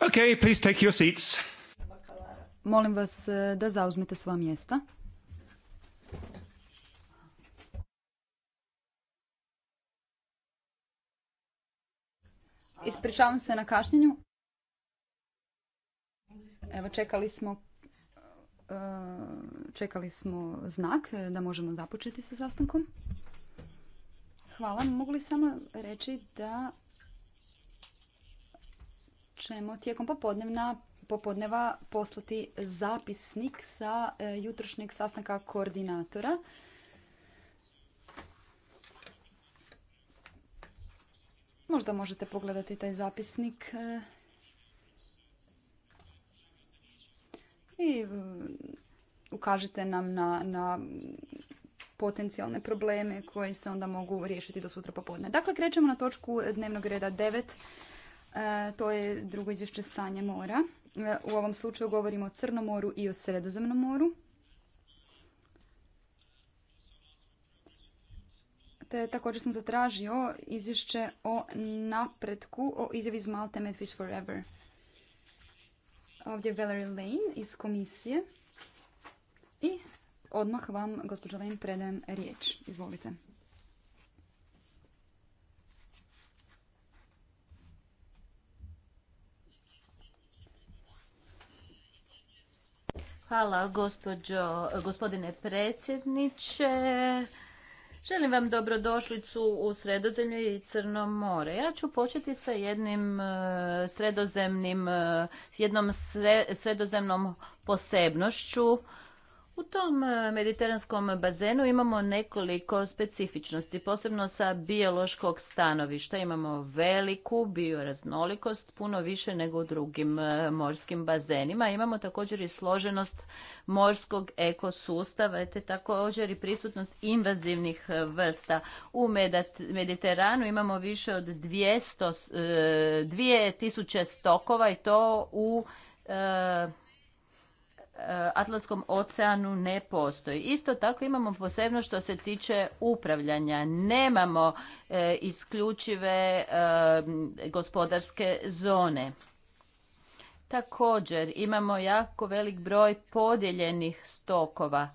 Okay, please Molim vas e, da zauzmete svoja mjesta. Ispričavam se na kašnjenju. Evo čekali smo e, čekali smo znak e, da možemo započeti sa sastankom. Hvala. Mogu li samo reći da ćemo tijekom popodnevna popodneva poslati zapisnik sa e, jutrošnjeg sastanka koordinatora. Možda možete pogledati taj zapisnik e. i mm, ukažite nam na, na potencijalne probleme koji se onda mogu riješiti do sutra popodne. Dakle, krećemo na točku dnevnog reda devet E, to je drugo izvješće stanje mora. E, u ovom slučaju govorimo o Crnom moru i o Sredozemnom moru. Te također sam zatražio izvješće o napretku o izjavi iz Malte Medfish Forever. Ovdje je Valerie Lane iz komisije. I odmah vam, gospođo Lane, predajem riječ. Izvolite. Hvala gospođo, gospodine predsjedniče. Želim vam dobrodošlicu u Sredozemlje i Crno more. Ja ću početi sa jednim e, sredozemnim, e, jednom sredozemnom posebnošću u tom e, mediteranskom bazenu imamo nekoliko specifičnosti, posebno sa biološkog stanovišta. Imamo veliku bioraznolikost, puno više nego u drugim e, morskim bazenima. Imamo također i složenost morskog ekosustava, te također i prisutnost invazivnih e, vrsta. U Mediteranu imamo više od 200, 2000 stokova i to u Atlantskom oceanu ne postoji. Isto tako imamo posebno što se tiče upravljanja. Nemamo e, isključive e, gospodarske zone. Također imamo jako velik broj podijeljenih stokova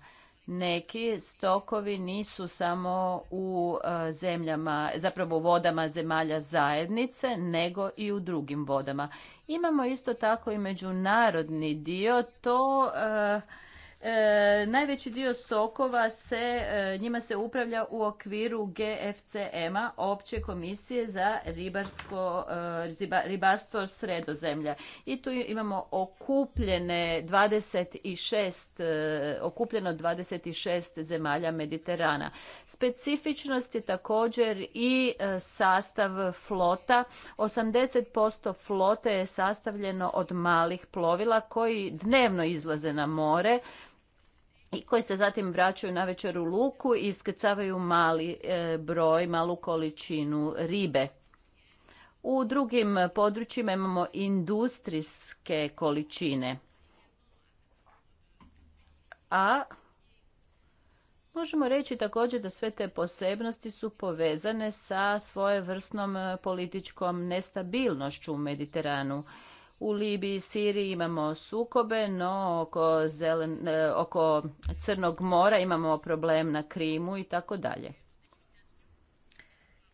neki stokovi nisu samo u e, zemljama, zapravo u vodama zemalja zajednice, nego i u drugim vodama. Imamo isto tako i međunarodni dio, to e, E, najveći dio sokova se, e, njima se upravlja u okviru GFCM-a, opće komisije za ribarsko, e, ribarstvo sredozemlja. I tu imamo okupljene 26, okupljeno 26 zemalja Mediterana. Specifičnost je također i sastav flota. 80% flote je sastavljeno od malih plovila koji dnevno izlaze na more i koji se zatim vraćaju na večer u luku i iskrcavaju mali e, broj, malu količinu ribe. U drugim područjima imamo industrijske količine. A možemo reći također da sve te posebnosti su povezane sa svojevrsnom e, političkom nestabilnošću u Mediteranu u Libiji i Siriji imamo sukobe, no e, oko, Crnog mora imamo problem na Krimu i tako dalje.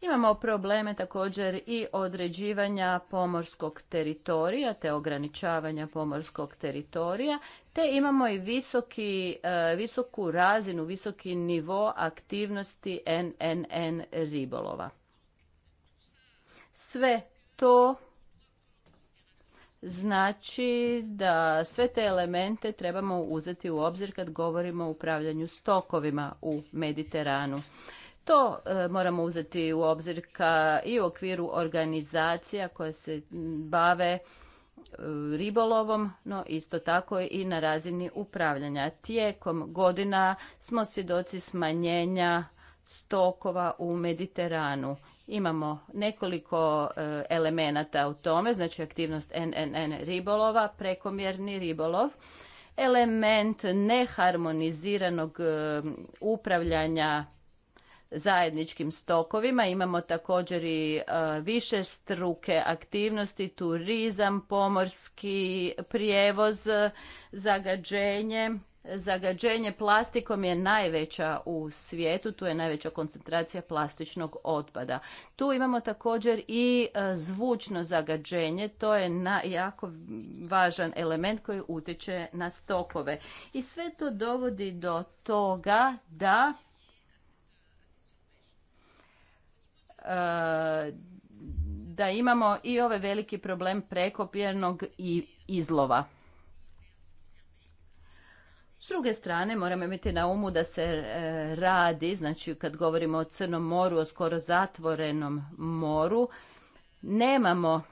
Imamo probleme također i određivanja pomorskog teritorija te ograničavanja pomorskog teritorija te imamo i visoki, e, visoku razinu, visoki nivo aktivnosti NNN ribolova. Sve to znači da sve te elemente trebamo uzeti u obzir kad govorimo o upravljanju stokovima u Mediteranu. To e, moramo uzeti u obzir ka i u okviru organizacija koje se bave e, ribolovom, no isto tako i na razini upravljanja. Tijekom godina smo svjedoci smanjenja stokova u Mediteranu. Imamo nekoliko e, elemenata u tome, znači aktivnost NNN ribolova, prekomjerni ribolov, element neharmoniziranog e, upravljanja zajedničkim stokovima. Imamo također i e, više struke aktivnosti, turizam, pomorski prijevoz, zagađenje, Zagađenje plastikom je najveća u svijetu, tu je najveća koncentracija plastičnog otpada. Tu imamo također i e, zvučno zagađenje, to je jako važan element koji utječe na stokove. I sve to dovodi do toga da e, da imamo i ovaj veliki problem prekopjernog izlova. S druge strane, moramo imati na umu da se e, radi, znači kad govorimo o Crnom moru, o skoro zatvorenom moru, nemamo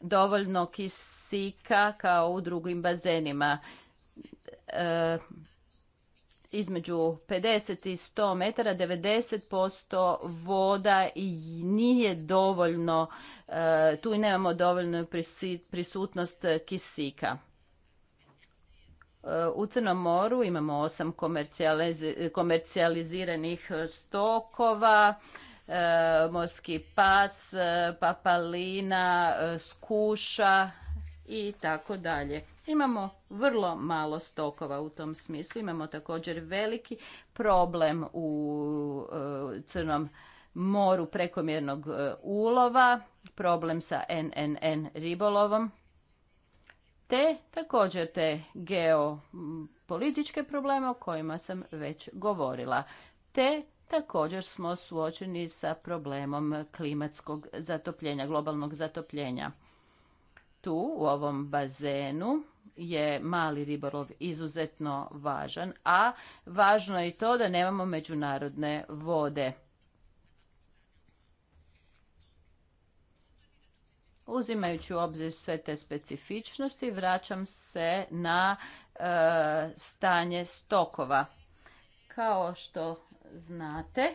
dovoljno kisika kao u drugim bazenima. E, između 50 i 100 metara 90% voda i nije dovoljno, e, tu i nemamo dovoljnu prisutnost kisika. U Crnom moru imamo osam komercijaliziranih stokova, e, morski pas, e, papalina, e, skuša i tako dalje. Imamo vrlo malo stokova u tom smislu. Imamo također veliki problem u Crnom moru prekomjernog ulova, problem sa NNN ribolovom te također te geopolitičke probleme o kojima sam već govorila, te također smo suočeni sa problemom klimatskog zatopljenja, globalnog zatopljenja. Tu u ovom bazenu je mali ribolov izuzetno važan, a važno je i to da nemamo međunarodne vode Uzimajući u obzir sve te specifičnosti, vraćam se na e, stanje stokova. Kao što znate,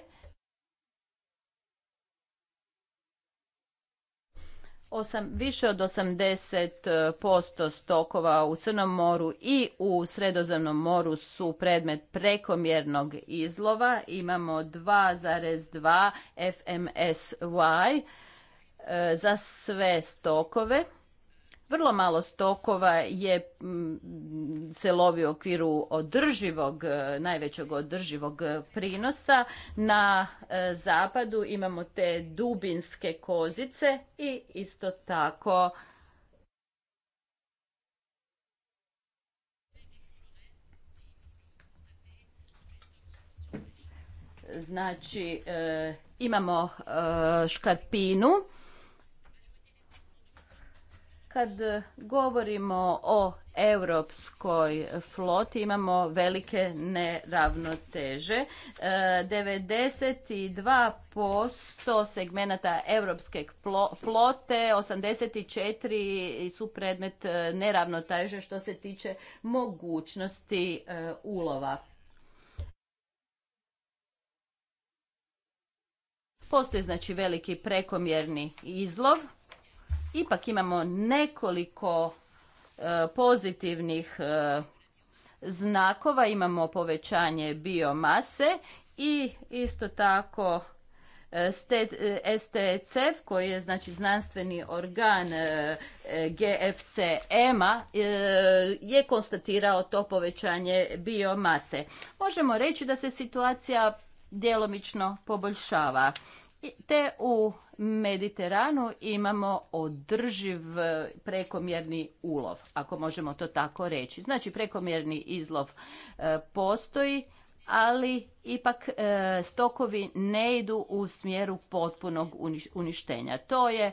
Osam, više od 80% e, stokova u Crnom moru i u Sredozemnom moru su predmet prekomjernog izlova. Imamo 2,2 FMSY E, za sve stokove. Vrlo malo stokova je se lovi u okviru održivog, e, najvećeg održivog prinosa. Na e, zapadu imamo te dubinske kozice i isto tako znači imamo škarpinu kad e, govorimo o europskoj floti imamo velike neravnoteže. 92% e, segmenata europske flote, 84% su predmet e, neravnoteže što se tiče mogućnosti ulova. Postoji znači veliki prekomjerni izlov ipak imamo nekoliko e, pozitivnih e, znakova, imamo povećanje biomase i isto tako e, STCF koji je znači znanstveni organ GFCM-a je konstatirao to povećanje biomase. Možemo reći da se situacija djelomično poboljšava te u Mediteranu imamo održiv e, prekomjerni ulov, ako možemo to tako reći. Znači prekomjerni izlov e, postoji, ali ipak e, stokovi ne idu u smjeru potpunog uništenja. To je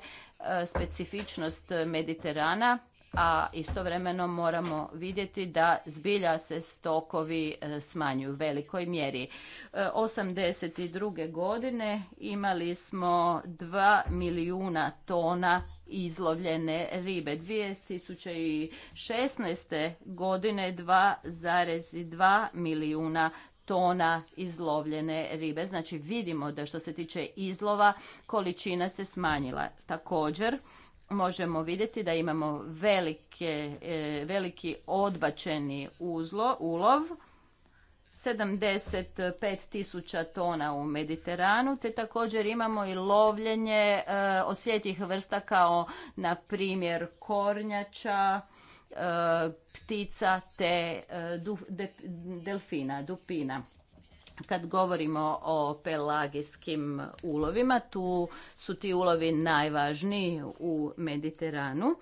specifičnost Mediterana a istovremeno moramo vidjeti da zbilja se stokovi e, smanjuju u velikoj mjeri. 82. E, godine imali smo 2 milijuna tona izlovljene ribe. 2016. godine 2,2 milijuna tona izlovljene ribe. Znači vidimo da što se tiče izlova količina se smanjila. Također možemo vidjeti da imamo velike, e, veliki odbačeni uzlo, ulov, 75 tisuća tona u Mediteranu, te također imamo i lovljenje e, osjetih vrsta kao na primjer kornjača, e, ptica te delfina, dupina. Kad govorimo o pelagijskim ulovima, tu su ti ulovi najvažniji u Mediteranu,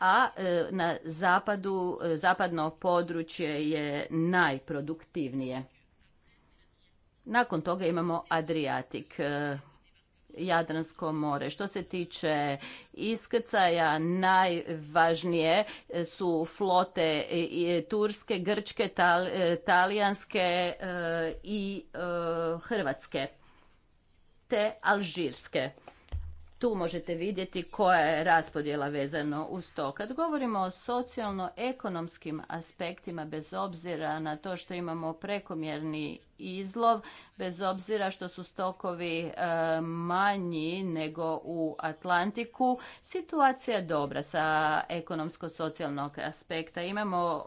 a e, na zapadu, e, zapadno područje je najproduktivnije. Nakon toga imamo Adriatik, e, Jadransko more. Što se tiče iskrcaja, najvažnije su flote turske, grčke, e, talijanske e, i e, hrvatske te alžirske. Tu možete vidjeti koja je raspodjela vezano uz to. Kad govorimo o socijalno-ekonomskim aspektima, bez obzira na to što imamo prekomjerni izlov, bez obzira što su stokovi e, manji nego u Atlantiku, situacija je dobra sa ekonomsko-socijalnog aspekta. Imamo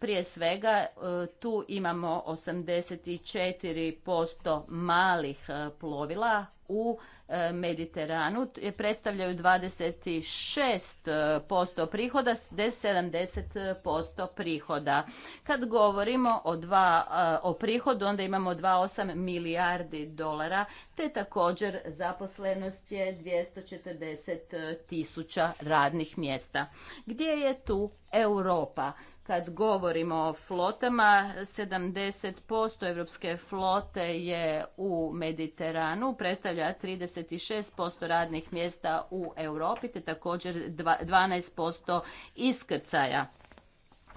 prije svega e, tu imamo 84% malih e, plovila u e, Mediteranu predstavljaju 26% prihoda, de 70% prihoda. Kad govorimo o, dva, o prihodu, onda imamo 2,8 milijardi dolara, te također zaposlenost je 240 tisuća radnih mjesta. Gdje je tu Europa? kad govorimo o flotama, 70% evropske flote je u Mediteranu, predstavlja 36% radnih mjesta u Europi, te također 12% iskrcaja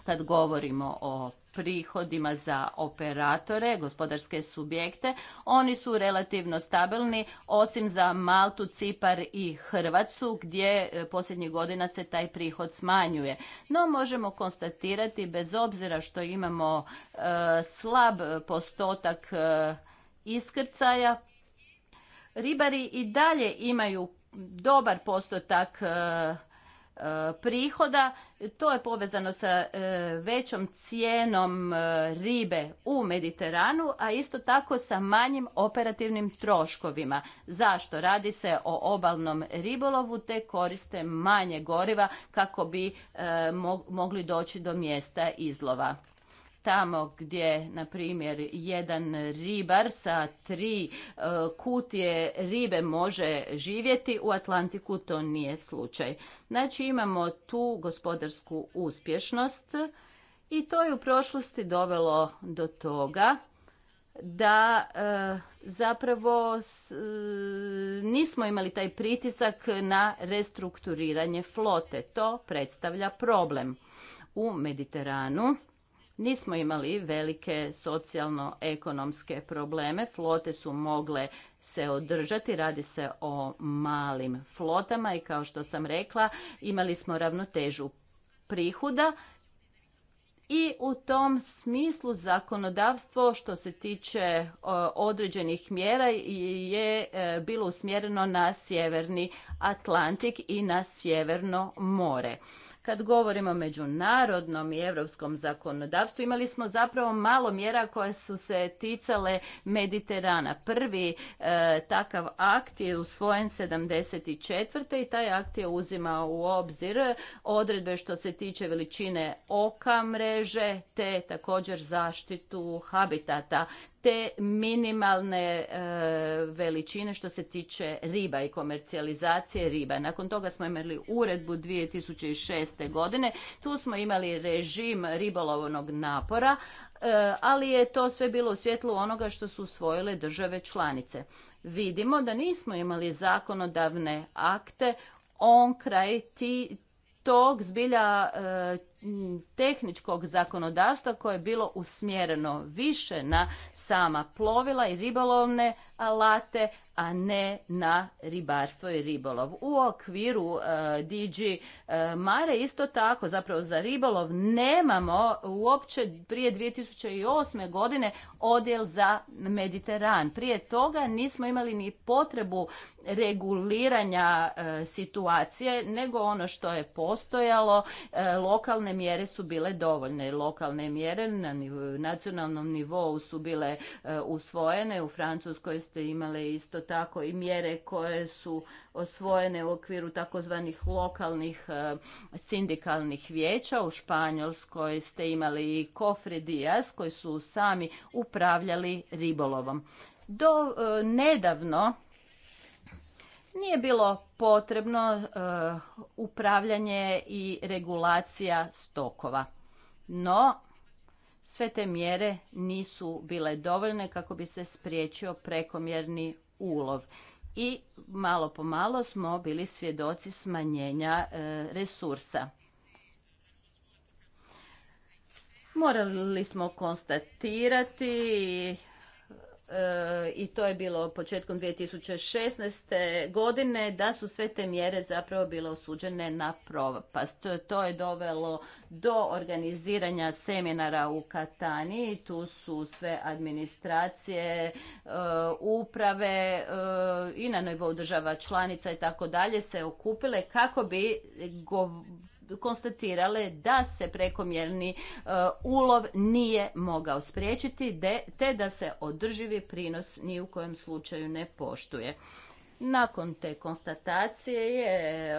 kad govorimo o prihodima za operatore, gospodarske subjekte. Oni su relativno stabilni, osim za Maltu, Cipar i Hrvatsku, gdje e, posljednjih godina se taj prihod smanjuje. No, možemo konstatirati, bez obzira što imamo e, slab postotak e, iskrcaja, ribari i dalje imaju dobar postotak E, prihoda. To je povezano sa e, većom cijenom e, ribe u Mediteranu, a isto tako sa manjim operativnim troškovima. Zašto? Radi se o obalnom ribolovu te koriste manje goriva kako bi mogli doći do mjesta izlova tamo gdje, na primjer, jedan ribar sa tri e, kutije ribe može živjeti, u Atlantiku to nije slučaj. Znači imamo tu gospodarsku uspješnost i to je u prošlosti dovelo do toga da e, zapravo e, nismo imali taj pritisak na restrukturiranje flote. To predstavlja problem u Mediteranu. Nismo imali velike socijalno-ekonomske probleme, flote su mogle se održati, radi se o malim flotama i kao što sam rekla imali smo ravnotežu prihoda i u tom smislu zakonodavstvo što se tiče e, određenih mjera je e, bilo usmjereno na sjeverni Atlantik i na sjeverno more. Kad govorimo o međunarodnom i europskom zakonodavstvu, imali smo zapravo malo mjera koje su se ticale Mediterana. Prvi e, takav akt je usvojen 74. i taj akt je uzimao u obzir odredbe što se tiče veličine oka mreže te također zaštitu habitata te minimalne e, veličine što se tiče riba i komercijalizacije riba. Nakon toga smo imali uredbu 2006. godine. Tu smo imali režim ribolovnog napora, e, ali je to sve bilo u svjetlu onoga što su usvojile države članice. Vidimo da nismo imali zakonodavne akte on kraj tog zbilja e, Mm, tehničkog zakonodavstva koje je bilo usmjereno više na sama plovila i ribolovne alate, a ne na ribarstvo i ribolov. U okviru e, DG e, Mare isto tako, zapravo za ribolov nemamo uopće prije 2008. godine odjel za Mediteran. Prije toga nismo imali ni potrebu reguliranja e, situacije, nego ono što je postojalo, lokalne mjere su bile dovoljne. Lokalne mjere na nacionalnom nivou su bile usvojene u Francuskoj ste imali isto tako i mjere koje su osvojene u okviru takozvanih lokalnih e, sindikalnih vijeća. U Španjolskoj ste imali i Kofre Dias koji su sami upravljali ribolovom. Do e, nedavno nije bilo potrebno e, upravljanje i regulacija stokova. No, sve te mjere nisu bile dovoljne kako bi se spriječio prekomjerni ulov i malo po malo smo bili svjedoci smanjenja e, resursa. Morali smo konstatirati E, i to je bilo početkom 2016. godine da su sve te mjere zapravo bile osuđene na propast. To je dovelo do organiziranja seminara u Kataniji. Tu su sve administracije, e, uprave e, i na nivou država članica i tako dalje se okupile kako bi konstatirale da se prekomjerni e, ulov nije mogao spriječiti te da se održivi prinos ni u kojem slučaju ne poštuje. Nakon te konstatacije je e,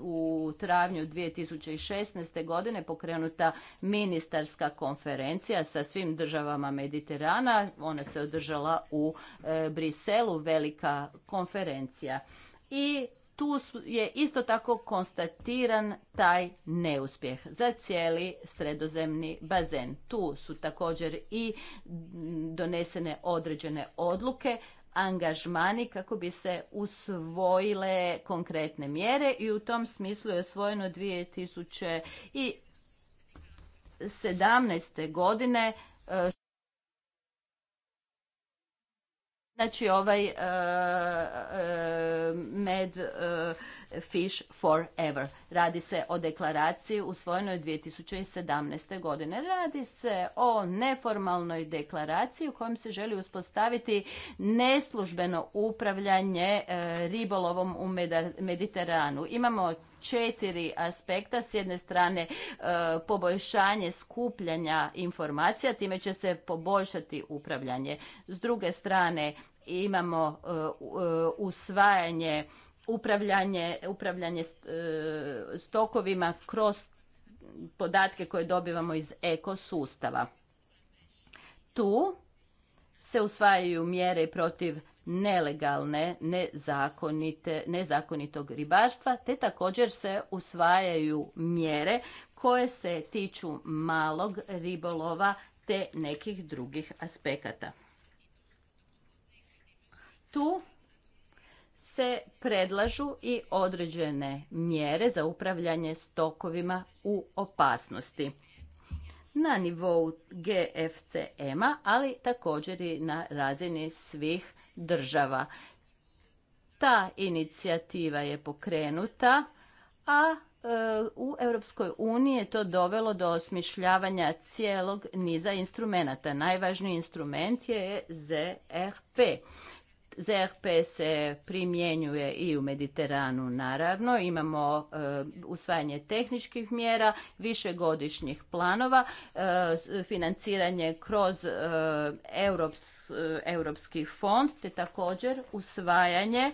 u travnju 2016. godine pokrenuta ministarska konferencija sa svim državama Mediterana. Ona se održala u e, Briselu, velika konferencija. I tu je isto tako konstatiran taj neuspjeh za cijeli sredozemni bazen. Tu su također i donesene određene odluke, angažmani kako bi se usvojile konkretne mjere i u tom smislu je osvojeno 2017. godine znači ovaj uh, med uh, fish forever radi se o deklaraciji usvojenoj 2017. godine radi se o neformalnoj deklaraciji u kojoj se želi uspostaviti neslužbeno upravljanje ribolovom u Mediteranu imamo četiri aspekta. S jedne strane e, poboljšanje skupljanja informacija, time će se poboljšati upravljanje. S druge strane imamo e, e, usvajanje upravljanje, upravljanje stokovima kroz podatke koje dobivamo iz ekosustava. Tu se usvajaju mjere protiv nelegalne nezakonite, nezakonitog ribarstva te također se usvajaju mjere koje se tiču malog ribolova te nekih drugih aspekata. Tu se predlažu i određene mjere za upravljanje stokovima u opasnosti na nivou GFCM-a, ali također i na razini svih država. Ta inicijativa je pokrenuta, a e, u Europskoj uniji je to dovelo do osmišljavanja cijelog niza instrumenata. Najvažniji instrument je ZRP ZRP se primjenjuje i u Mediteranu naravno, imamo e, usvajanje tehničkih mjera, višegodišnjih planova, e, financiranje kroz e, Europski fond, te također usvajanje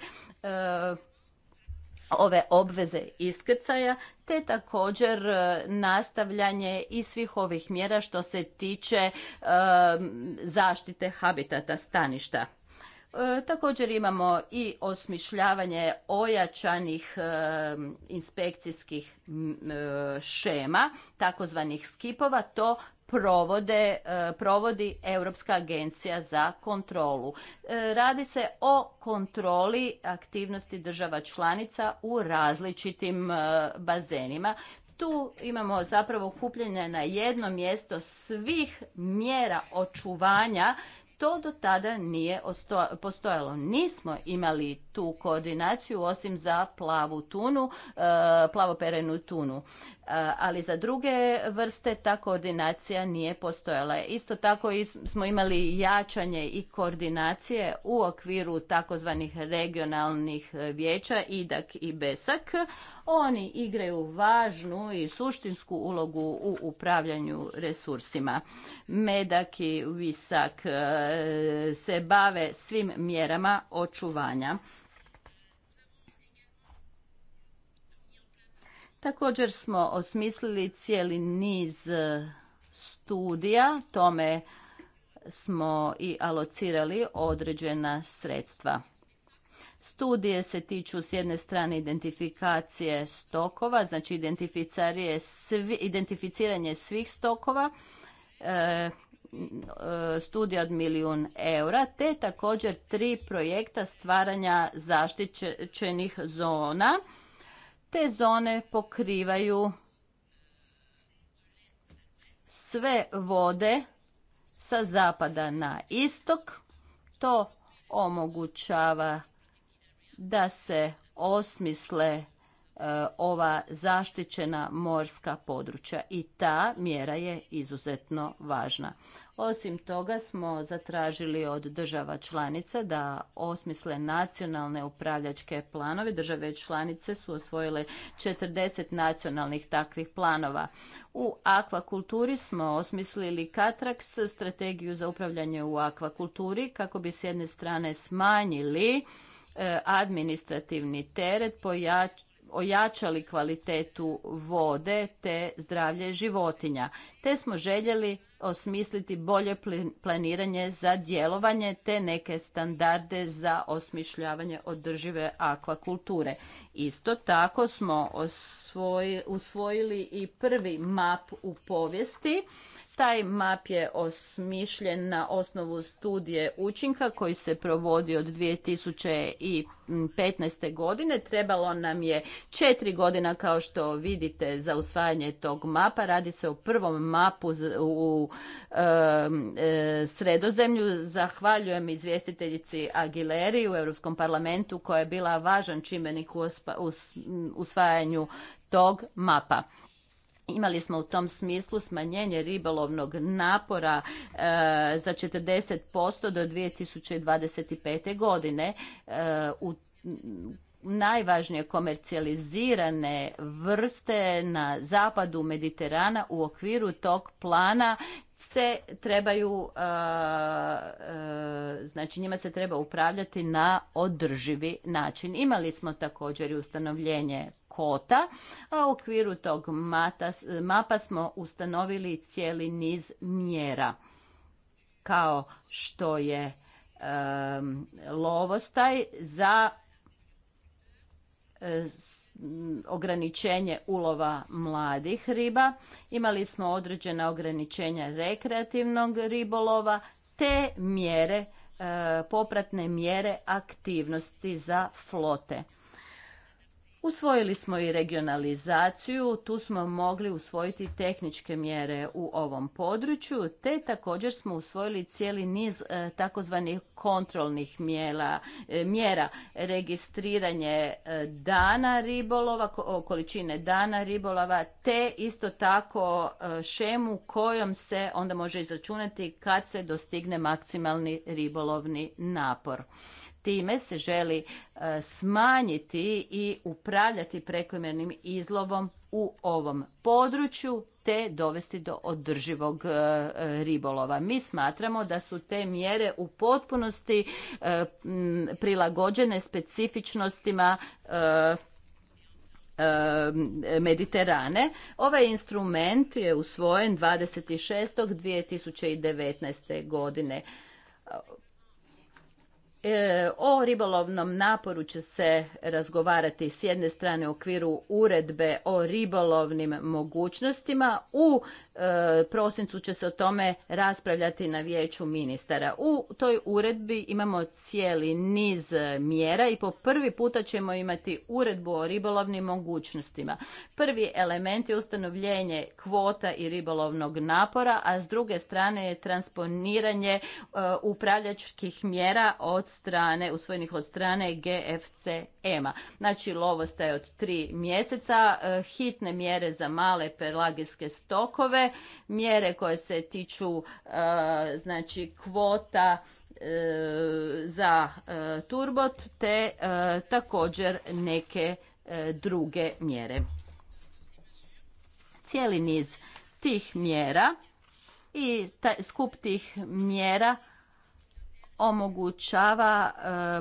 ove obveze iskrcaja, te također nastavljanje i svih ovih mjera što se tiče zaštite habitata staništa. E, također imamo i osmišljavanje ojačanih e, inspekcijskih e, šema, takozvanih skipova, to provode, provodi Europska agencija za kontrolu. Radi se o kontroli aktivnosti država članica u različitim bazenima. Tu imamo zapravo kupljene na jedno mjesto svih mjera očuvanja to do tada nije postojalo. Nismo imali tu koordinaciju osim za plavu tunu, e, plavoperenu tunu ali za druge vrste ta koordinacija nije postojala. Isto tako smo imali jačanje i koordinacije u okviru takozvanih regionalnih e, vijeća IDAK i BESAK. Oni igraju važnu i suštinsku ulogu u upravljanju resursima. MEDAK i VISAK e, se bave svim mjerama očuvanja Također smo osmislili cijeli niz e, studija, tome smo i alocirali određena sredstva. Studije se tiču s jedne strane identifikacije stokova, znači identificiranje svih stokova, e, e, studija od milijun eura, te također tri projekta stvaranja zaštićenih zona te zone pokrivaju sve vode sa zapada na istok. To omogućava da se osmisle e, ova zaštićena morska područja i ta mjera je izuzetno važna. Osim toga smo zatražili od država članica da osmisle nacionalne upravljačke planove. Države članice su osvojile 40 nacionalnih takvih planova. U akvakulturi smo osmislili Katraks, strategiju za upravljanje u akvakulturi, kako bi s jedne strane smanjili e, administrativni teret, pojač, ojačali kvalitetu vode te zdravlje životinja. Te smo željeli osmisliti bolje planiranje za djelovanje te neke standarde za osmišljavanje održive akvakulture. Isto tako smo usvojili i prvi map u povijesti taj map je osmišljen na osnovu studije učinka koji se provodi od 2015. godine. Trebalo nam je četiri godina kao što vidite za usvajanje tog mapa. Radi se o prvom mapu u e, sredozemlju. Zahvaljujem izvjestiteljici Agileri u Europskom parlamentu koja je bila važan čimbenik u usvajanju tog mapa. Imali smo u tom smislu smanjenje ribolovnog napora e, za za 40% do 2025. godine e, u najvažnije komercijalizirane vrste na zapadu Mediterana u okviru tog plana se trebaju, uh, uh, znači njima se treba upravljati na održivi način. Imali smo također i ustanovljenje kota, a u okviru tog mapa smo ustanovili cijeli niz mjera kao što je um, lovostaj za uh, Mm, ograničenje ulova mladih riba, imali smo određena ograničenja rekreativnog ribolova, te mjere, e, popratne mjere aktivnosti za flote. Usvojili smo i regionalizaciju, tu smo mogli usvojiti tehničke mjere u ovom području, te također smo usvojili cijeli niz e, takozvanih kontrolnih mjera, e, mjera registriranje e, dana ribolova, količine dana ribolova, te isto tako šemu kojom se onda može izračunati kad se dostigne maksimalni ribolovni napor. Time se želi e, smanjiti i upravljati prekomjernim izlovom u ovom području te dovesti do održivog e, ribolova. Mi smatramo da su te mjere u potpunosti e, prilagođene specifičnostima Mediterane. Ovaj instrument je usvojen 26. 2019. godine. E, o ribolovnom naporu će se razgovarati s jedne strane u okviru uredbe o ribolovnim mogućnostima u E, prosincu će se o tome raspravljati na vijeću ministara. U toj uredbi imamo cijeli niz mjera i po prvi puta ćemo imati uredbu o ribolovnim mogućnostima. Prvi element je ustanovljenje kvota i ribolovnog napora, a s druge strane je transponiranje e, upravljačkih mjera od strane, usvojenih od strane GFC EMA. Znači je od tri mjeseca, e, hitne mjere za male pelagijske stokove, mjere koje se tiču e, znači kvota e, za turbot te također neke druge mjere. Cijeli niz tih mjera i skup tih mjera omogućava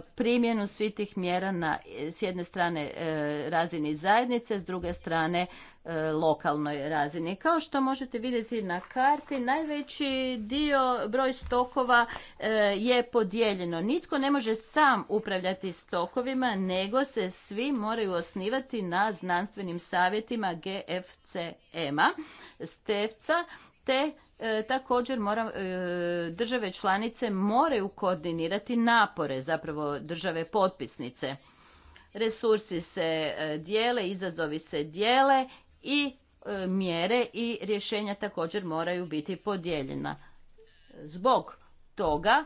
e, primjenu svih tih mjera na s jedne strane e, razini zajednice, s druge strane e, lokalnoj razini. Kao što možete vidjeti na karti, najveći dio broj stokova je podijeljeno. Nitko ne može sam upravljati stokovima, nego se svi moraju osnivati na znanstvenim savjetima GFCM-a, stevca te e, također e, države članice moraju koordinirati napore zapravo države potpisnice. Resursi se e, dijele, izazovi se dijele i mjere i rješenja također moraju biti podijeljena. Zbog toga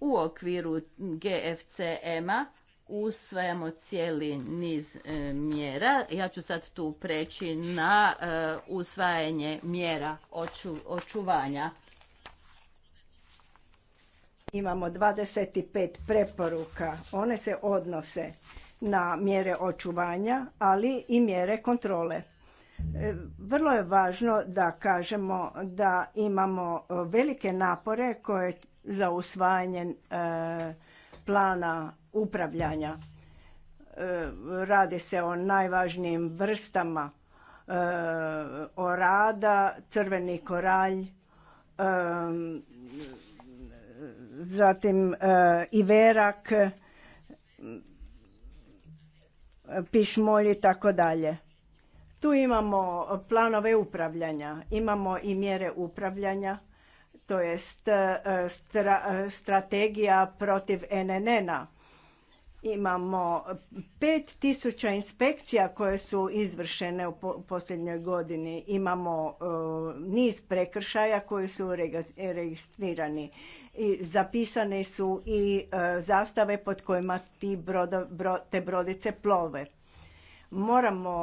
u okviru GFCM-a usvajamo cijeli niz e, mjera. Ja ću sad tu preći na e, usvajanje mjera očuvanja. Imamo 25 preporuka. One se odnose na mjere očuvanja, ali i mjere kontrole. E, vrlo je važno da kažemo da imamo velike napore koje za usvajanje plana upravljanja. E, radi se o najvažnijim vrstama e, orada, crveni koralj, e, zatim iverak, pišmolj i tako dalje. Tu imamo planove upravljanja, imamo i mjere upravljanja, to jest strategija protiv NNN-a Imamo 5000 inspekcija koje su izvršene u posljednjoj godini. Imamo e, niz prekršaja koji su registrirani. I zapisane su i e, zastave pod kojima te brodice plove. Moramo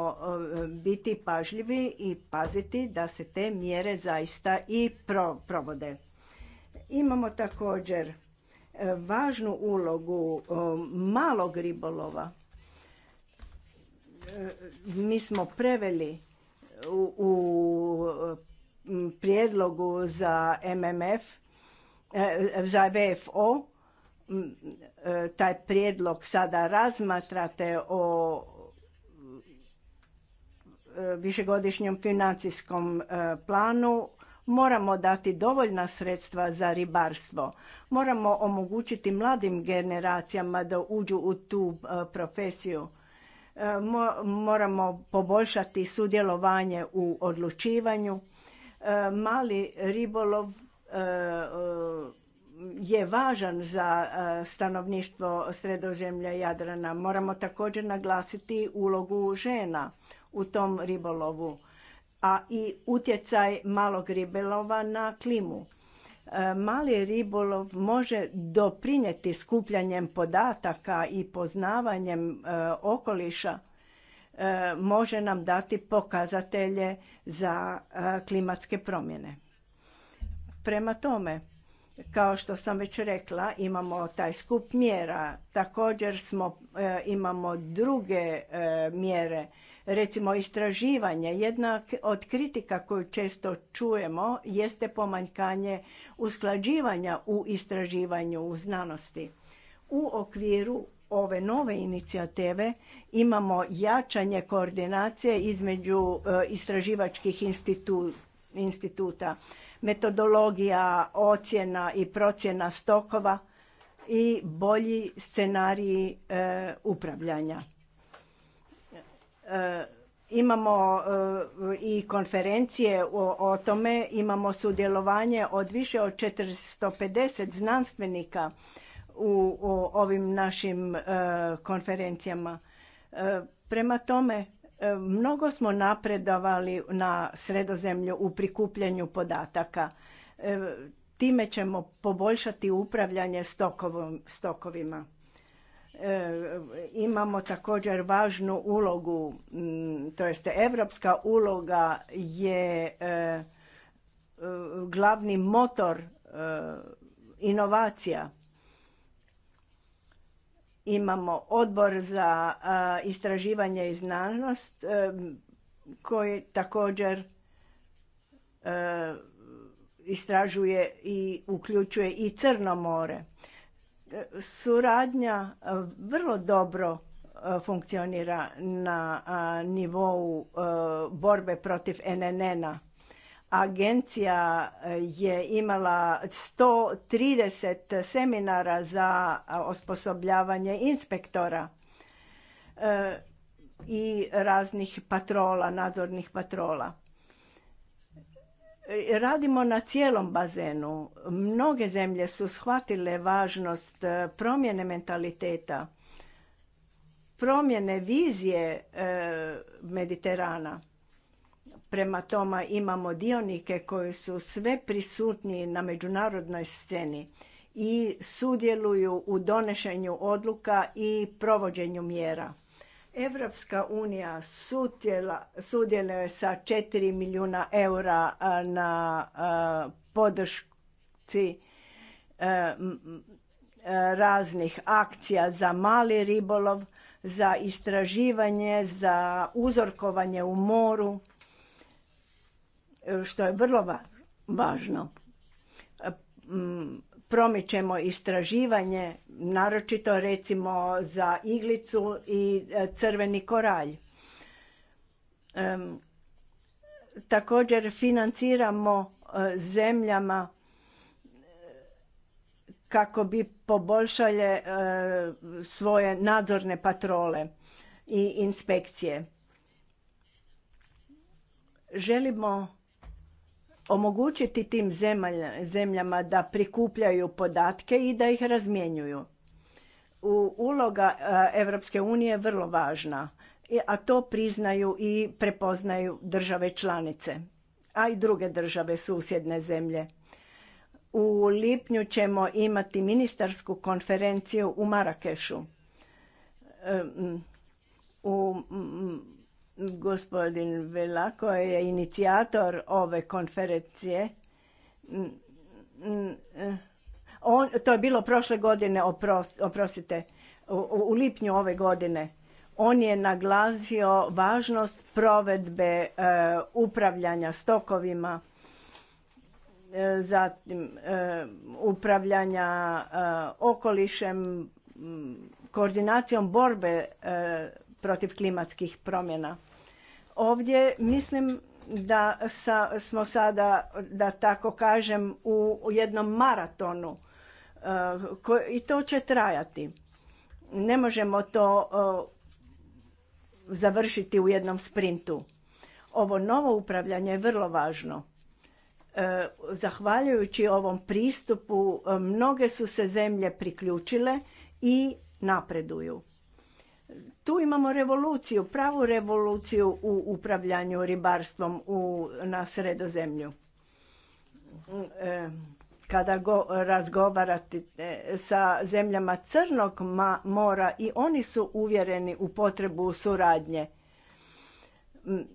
e, biti pažljivi i paziti da se te mjere zaista i provode. Imamo također važnu ulogu malog ribolova. E, mi smo preveli u, prijedlogu za MMF, e, za VFO, e, taj prijedlog sada razmatrate o višegodišnjem financijskom planu Moramo dati dovoljna sredstva za ribarstvo. Moramo omogućiti mladim generacijama da uđu u tu e, profesiju. E, moramo poboljšati sudjelovanje u odlučivanju. E, mali ribolov je važan za stanovništvo sredozemlja Jadrana. Moramo također naglasiti ulogu žena u tom ribolovu a i utjecaj malog ribolova na klimu. E, mali ribolov može doprinijeti skupljanjem podataka i poznavanjem e, okoliša, e, može nam dati pokazatelje za klimatske promjene. Prema tome, kao što sam već rekla, imamo taj skup mjera. Također smo, imamo druge mjere Recimo istraživanje, jedna od kritika koju često čujemo jeste pomanjkanje usklađivanja u istraživanju u znanosti. U okviru ove nove inicijative imamo jačanje koordinacije između e, istraživačkih instituta, metodologija, ocjena i procjena stokova i bolji scenariji e, upravljanja. E, imamo e, i konferencije o, tome, imamo sudjelovanje od više od 450 znanstvenika u, u ovim našim e, konferencijama. Prema tome, mnogo smo napredovali na sredozemlju u prikupljanju podataka. Time ćemo poboljšati upravljanje stokovima. E, imamo također važnu ulogu, to jeste evropska uloga je e, glavni motor e, inovacija. Imamo odbor za istraživanje i znanost koji također istražuje i uključuje i Crno more. Suradnja e, vrlo dobro e, funkcionira na e, nivou borbe protiv NNN-a. Agencija je imala 130 seminara za osposobljavanje inspektora i raznih patrola, nadzornih patrola. E, radimo na cijelom bazenu. Mnoge zemlje su shvatile važnost e, promjene mentaliteta, promjene vizije e, Mediterana. Prema toma imamo dionike koji su sve prisutniji na međunarodnoj sceni i sudjeluju u donošenju odluka i provođenju mjera. Evropska unija sudjeluje sa 4 milijuna eura na podršci e, e, raznih akcija za mali ribolov, za istraživanje, za uzorkovanje u moru, e, što je vrlo važno promičemo istraživanje, naročito recimo za iglicu i e, crveni koralj. Također financiramo e, zemljama e, kako bi poboljšale svoje nadzorne patrole i inspekcije. Želimo omogućiti tim zemljama da prikupljaju podatke i da ih razmjenjuju. Uloga Europske unije je vrlo važna, a to priznaju i prepoznaju države članice, a i druge države, susjedne zemlje. U lipnju ćemo imati ministarsku konferenciju u Marakešu. E, u Gospodin Velako je inicijator ove konferencije. E, on, to je bilo prošle godine, oprostite, u, lipnju ove godine. On je naglasio važnost provedbe e, upravljanja stokovima, e, zatim upravljanja okolišem, koordinacijom borbe protiv klimatskih promjena. Ovdje mislim da sa, smo sada, da tako kažem, u, jednom maratonu uh, i to će trajati. Ne možemo to uh, završiti u jednom sprintu. Ovo novo upravljanje je vrlo važno. Uh, zahvaljujući ovom pristupu mnoge su se zemlje priključile i napreduju. Tu imamo revoluciju, pravu revoluciju u upravljanju ribarstvom u, na sredozemlju. E, kada go, razgovarate sa zemljama Crnog mora i oni su uvjereni u potrebu suradnje.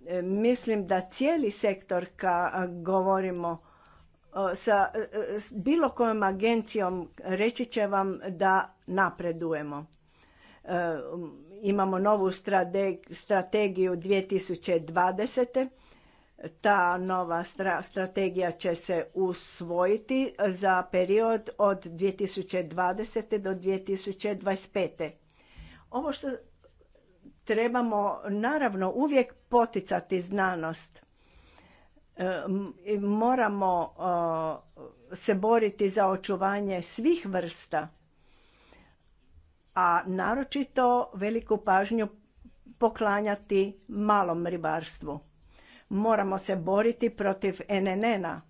E, mislim da cijeli sektor ka govorimo sa e, bilo kojom agencijom reći će vam da napredujemo. E, imamo novu strategiju 2020. Ta nova strategija će se usvojiti za period od 2020. do 2025. Ovo što trebamo naravno uvijek poticati znanost. E, moramo se boriti za očuvanje svih vrsta a naročito veliku pažnju poklanjati malom ribarstvu. Moramo se boriti protiv NNN-a,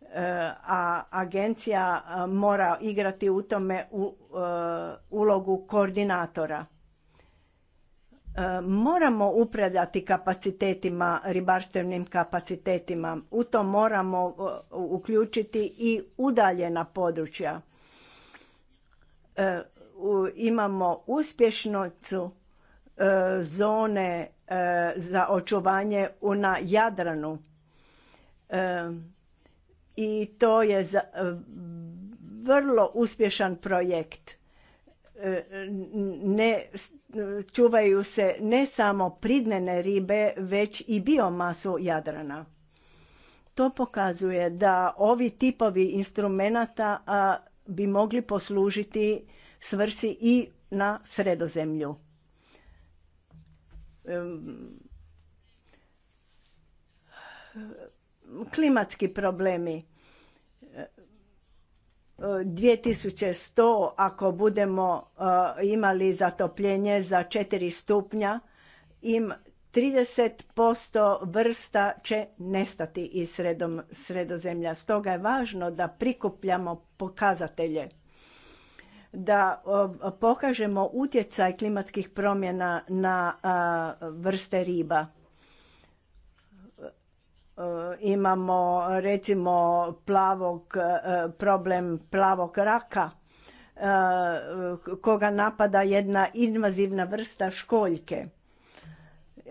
eh, a agencija eh, mora igrati u tome u, eh, ulogu koordinatora. Moramo upravljati kapacitetima, ribarstvenim kapacitetima. U to moramo uključiti i udaljena područja imamo uspješnicu e, zone e, za očuvanje na Jadranu. E, I to je vrlo uspješan projekt. Ne, čuvaju se ne samo pridnene ribe, već i biomasu Jadrana. To pokazuje da ovi tipovi instrumenata bi mogli poslužiti svrsi i na sredozemlju. Klimatski problemi. 2100 ako budemo imali zatopljenje za 4 stupnja, im 30% vrsta će nestati iz sredozemlja. Stoga je važno da prikupljamo pokazatelje da pokažemo utjecaj klimatskih promjena na vrste riba. E, imamo recimo plavog, e, problem plavog raka e, koga napada jedna invazivna vrsta školjke.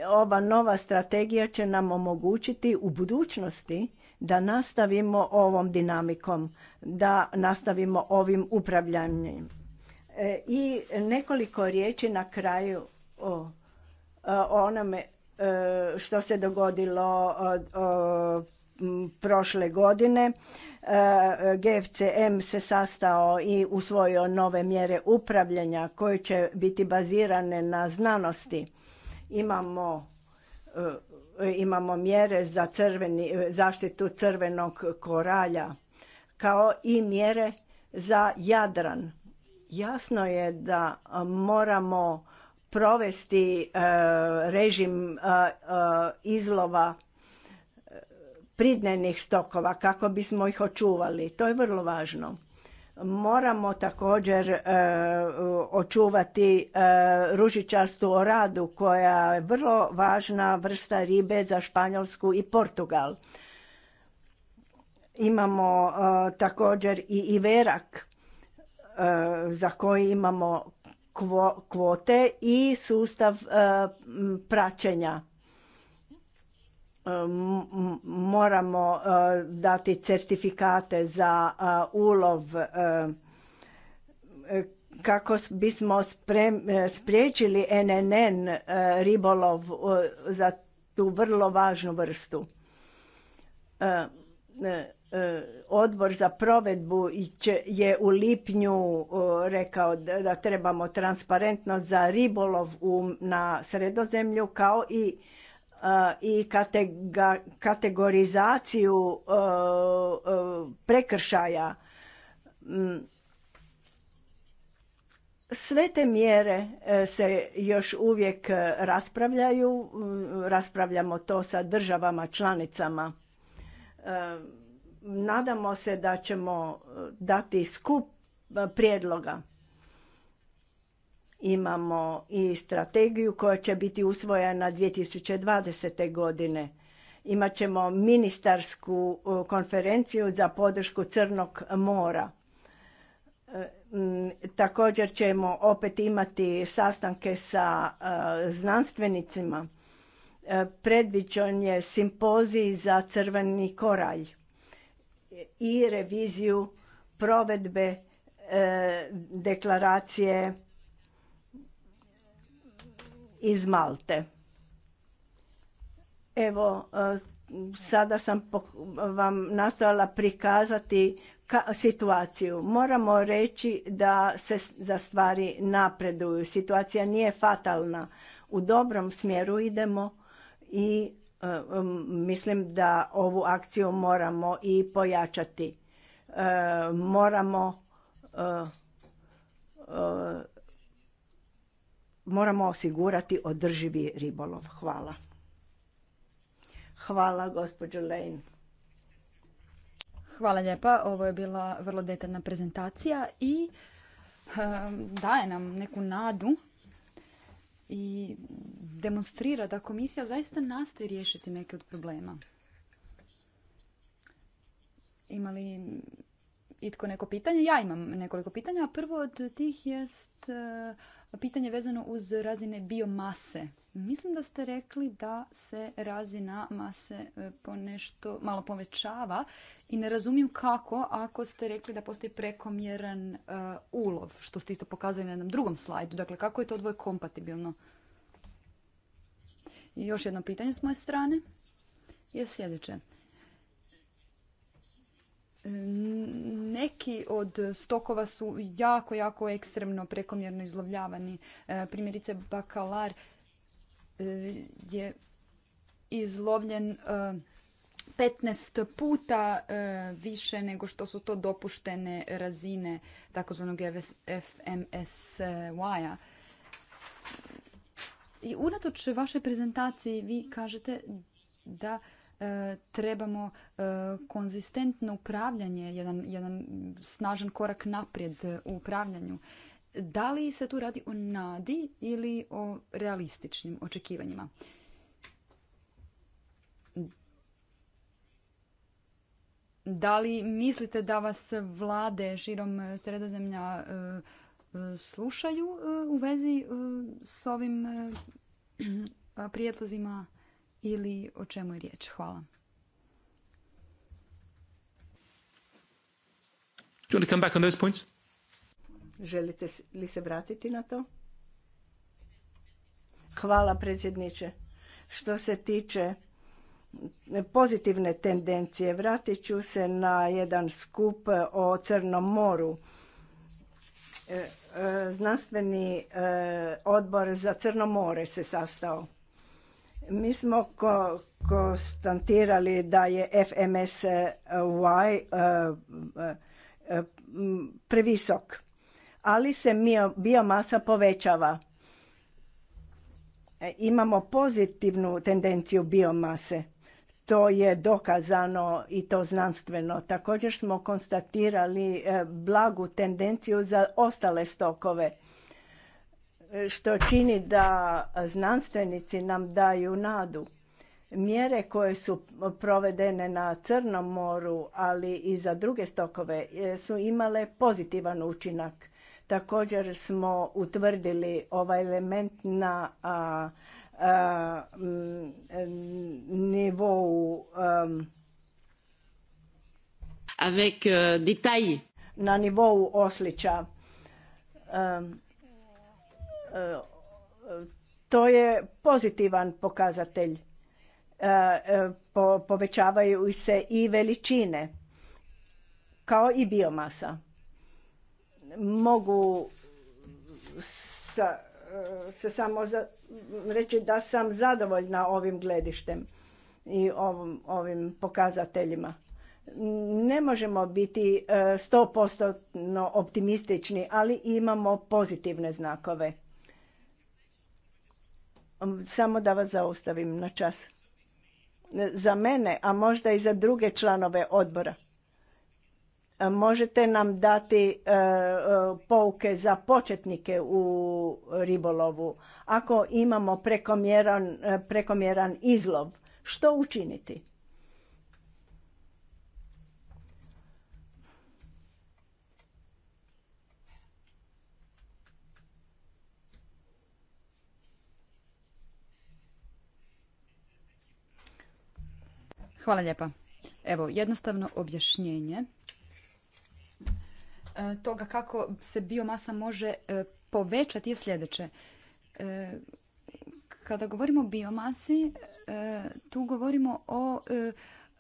Ova nova strategija će nam omogućiti u budućnosti da nastavimo ovom dinamikom, da nastavimo ovim upravljanjem. E, I nekoliko riječi na kraju o onome e, što se dogodilo prošle godine. E, GFCM se sastao i usvojio nove mjere upravljanja koje će biti bazirane na znanosti. Imamo imamo mjere za crveni, e, zaštitu crvenog koralja, kao i mjere za Jadran. Jasno je da moramo provesti e, režim e, izlova pridnenih stokova kako bismo ih očuvali. To je vrlo važno. Moramo također e, očuvati e, ružičastu oradu koja je vrlo važna vrsta ribe za Španjolsku i Portugal. Imamo e, također i verak za koji imamo kvote i sustav praćenja E, moramo e, dati certifikate za e, ulov kako bismo spriječili NNN ribolov za tu vrlo važnu vrstu. Odbor za provedbu je u lipnju rekao da trebamo transparentnost za ribolov na sredozemlju kao i i kategorizaciju e, e, prekršaja mm. sve te mjere e, se još uvijek raspravljaju mm, raspravljamo to sa državama članicama nadamo se da ćemo dati skup prijedloga Imamo i strategiju koja će biti usvojena 2020. godine. Imat ćemo ministarsku e, konferenciju za podršku Crnog mora. E, također ćemo opet imati sastanke sa e, znanstvenicima. Predviđen je simpozij za crveni koralj i reviziju provedbe deklaracije iz Malte. Evo, e, sada sam vam nastojala prikazati situaciju. Moramo reći da se za stvari napreduju. Situacija nije fatalna. U dobrom smjeru idemo i e, mislim da ovu akciju moramo i pojačati. E, moramo moramo osigurati održivi ribolov. Hvala. Hvala, gospođo Lane. Hvala lijepa. Ovo je bila vrlo detaljna prezentacija i daje nam neku nadu i demonstrira da komisija zaista nastoji riješiti neke od problema. Ima li itko neko pitanje? Ja imam nekoliko pitanja. Prvo od tih jest pitanje vezano uz razine biomase. Mislim da ste rekli da se razina mase e, ponešto malo povećava i ne razumijem kako ako ste rekli da postoji prekomjeran e, ulov, što ste isto pokazali na jednom drugom slajdu. Dakle, kako je to dvoje kompatibilno? I još jedno pitanje s moje strane je sljedeće neki od stokova su jako, jako ekstremno prekomjerno izlovljavani. E, primjerice, bakalar e, je izlovljen 15 e, puta više nego što su to dopuštene razine takozvanog FMSY-a. I unatoč vašoj prezentaciji vi kažete da E, trebamo e, konzistentno upravljanje, jedan, jedan snažan korak naprijed u upravljanju. Da li se tu radi o nadi ili o realističnim očekivanjima? Da li mislite da vas vlade širom sredozemlja e, slušaju u vezi s ovim prijedlozima ili o čemu je riječ? Hvala. Želite li se vratiti na to? Hvala predsjedniče. Što se tiče pozitivne tendencije, vratit ću se na jedan skup o Crnom moru. E, e, znanstveni e, odbor za Crno more se sastao mi smo ko da je FMSY eh, eh, previsok, ali se biomasa povećava. E, imamo pozitivnu tendenciju biomase. To je dokazano i to znanstveno. Također smo konstatirali eh, blagu tendenciju za ostale stokove što čini da znanstvenici nam daju nadu. Mjere koje su provedene na Crnom moru, ali i za druge stokove, e, su imale pozitivan učinak. Također smo utvrdili ovaj element na a, a, nivou a, Avec, euh, na nivou oslića. To je pozitivan pokazatelj. E, e, povećavaju se i veličine, kao i biomasa. Mogu se samo reći da sam zadovoljna ovim gledištem i ovim, ovim pokazateljima. Ne možemo biti e, sto 100% optimistični, ali imamo pozitivne znakove. Samo da vas zaustavim na čas. E, za mene, a možda i za druge članove odbora, e, možete nam dati e, pouke za početnike u ribolovu. Ako imamo prekomjeran, izlov, što učiniti? Hvala lijepa. Evo, jednostavno objašnjenje e, toga kako se biomasa može e, povećati je sljedeće. E, kada govorimo o biomasi, tu govorimo o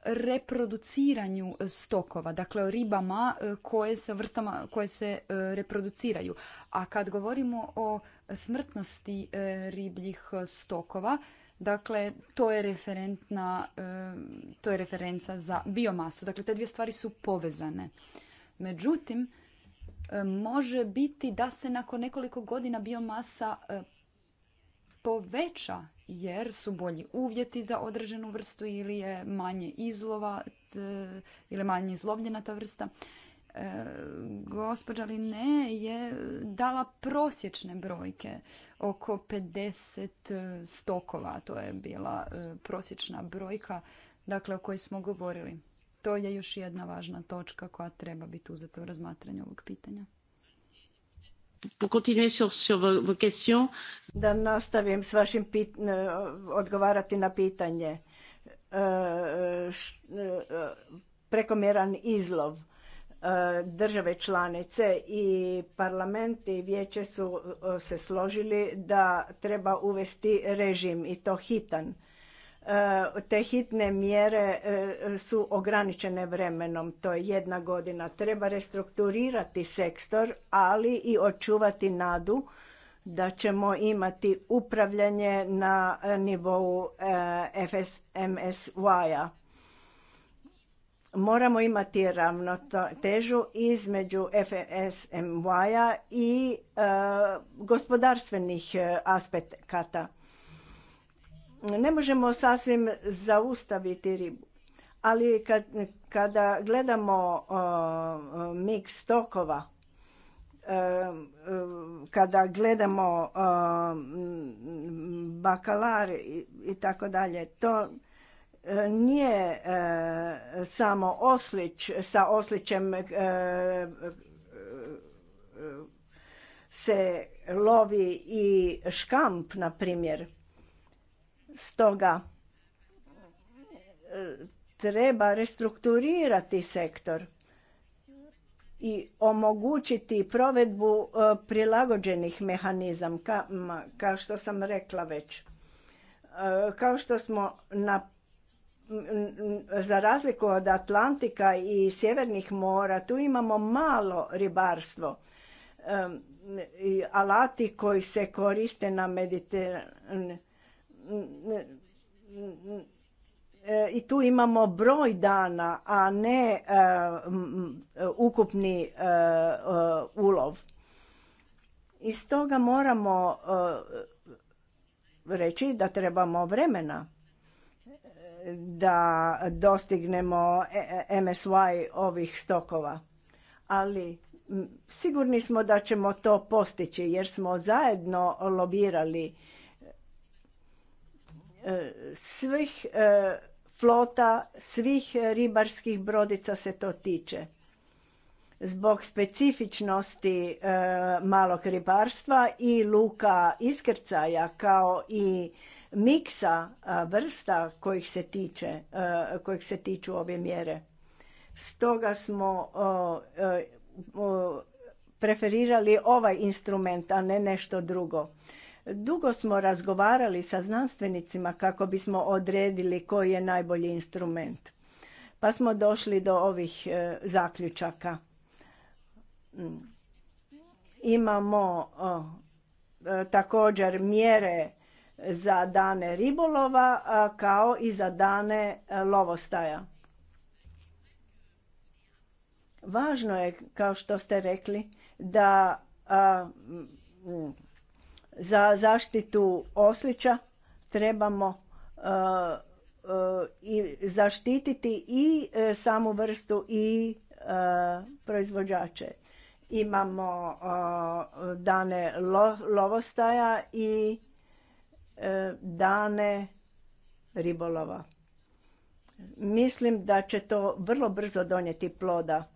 reproduciranju stokova, dakle o ribama koje se, vrstama koje se reproduciraju. A kad govorimo o smrtnosti ribljih stokova, Dakle, to je, referentna, e, to je referenca za biomasu. Dakle, te dvije stvari su povezane. Međutim, e, može biti da se nakon nekoliko godina biomasa e, poveća jer su bolji uvjeti za određenu vrstu ili je manje izlova ili manje izlovljena ta vrsta. E, gospođa ne je dala prosječne brojke, oko 50 e, stokova, to je bila e, prosječna brojka dakle, o kojoj smo govorili. To je još jedna važna točka koja treba biti uzeta u razmatranju ovog pitanja. Da nastavim s vašim e, odgovarati na pitanje. Prekomjeran izlov države članice i parlament i vijeće su e, se složili da treba uvesti režim i to hitan. E, te hitne mjere e, su ograničene vremenom, to je jedna godina. Treba restrukturirati sektor, ali i očuvati nadu da ćemo imati upravljanje na nivou FSMSY-a moramo imati ravnotežu između FSMY-a i e, gospodarstvenih e, aspekata. Ne možemo sasvim zaustaviti ribu, ali kada gledamo mix stokova, e, kada gledamo bakalar i tako dalje, to nije e, samo oslić sa oslićem e, e, se lovi i škamp, na primjer. Stoga treba restrukturirati sektor i omogućiti provedbu prilagođenih mehanizama, kao što sam rekla već. Kao što smo na za razliku od Atlantika i sjevernih mora, tu imamo malo ribarstvo. I alati koji se koriste na e, I tu imamo broj dana, a ne ukupni e, e, ulov. I stoga moramo reći da trebamo vremena da dostignemo e, MSY ovih stokova. Ali sigurni smo da ćemo to postići jer smo zajedno lobirali e, svih e, flota, svih ribarskih brodica se to tiče. Zbog specifičnosti malog ribarstva i luka iskrcaja kao i miksa vrsta kojih se tiče, kojih se tiču ove mjere. Stoga smo e, preferirali ovaj instrument, a ne nešto drugo. Dugo smo razgovarali sa znanstvenicima kako bismo odredili koji je najbolji instrument. Pa smo došli do ovih e, zaključaka. Mm. Imamo e, također mjere za dane ribolova kao i za dane e, lovostaja. Važno je, kao što ste rekli, da za zaštitu oslića trebamo i zaštititi i e, samu vrstu i proizvođače. Imamo dane lovostaja i E, dane ribolova. Mislim da će to vrlo brzo donijeti ploda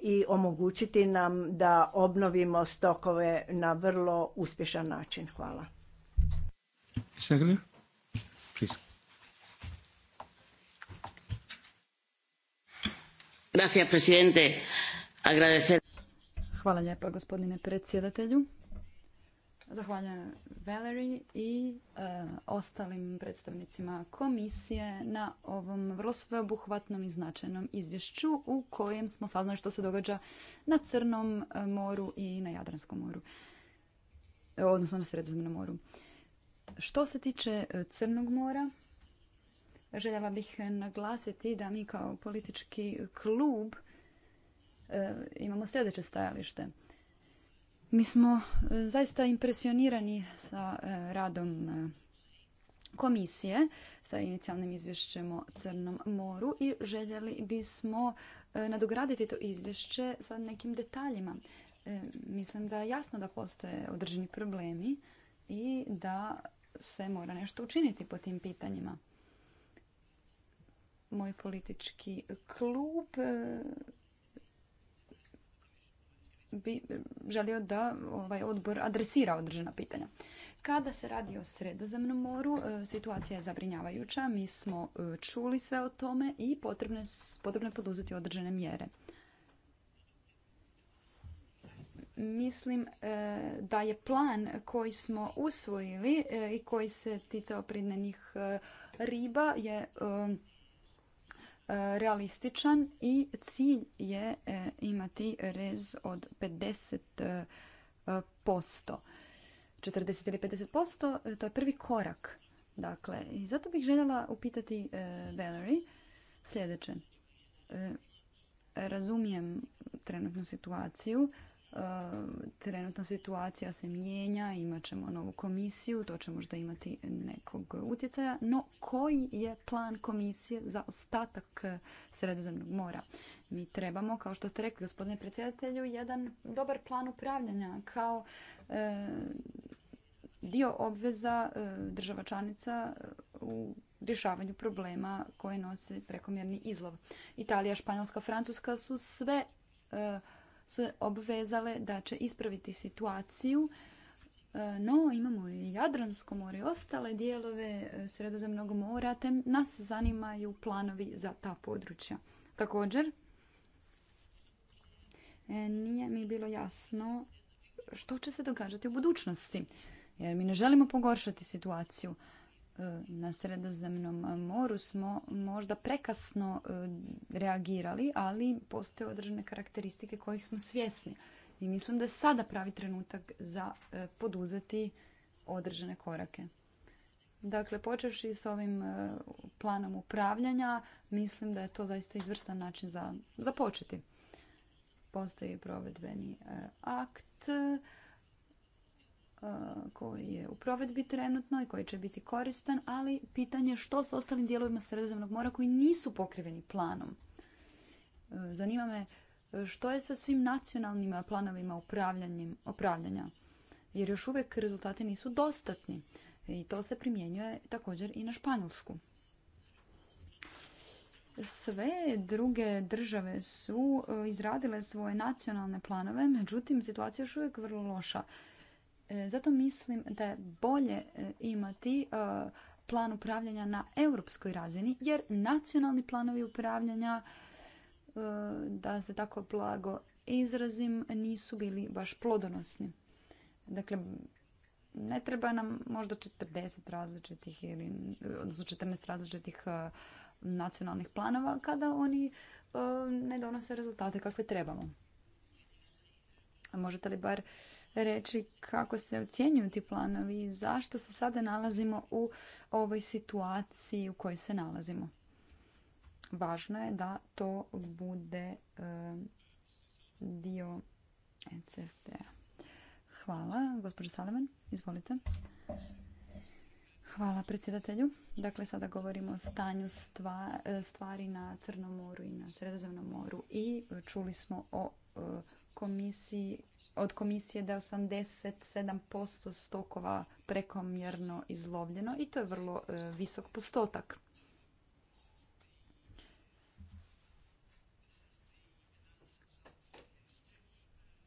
i omogućiti nam da obnovimo stokove na vrlo uspješan način. Hvala. Hvala lijepa gospodine predsjedatelju. Zahvaljujem Valerie i e, ostalim predstavnicima komisije na ovom vrlo sveobuhvatnom i značajnom izvješću u kojem smo saznali što se događa na Crnom e, moru i na Jadranskom moru, e, odnosno na Sredozemnom moru. Što se tiče Crnog mora, željela bih naglasiti da mi kao politički klub imamo sljedeće stajalište – mi smo e, zaista impresionirani sa e, radom e, komisije sa inicijalnim izvješćem o Crnom moru i željeli bismo nadograditi to izvješće sa nekim detaljima. Mislim da je jasno da postoje određeni problemi i da se mora nešto učiniti po tim pitanjima. Moj politički klub bi želio da ovaj odbor adresira određena pitanja. Kada se radi o Sredozemnom moru, e, situacija je zabrinjavajuća. Mi smo e, čuli sve o tome i potrebno je poduzeti određene mjere. Mislim e, da je plan koji smo usvojili i koji se ticao pridnenih riba je E, realističan i cilj je e, imati rez od 50%. 40 e, ili 50%, to je prvi korak. Dakle, i zato bih željela upitati Valerie sljedeće. Razumijem trenutnu situaciju trenutna situacija se mijenja, imat ćemo novu komisiju, to će možda imati nekog utjecaja, no koji je plan komisije za ostatak Sredozemnog mora? Mi trebamo, kao što ste rekli gospodine predsjedatelju, jedan dobar plan upravljanja kao e, dio obveza e, država članica e, u rješavanju problema koje nosi prekomjerni izlov. Italija, Španjolska, Francuska su sve se obvezale da će ispraviti situaciju. E, no, imamo i Jadransko more i ostale dijelove e, Sredozemnog mora, te nas zanimaju planovi za ta područja. Također, e, nije mi bilo jasno što će se događati u budućnosti, jer mi ne želimo pogoršati situaciju. E, na sredozemnom e, moru smo možda prekasno e, reagirali, ali postoje određene karakteristike kojih smo svjesni. I mislim da je sada pravi trenutak za poduzeti određene korake. Dakle, počevši s ovim planom upravljanja, mislim da je to zaista izvrstan način za započeti. Postoji provedbeni akt, E, koji je u provedbi trenutno i koji će biti koristan, ali pitanje što s ostalim dijelovima Sredozemnog mora koji nisu pokriveni planom. E, zanima me što je sa svim nacionalnim planovima upravljanja, jer još uvijek rezultati nisu dostatni i to se primjenjuje također i na Španjolsku. Sve druge države su e, izradile svoje nacionalne planove, međutim situacija je još uvijek vrlo loša. E, zato mislim da je bolje e, imati e, plan upravljanja na europskoj razini, jer nacionalni planovi upravljanja, da se tako blago izrazim, nisu bili baš plodonosni. Dakle, ne treba nam možda 40 različitih ili odnosno 14 različitih nacionalnih planova kada oni ne donose rezultate kakve trebamo. Možete li bar reći kako se ocjenjuju ti planovi i zašto se sada nalazimo u ovoj situaciji u kojoj se nalazimo. Važno je da to bude dio ECFT-a. Hvala. Gospođo Salaman, izvolite. Hvala predsjedatelju. Dakle, sada govorimo o stanju e, stvari na Crnom moru i na Sredozemnom moru i čuli smo o e, komisiji od komisije da je 87% stokova prekomjerno izlovljeno i to je vrlo e, visok postotak.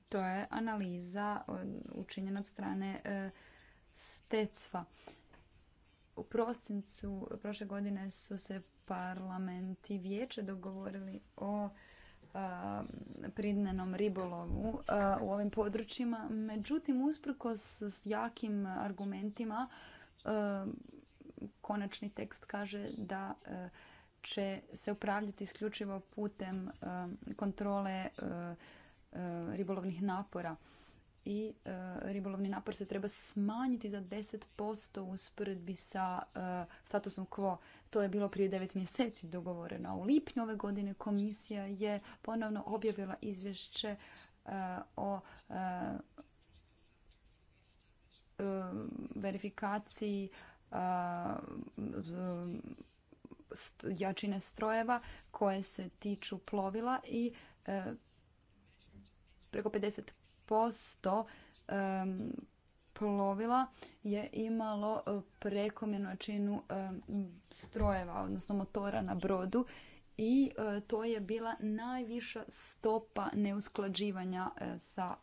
To je analiza e, učinjena od strane e, Stecva. U prosincu prošle godine su se parlamenti i vijeće dogovorili o Eh, pridnenom ribolovu eh, u ovim područjima. Međutim, usprkos s jakim argumentima, eh, konačni tekst kaže da će se upravljati isključivo putem kontrole ribolovnih napora i e, ribolovni napor se treba smanjiti za 10% u usporedbi sa e, statusom quo. To je bilo prije 9 mjeseci dogovoreno. U lipnju ove godine komisija je ponovno objavila izvješće e, o verifikaciji jačine strojeva koje se tiču plovila i preko 50 posto plovila je imalo e, prekomjernu činu strojeva, odnosno motora na brodu i e, to je bila najviša stopa neusklađivanja e, sa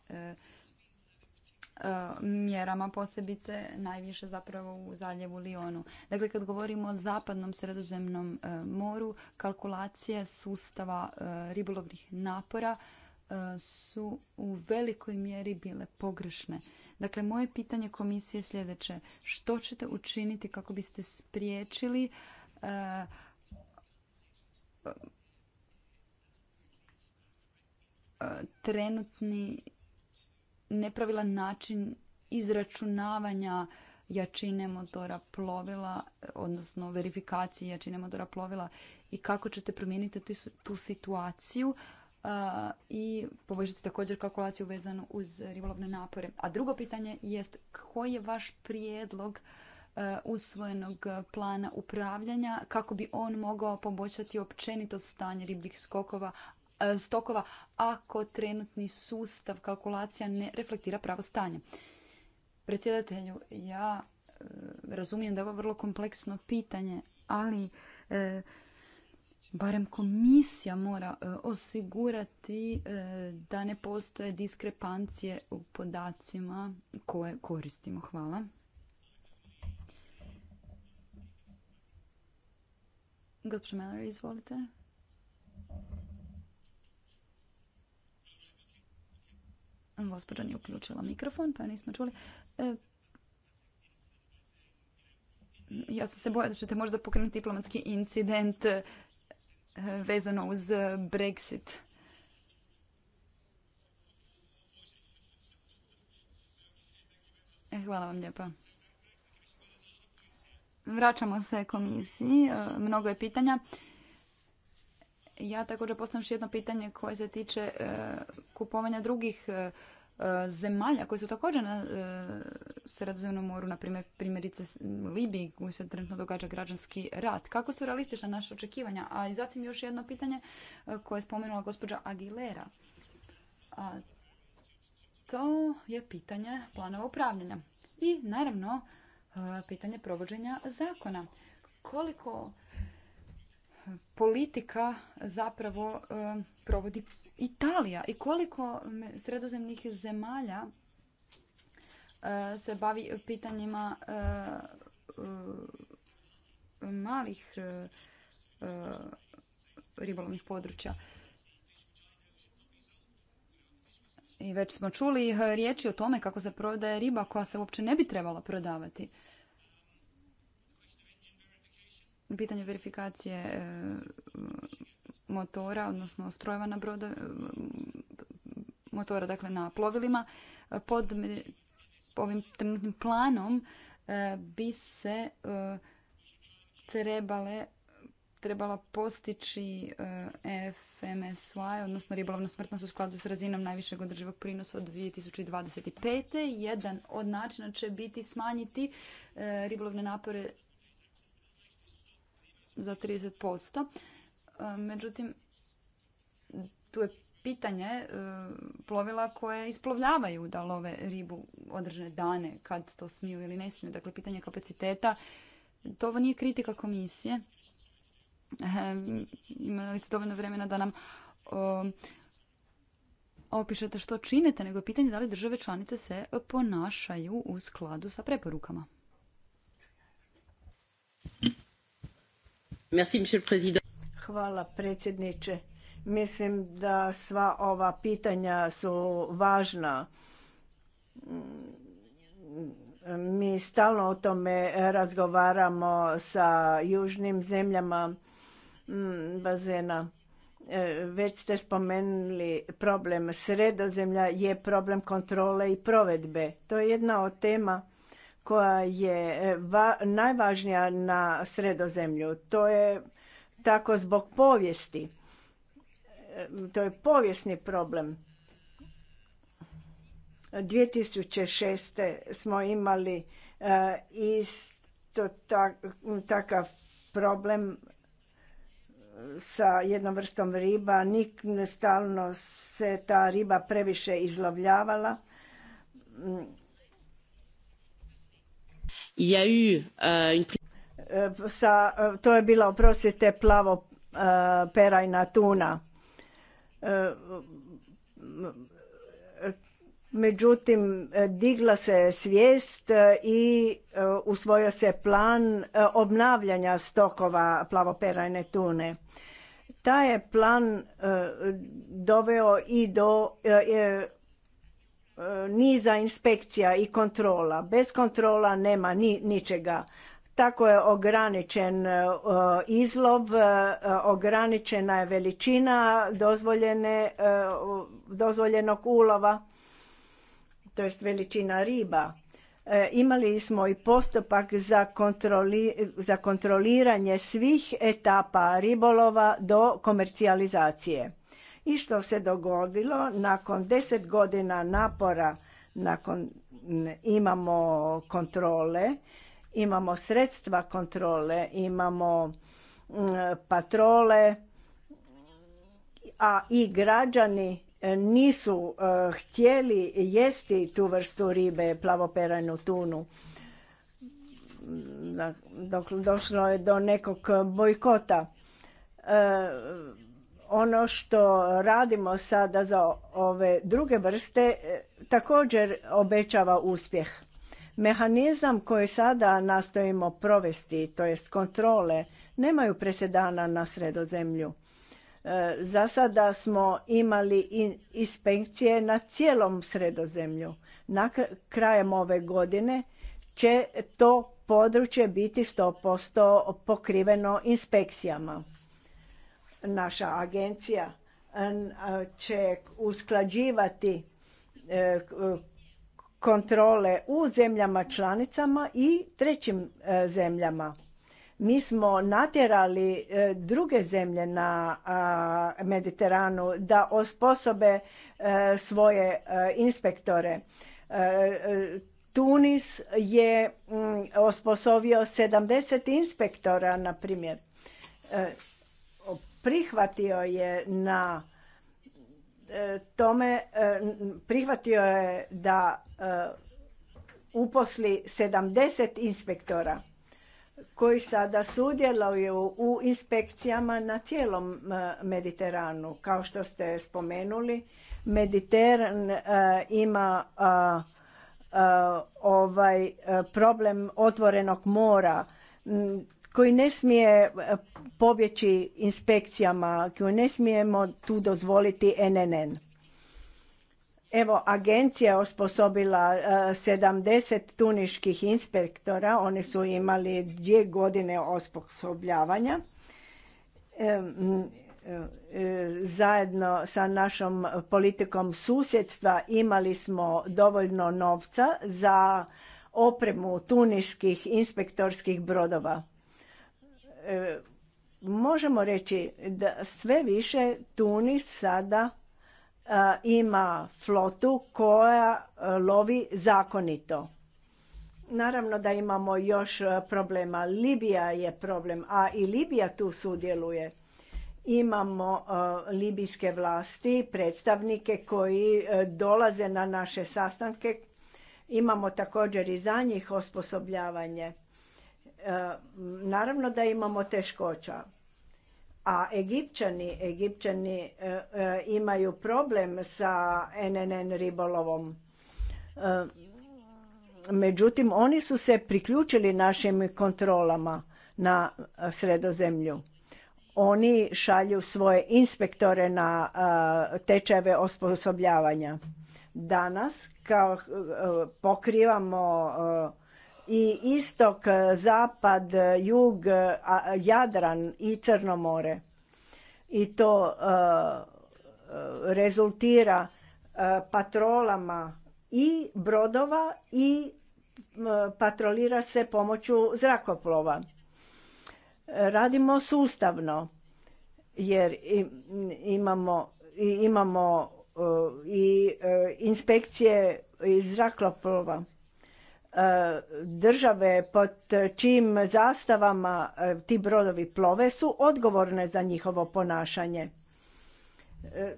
mjerama, posebice najviše zapravo u zaljevu Lionu. Dakle, kad govorimo o zapadnom sredozemnom moru, kalkulacije sustava ribolovnih napora E, su u velikoj mjeri bile pogrešne. Dakle, moje pitanje komisije je sljedeće. Što ćete učiniti kako biste spriječili e, e, trenutni nepravilan način izračunavanja jačine motora plovila, odnosno verifikacije jačine motora plovila i kako ćete promijeniti tu situaciju i poboljšati također kalkulaciju vezanu uz ribolovne napore. A drugo pitanje jest koji je vaš prijedlog e, usvojenog plana upravljanja kako bi on mogao poboljšati općenito stanje ribljih skokova, e, stokova ako trenutni sustav kalkulacija ne reflektira pravo stanje. Predsjedatelju, ja e, razumijem da je ovo vrlo kompleksno pitanje, ali barem komisija mora e, osigurati e, da ne postoje diskrepancije u podacima koje koristimo. Hvala. Gospođo Mallory, izvolite. Gospođa nije uključila mikrofon, pa nismo čuli. E, ja sam se bojala da ćete možda pokrenuti diplomatski incident vezano uz Brexit. E, hvala vam lijepa. Vraćamo se komisiji. E, mnogo je pitanja. Ja također postavljam još jedno pitanje koje se tiče e, kupovanja drugih E, zemalja koje su također na e, Sredozemnom moru, na primjer, primjerice Libiji koji se trenutno događa građanski rat. Kako su realistična naše očekivanja? A i zatim još jedno pitanje e, koje je spomenula gospođa Aguilera. A, to je pitanje planova upravljanja. I naravno pitanje provođenja zakona. Koliko politika zapravo e, provodi Italija i koliko sredozemnih zemalja e, se bavi pitanjima e, malih ribolovnih područja. I već smo čuli riječi o tome kako se prodaje riba koja se uopće ne bi trebala prodavati pitanje verifikacije e, motora, odnosno strojeva na broda e, motora dakle na plovilima, pod ovim trenutnim planom e, bi se trebale trebala postići FMSY, odnosno ribolovna smrtnost u skladu s razinom najvišeg održivog prinosa od 2025. Jedan od načina će biti smanjiti ribolovne napore za 30%. E, međutim, tu je pitanje e, plovila koje isplovljavaju da love ribu određene dane kad to smiju ili ne smiju. Dakle, pitanje kapaciteta. To ovo nije kritika komisije. E, imali ste dovoljno vremena da nam opišete što činite, nego je pitanje da li države članice se ponašaju u skladu sa preporukama. Hvala predsjedniče. Mislim da sva ova pitanja su važna. Mi stalno o tome razgovaramo sa južnim zemljama mm, bazena. E, već ste spomenuli problem sredozemlja je problem kontrole i provedbe. To je jedna od tema koja je e, najvažnija na sredozemlju. To je tako zbog povijesti. E, to je povijesni problem. 2006. smo imali e, isto takav problem sa jednom vrstom riba. Nik stalno se ta riba previše izlovljavala. Euh, eh, eh, to je bila oprostite plavo eh, perajna tuna. Međutim, digla se svijest i usvojio se plan obnavljanja stokova plavoperajne tune. Taj je plan doveo i do E, niza inspekcija i kontrola. Bez kontrola nema ni, ničega. Tako je ograničen e, izlov, e, ograničena je veličina dozvoljene, dozvoljenog ulova, to jest veličina riba. Imali smo i postupak za, za kontroliranje svih etapa ribolova do komercijalizacije i što se dogodilo? Nakon deset godina napora nakon, imamo kontrole, imamo sredstva kontrole, imamo mm, patrole, a i građani e, nisu e, htjeli jesti tu vrstu ribe, plavoperajnu tunu. Dok došlo je do nekog bojkota. E, ono što radimo sada za ove druge vrste e, također obećava uspjeh. Mehanizam koji sada nastojimo provesti, to jest kontrole, nemaju presedana na sredozemlju. E, za sada smo imali inspekcije na cijelom sredozemlju. Na krajem ove godine će to područje biti 100% pokriveno inspekcijama. Naša agencija će usklađivati e, kontrole u zemljama članicama i trećim e, zemljama. Mi smo natjerali e, druge zemlje na Mediteranu da osposobe svoje inspektore. Tunis je osposobio 70 inspektora, na primjer prihvatio je na e, tome, e, prihvatio je da e, uposli 70 inspektora koji sada sudjeluju u inspekcijama na cijelom Mediteranu. Kao što ste spomenuli, Mediteran ima ovaj problem otvorenog mora koji ne smije e, pobjeći inspekcijama, koji ne smijemo tu dozvoliti NNN. Evo, agencija je osposobila 70 e, tuniških inspektora, oni su imali dvije godine osposobljavanja. E, zajedno sa našom politikom susjedstva imali smo dovoljno novca za opremu tuniških inspektorskih brodova. E, možemo reći da sve više Tunis sada ima flotu koja e, lovi zakonito. Naravno da imamo još e, problema. Libija je problem, a i Libija tu sudjeluje. Imamo libijske vlasti, predstavnike koji dolaze na naše sastanke. Imamo također i za njih osposobljavanje. Eh, naravno da imamo teškoća. A Egipćani, Egipćani eh, imaju problem sa NNN ribolovom. Eh, međutim, oni su se priključili našim kontrolama na sredozemlju. Oni šalju svoje inspektore na tečeve osposobljavanja. Danas kao pokrivamo i istok, e, zapad, e, jug, e, Jadran i Crno more. I to rezultira patrolama i brodova i patrolira se pomoću zrakoplova. Radimo sustavno jer imamo, i inspekcije iz zrakoplova E, države pod čijim zastavama e, ti brodovi plove su odgovorne za njihovo ponašanje. E,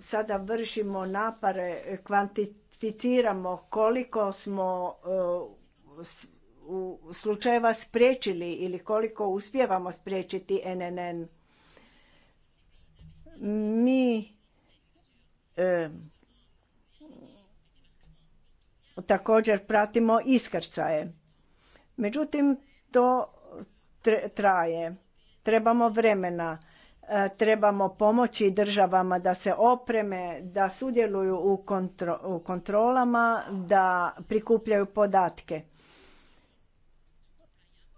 sada vršimo napare, kvantificiramo koliko smo u slučajeva spriječili ili koliko uspjevamo spriječiti NNN. Mi Također pratimo iskrcaje. Međutim, to traje. Trebamo vremena, e, trebamo pomoći državama da se opreme, da sudjeluju u, kontrolama, da prikupljaju podatke.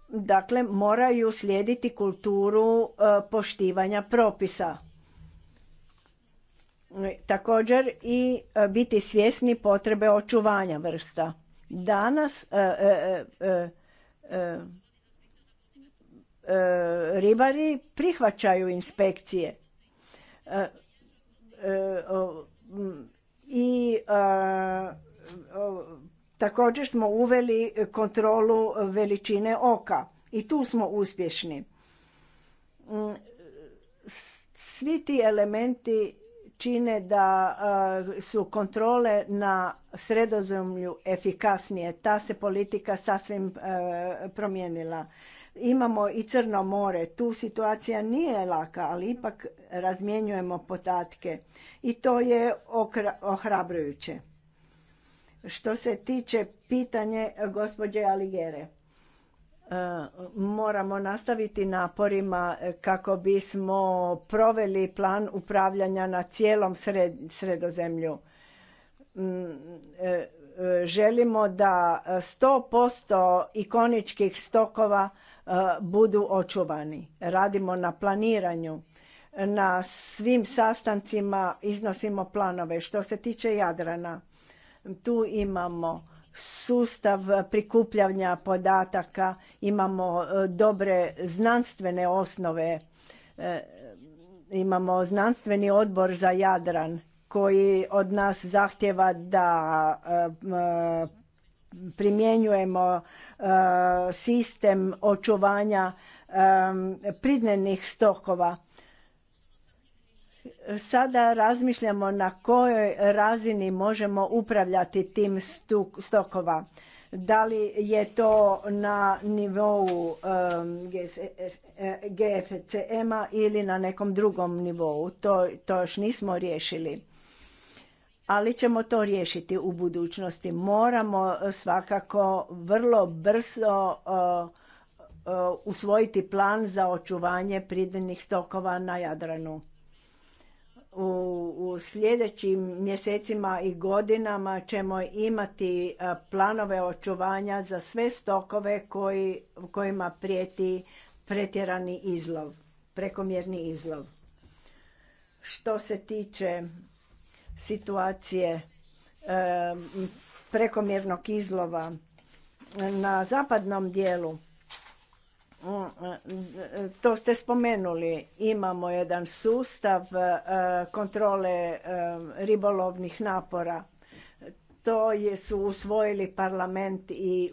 Dakle, moraju slijediti kulturu e, poštivanja propisa također i e, biti svjesni potrebe očuvanja vrsta. Danas e, e, ribari prihvaćaju inspekcije i također smo uveli kontrolu veličine oka i tu smo uspješni. Mm, svi ti elementi čine da eh, su kontrole na sredozemlju efikasnije. Ta se politika sasvim eh, promijenila. Imamo i Crno more. Tu situacija nije laka, ali ipak razmjenjujemo podatke. I to je ohrabrujuće. Što se tiče pitanje gospođe Aligere moramo nastaviti naporima kako bismo proveli plan upravljanja na cijelom sredozemlju. Mm, e, želimo da 100% ikoničkih stokova e, budu očuvani. Radimo na planiranju. Na svim sastancima iznosimo planove. Što se tiče Jadrana, tu imamo sustav prikupljanja podataka, imamo e, dobre znanstvene osnove, e, imamo znanstveni odbor za Jadran koji od nas zahtjeva da e, primjenjujemo sistem očuvanja pridnenih stokova Sada razmišljamo na kojoj razini možemo upravljati tim stokova. Da li je to na nivou GFCM-a ili na nekom drugom nivou? To, to još nismo riješili. Ali ćemo to riješiti u budućnosti. Moramo svakako vrlo brzo usvojiti plan za očuvanje pridnih stokova na Jadranu u sljedećim mjesecima i godinama ćemo imati planove očuvanja za sve stokove koji, kojima prijeti pretjerani izlov, prekomjerni izlov. Što se tiče situacije prekomjernog izlova na zapadnom dijelu, E, e, to ste spomenuli, imamo jedan sustav e, kontrole ribolovnih napora. To je su usvojili parlament i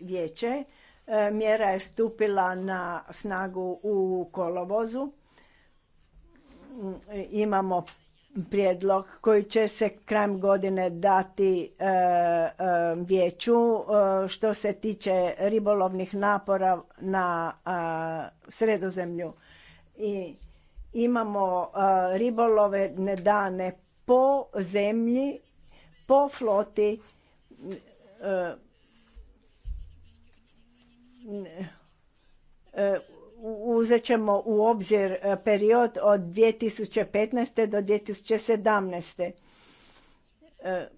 vijeće. Mjera je stupila na snagu u kolovozu. Imamo prijedlog koji će se krajem godine dati e, e, vijeću e, što se tiče ribolovnih napora na sredozemlju. I imamo ribolovne dane po zemlji, po floti uzet ćemo u obzir e, period od 2015. do 2017. E,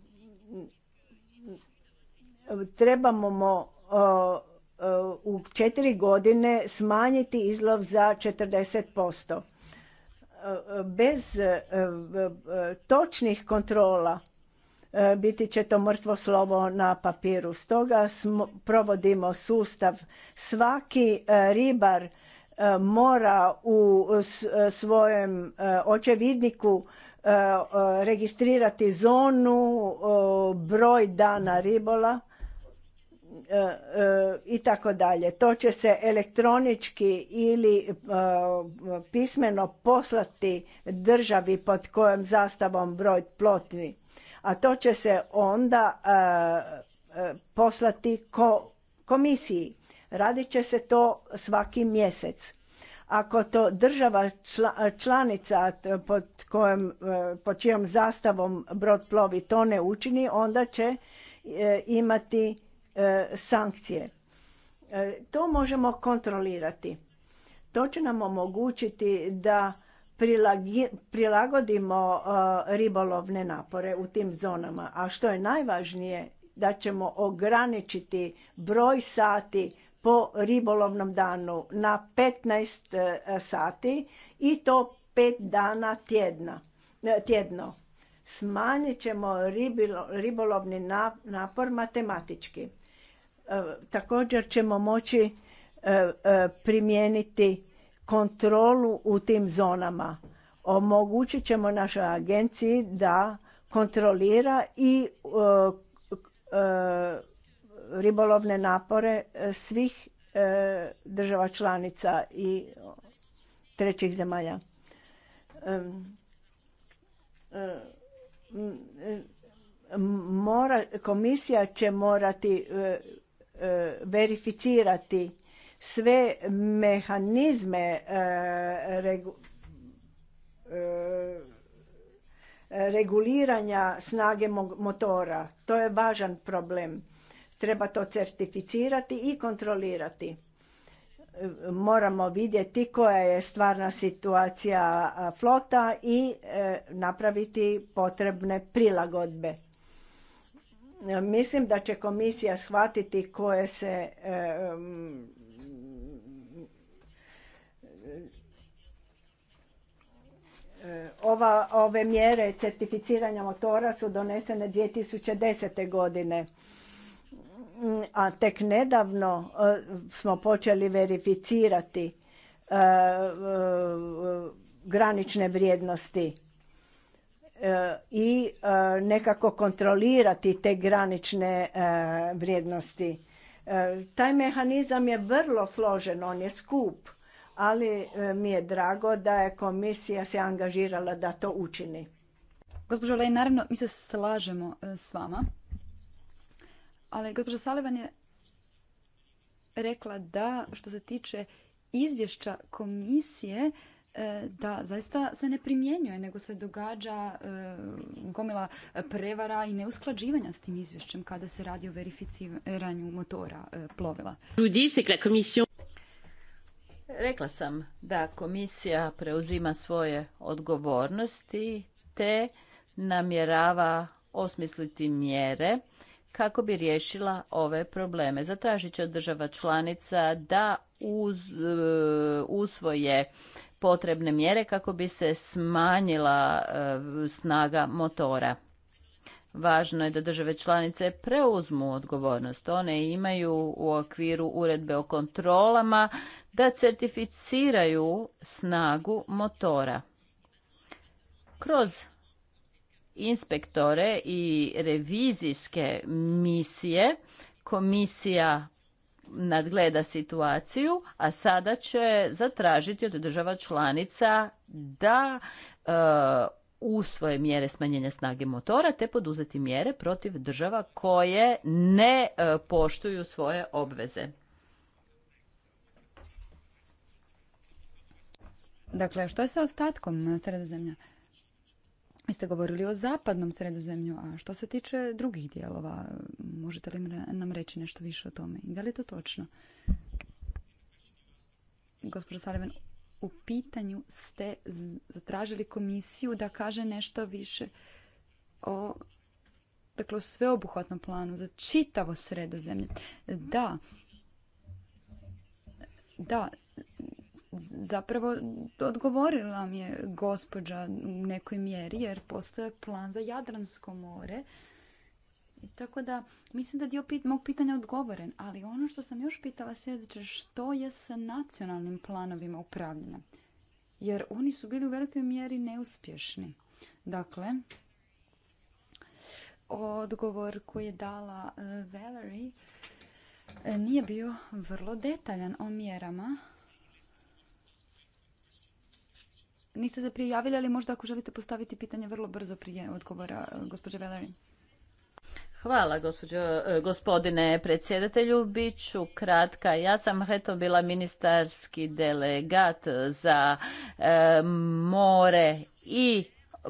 trebamo e, u četiri godine smanjiti izlov za 40%. Bez točnih kontrola biti će to mrtvo slovo na papiru. Stoga provodimo sustav. Svaki ribar E, mora u e, svojem e, očevidniku registrirati zonu, broj dana ribola i tako dalje. To će se elektronički ili pismeno poslati državi pod kojom zastavom broj plotvi. A to će se onda poslati komisiji Radit će se to svaki mjesec. Ako to država članica pod, kojom, e, pod čijom zastavom brod plovi to ne učini, onda će e, imati e, sankcije. To možemo kontrolirati. To će nam omogućiti da prilagodimo ribolovne napore u tim zonama. A što je najvažnije, da ćemo ograničiti broj sati po ribolovnom danu na 15 e, sati i to pet dana tjedna, e, tjedno. Smanjit ćemo ribolovni napor matematički. E, također ćemo moći primijeniti kontrolu u tim zonama. Omogućit ćemo našoj agenciji da kontrolira i ribolovne napore e, svih e, država članica i trećih zemalja. E, mora, komisija će morati verificirati sve mehanizme reguliranja snage motora. To je važan problem Treba to certificirati i kontrolirati. Moramo vidjeti koja je stvarna situacija flota i e, napraviti potrebne prilagodbe. Mislim da će komisija shvatiti koje se e, e, Ova, ove mjere certificiranja motora su donesene 2010. godine. Mm, a tek nedavno eh, smo počeli verificirati eh, eh, granične vrijednosti i nekako kontrolirati te granične vrijednosti. Taj mehanizam je vrlo složen, on je skup, ali mi je drago da je komisija se angažirala da to učini. Gospođo Lej, naravno mi se slažemo s vama ali gospođa Salivan je rekla da što se tiče izvješća komisije e, da zaista se ne primjenjuje nego se događa e, gomila prevara i neusklađivanja s tim izvješćem kada se radi o verificiranju motora e, plovila. Rekla sam da komisija preuzima svoje odgovornosti te namjerava osmisliti mjere kako bi riješila ove probleme. Zatražit će od država članica da e, usvoje potrebne mjere kako bi se smanjila e, snaga motora. Važno je da države članice preuzmu odgovornost. One imaju u okviru uredbe o kontrolama da certificiraju snagu motora. Kroz inspektore i revizijske misije komisija nadgleda situaciju, a sada će zatražiti od država članica da e, usvoje mjere smanjenja snage motora te poduzeti mjere protiv država koje ne e, poštuju svoje obveze. Dakle, što je sa ostatkom sredozemlja? Vi ste govorili o zapadnom sredozemlju, a što se tiče drugih dijelova, možete li nam reći nešto više o tome? I da li je to točno? Gospođo Salivan, u pitanju ste zatražili komisiju da kaže nešto više o dakle, sveobuhvatnom planu za čitavo sredozemlje. Da, da, zapravo odgovorila mi je gospođa u nekoj mjeri jer postoje plan za Jadransko more. Tako da mislim da dio pit, mog pitanja odgovoren, ali ono što sam još pitala sljedeće, što je sa nacionalnim planovima upravljanja? Jer oni su bili u velikoj mjeri neuspješni. Dakle, odgovor koji je dala eh, Valerie eh, nije bio vrlo detaljan o mjerama niste se prijavili, ali možda ako želite postaviti pitanje vrlo brzo prije odgovora e, gospođe Velerin. Hvala e, gospodine predsjedatelju. Biću kratka. Ja sam eto bila ministarski delegat za e, more i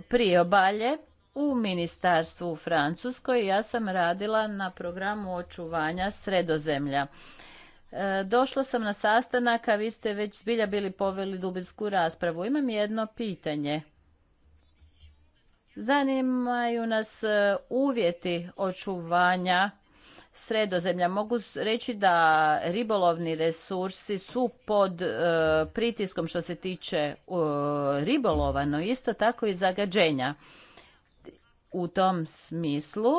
priobalje u ministarstvu u Francuskoj. Ja sam radila na programu očuvanja sredozemlja. E, došla sam na sastanak, a vi ste već zbilja bili poveli dubinsku raspravu. Imam jedno pitanje. Zanimaju nas e, uvjeti očuvanja sredozemlja. Mogu reći da ribolovni resursi su pod e, pritiskom što se tiče ribolova, no isto tako i zagađenja. U tom smislu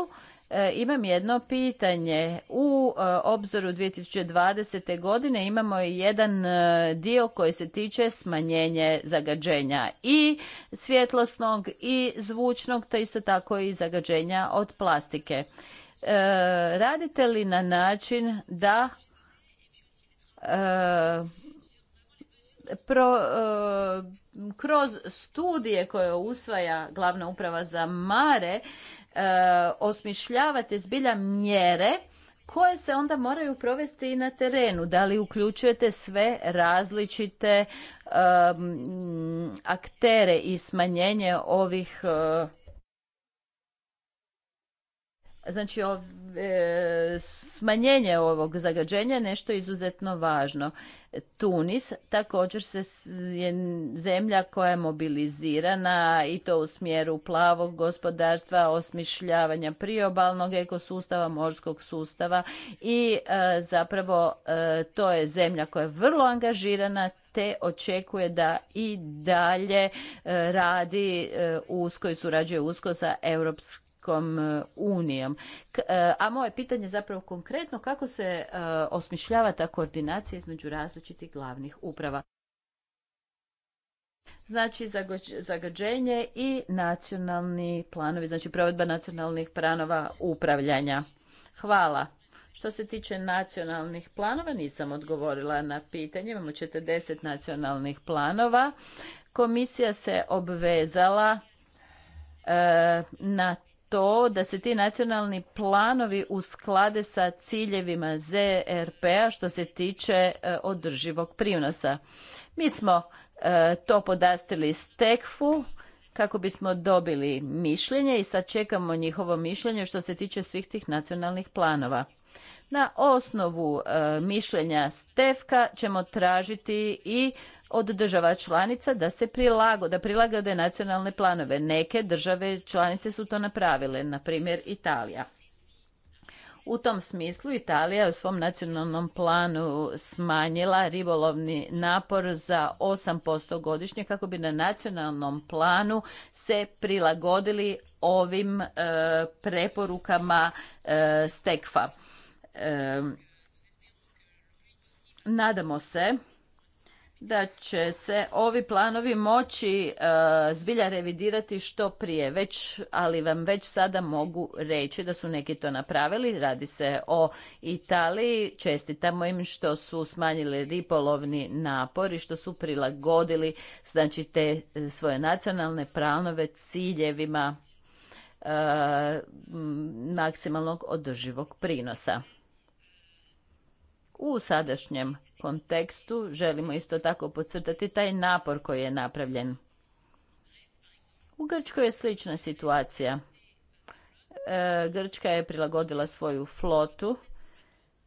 E, imam jedno pitanje. U e, obzoru 2020. godine imamo jedan e, dio koji se tiče smanjenje zagađenja i svjetlosnog i zvučnog, te isto tako i zagađenja od plastike. Radite li na način da kroz studije koje usvaja glavna uprava za mare E, osmišljavate zbilja mjere koje se onda moraju provesti i na terenu. Da li uključujete sve različite e, aktere i smanjenje ovih e, Znači, e, smanjenje ovog zagađenja je nešto izuzetno važno. Tunis također se je zemlja koja je mobilizirana i to u smjeru plavog gospodarstva, osmišljavanja priobalnog ekosustava, morskog sustava i e, zapravo e, to je zemlja koja je vrlo angažirana te očekuje da i dalje radi usko i surađuje usko sa europskom. Europskom e, unijom. E, a moje pitanje je zapravo konkretno kako se e, osmišljava ta koordinacija između različitih glavnih uprava. Znači zagađenje i nacionalni planovi, znači provedba nacionalnih planova upravljanja. Hvala. Što se tiče nacionalnih planova, nisam odgovorila na pitanje. Imamo 40 nacionalnih planova. Komisija se obvezala na to da se ti nacionalni planovi usklade sa ciljevima ZRP-a što se tiče e, održivog prinosa. Mi smo e, to podastili stekfu kako bismo dobili mišljenje i sad čekamo njihovo mišljenje što se tiče svih tih nacionalnih planova. Na osnovu e, mišljenja Stefka ćemo tražiti i od država članica da se prilago, da prilagode nacionalne planove. Neke države članice su to napravile, na primjer Italija. U tom smislu Italija je u svom nacionalnom planu smanjila ribolovni napor za 8% godišnje kako bi na nacionalnom planu se prilagodili ovim e, preporukama e, stekfa. E, nadamo se da će se ovi planovi moći e, zbilja revidirati što prije već ali vam već sada mogu reći da su neki to napravili radi se o Italiji čestitamo im što su smanjili ripolovni napor i što su prilagodili znači te e, svoje nacionalne planove ciljevima e, maksimalnog održivog prinosa u sadašnjem kontekstu želimo isto tako podcrtati taj napor koji je napravljen. U Grčkoj je slična situacija. E, Grčka je prilagodila svoju flotu.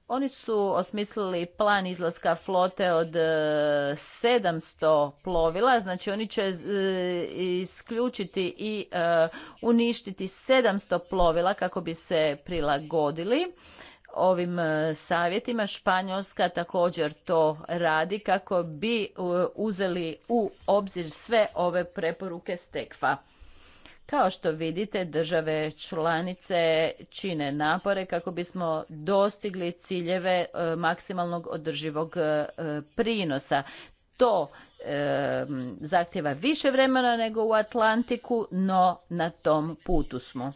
Oni su osmislili plan izlaska flote od 700 e, plovila, znači oni će e, isključiti i e, uništiti 700 plovila kako bi se prilagodili ovim e, savjetima. Španjolska također to radi kako bi e, uzeli u obzir sve ove preporuke stekfa. Kao što vidite, države članice čine napore kako bismo dostigli ciljeve e, maksimalnog održivog prinosa to e, zahtjeva više vremena nego u Atlantiku, no na tom putu smo.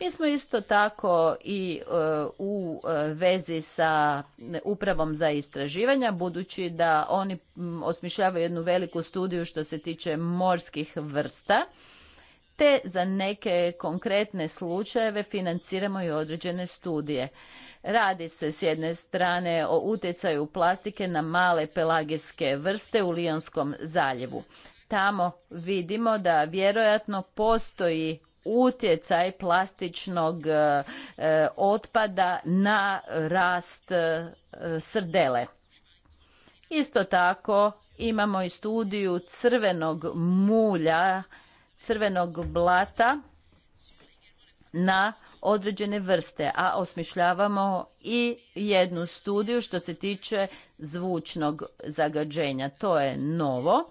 Mi smo isto tako i eh, u eh, vezi sa upravom za istraživanja, budući da oni mm, osmišljavaju jednu veliku studiju što se tiče morskih vrsta, te za neke konkretne slučajeve financiramo i određene studije. Radi se s jedne strane o utjecaju plastike na male pelagijske vrste u Lijonskom zaljevu. Tamo vidimo da vjerojatno postoji utjecaj plastičnog e, e, otpada na rast e, srdele. Isto tako imamo i studiju crvenog mulja, crvenog blata na određene vrste, a osmišljavamo i jednu studiju što se tiče zvučnog zagađenja. To je novo.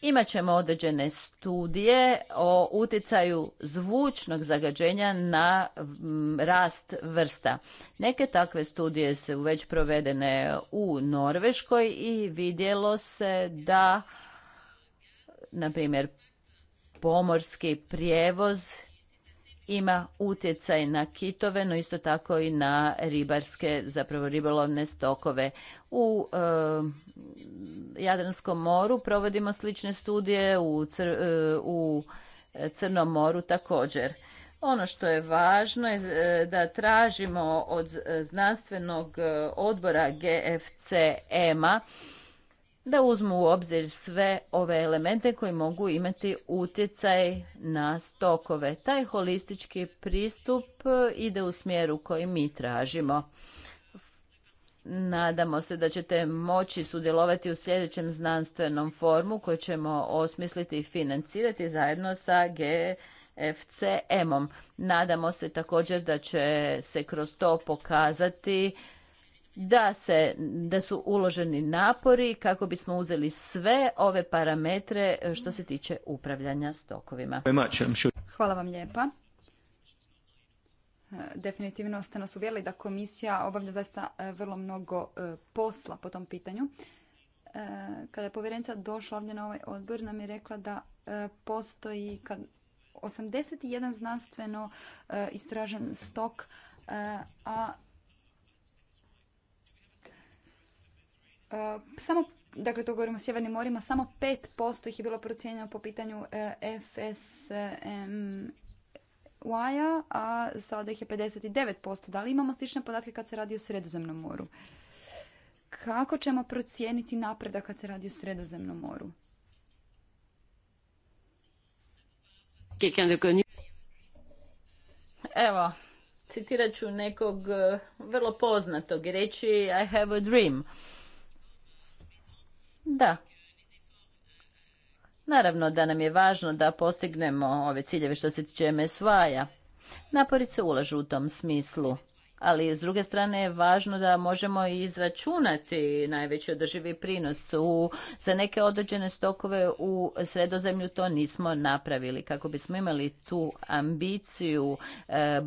Imaćemo određene studije o utjecaju zvučnog zagađenja na rast vrsta. Neke takve studije su već provedene u Norveškoj i vidjelo se da na primjer pomorski prijevoz ima utjecaj na kitove, no isto tako i na ribarske, zapravo ribolovne stokove. U eh, Jadranskom moru provodimo slične studije, u, eh, u Crnom moru također. Ono što je važno je eh, da tražimo od znanstvenog odbora GFCM-a e da uzmu u obzir sve ove elemente koji mogu imati utjecaj na stokove. Taj holistički pristup e, ide u smjeru koji mi tražimo. Nadamo se da ćete moći sudjelovati u sljedećem znanstvenom formu koju ćemo osmisliti i financirati zajedno sa GFCM-om. Nadamo se također da će se kroz to pokazati da, se, da su uloženi napori kako bismo uzeli sve ove parametre e, što se tiče upravljanja stokovima. Hvala vam lijepa. E, definitivno ste nas uvjerili da komisija obavlja zaista e, vrlo mnogo posla po tom pitanju. Kada je povjerenica došla ovdje na ovaj odbor, nam je rekla da postoji kad 81 znanstveno istražen stok, a E, samo dakle to govorimo o sjevernim morima, samo 5% ih je bilo procijenjeno po pitanju e, FSMY-a, a sada ih je 59%. Da li imamo slične podatke kad se radi o sredozemnom moru? Kako ćemo procijeniti napredak kad se radi o sredozemnom moru? Evo, citirat ću nekog e, vrlo poznatog reći I have a dream. Da. Naravno da nam je važno da postignemo ove ciljeve što se tiče MSV-a. ulažu u tom smislu ali s druge strane je važno da možemo izračunati najveći održivi prinos. U, za neke određene stokove u sredozemlju to nismo napravili. Kako bismo imali tu ambiciju e,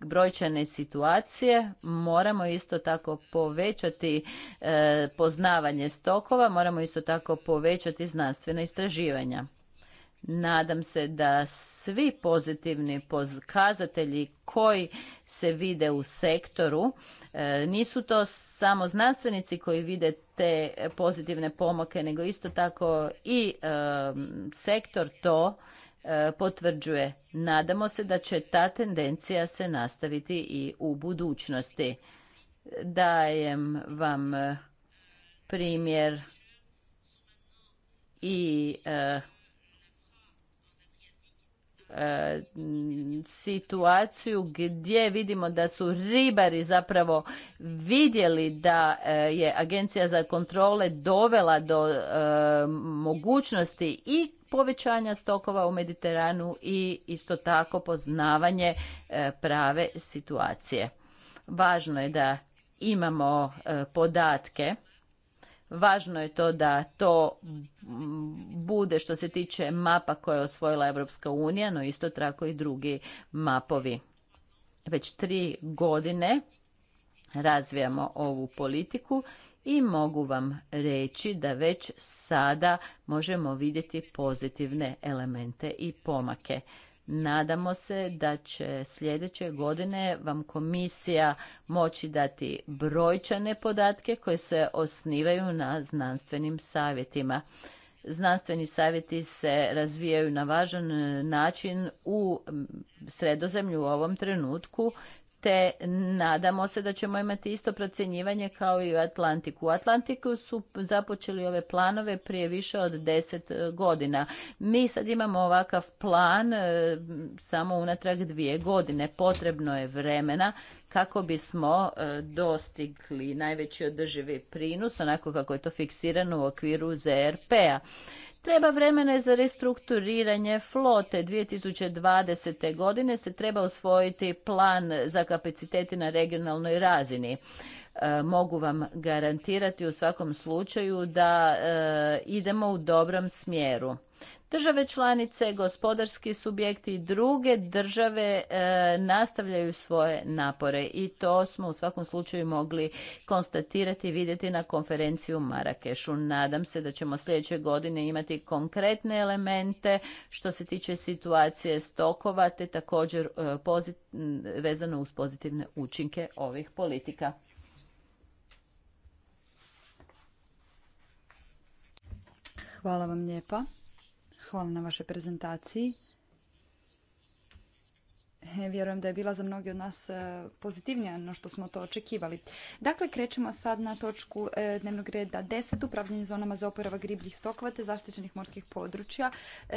brojčane situacije, moramo isto tako povećati e, poznavanje stokova, moramo isto tako povećati znanstvena istraživanja. Nadam se da svi pozitivni pokazatelji koji se vide u sektoru e, nisu to samo znanstvenici koji vide te pozitivne pomake, nego isto tako i e, sektor to e, potvrđuje. Nadamo se da će ta tendencija se nastaviti i u budućnosti. Dajem vam primjer i situaciju gdje vidimo da su ribari zapravo vidjeli da e, je agencija za kontrole dovela do e, mogućnosti i povećanja stokova u Mediteranu i isto tako poznavanje e, prave situacije. Važno je da imamo podatke Važno je to da to bude što se tiče mapa koje je osvojila Europska unija, no isto tako i drugi mapovi. Već tri godine razvijamo ovu politiku i mogu vam reći da već sada možemo vidjeti pozitivne elemente i pomake. Nadamo se da će sljedeće godine vam komisija moći dati brojčane podatke koje se osnivaju na znanstvenim savjetima. Znanstveni savjeti se razvijaju na važan način u sredozemlju u ovom trenutku te nadamo se da ćemo imati isto procjenjivanje kao i u Atlantiku. U Atlantiku su započeli ove planove prije više od deset e, godina. Mi sad imamo ovakav plan e, samo unatrag dvije godine. Potrebno je vremena kako bismo e, dostigli najveći održivi prinos, onako kako je to fiksirano u okviru ZRP-a. Treba vremena za restrukturiranje flote. 2020. godine se treba usvojiti plan za kapacitete na regionalnoj razini. E, mogu vam garantirati u svakom slučaju da e, idemo u dobrom smjeru. Države članice, gospodarski subjekti i druge države e, nastavljaju svoje napore i to smo u svakom slučaju mogli konstatirati i vidjeti na konferenciji u Marakešu. Nadam se da ćemo sljedeće godine imati konkretne elemente što se tiče situacije stokova te također e, vezano uz pozitivne učinke ovih politika. Hvala vam lijepa. Hvala na vašoj prezentaciji. E, vjerujem da je bila za mnogi od nas e, pozitivnija no što smo to očekivali. Dakle, krećemo sad na točku e, dnevnog reda 10. Upravljanje zonama za oporavak gribljih stokova te zaštićenih morskih područja.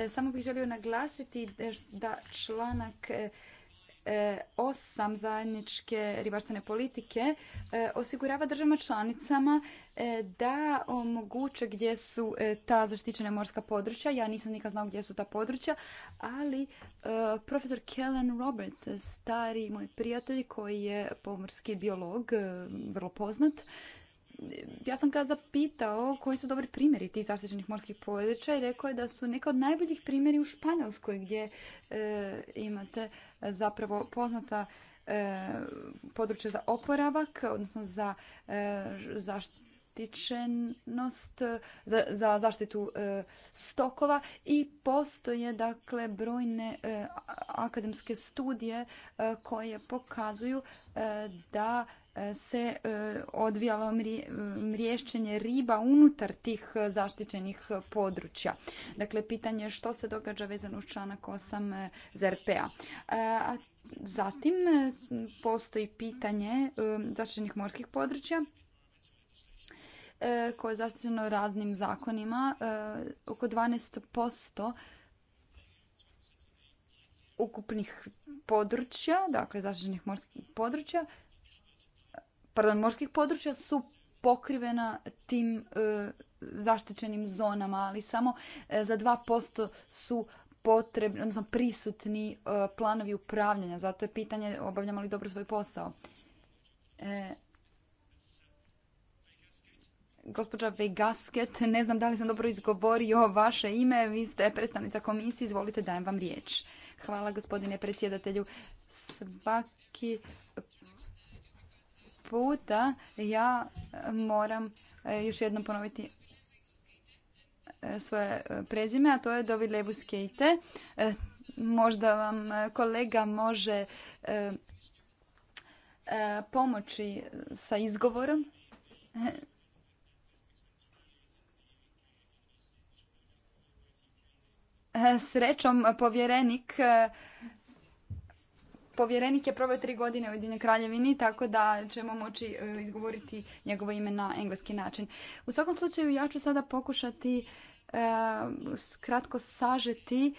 Samo bih želio naglasiti da članak E, osam zajedničke ribarstvene politike e, osigurava državama članicama e, da omoguće gdje su ta zaštićena morska područja. Ja nisam nikad znao gdje su ta područja, ali profesor Kellen Roberts, stari moj prijatelj koji je pomorski biolog, vrlo poznat, ja sam ga zapitao koji su dobri primjeri tih zaštićenih morskih područja i rekao je da su neka od najboljih primjeri u Španjolskoj gdje e, imate zapravo poznata e, područja za oporavak, odnosno za e, zaštićenost, za, za zaštitu e, stokova i postoje dakle brojne akademske studije koje pokazuju da se e, odvijalo mriješćenje riba unutar tih e, zaštićenih područja. Dakle, pitanje je što se događa vezano uz članak 8 e, zrp A zatim postoji pitanje zaštićenih morskih područja koje je zaštićeno raznim zakonima. Oko 12% ukupnih područja, dakle zaštićenih morskih područja, pardon, morskih područja su pokrivena tim e, zaštićenim zonama, ali samo e, za 2% su potrebni, odnosno prisutni e, planovi upravljanja. Zato je pitanje obavljamo li dobro svoj posao. E, gospođa Vegasket, ne znam da li sam dobro izgovorio vaše ime, vi ste predstavnica komisije, izvolite dajem vam riječ. Hvala gospodine predsjedatelju. Svaki puta ja e, moram e, još jednom ponoviti e, svoje prezime, a to je Dovid levu Možda vam kolega može pomoći sa izgovorom. Srećom, povjerenik povjerenik je proveo tri godine u Ujedinjenoj kraljevini, tako da ćemo moći e, izgovoriti njegovo ime na engleski način. U svakom slučaju ja ću sada pokušati e, kratko sažeti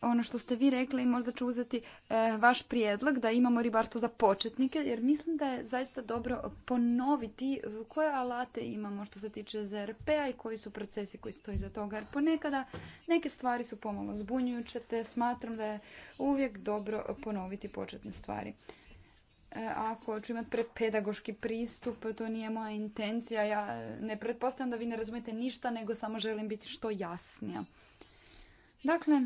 ono što ste vi rekli, možda ću uzeti e, vaš prijedlog da imamo ribarstvo za početnike, jer mislim da je zaista dobro ponoviti koje alate imamo što se tiče ZRP-a i koji su procesi koji stoji za toga. Jer ponekada neke stvari su pomalo zbunjujuće, te smatram da je uvijek dobro ponoviti početne stvari. E, ako ću imati prepedagoški pristup, to nije moja intencija. Ja ne pretpostavljam da vi ne razumijete ništa, nego samo želim biti što jasnija. Dakle,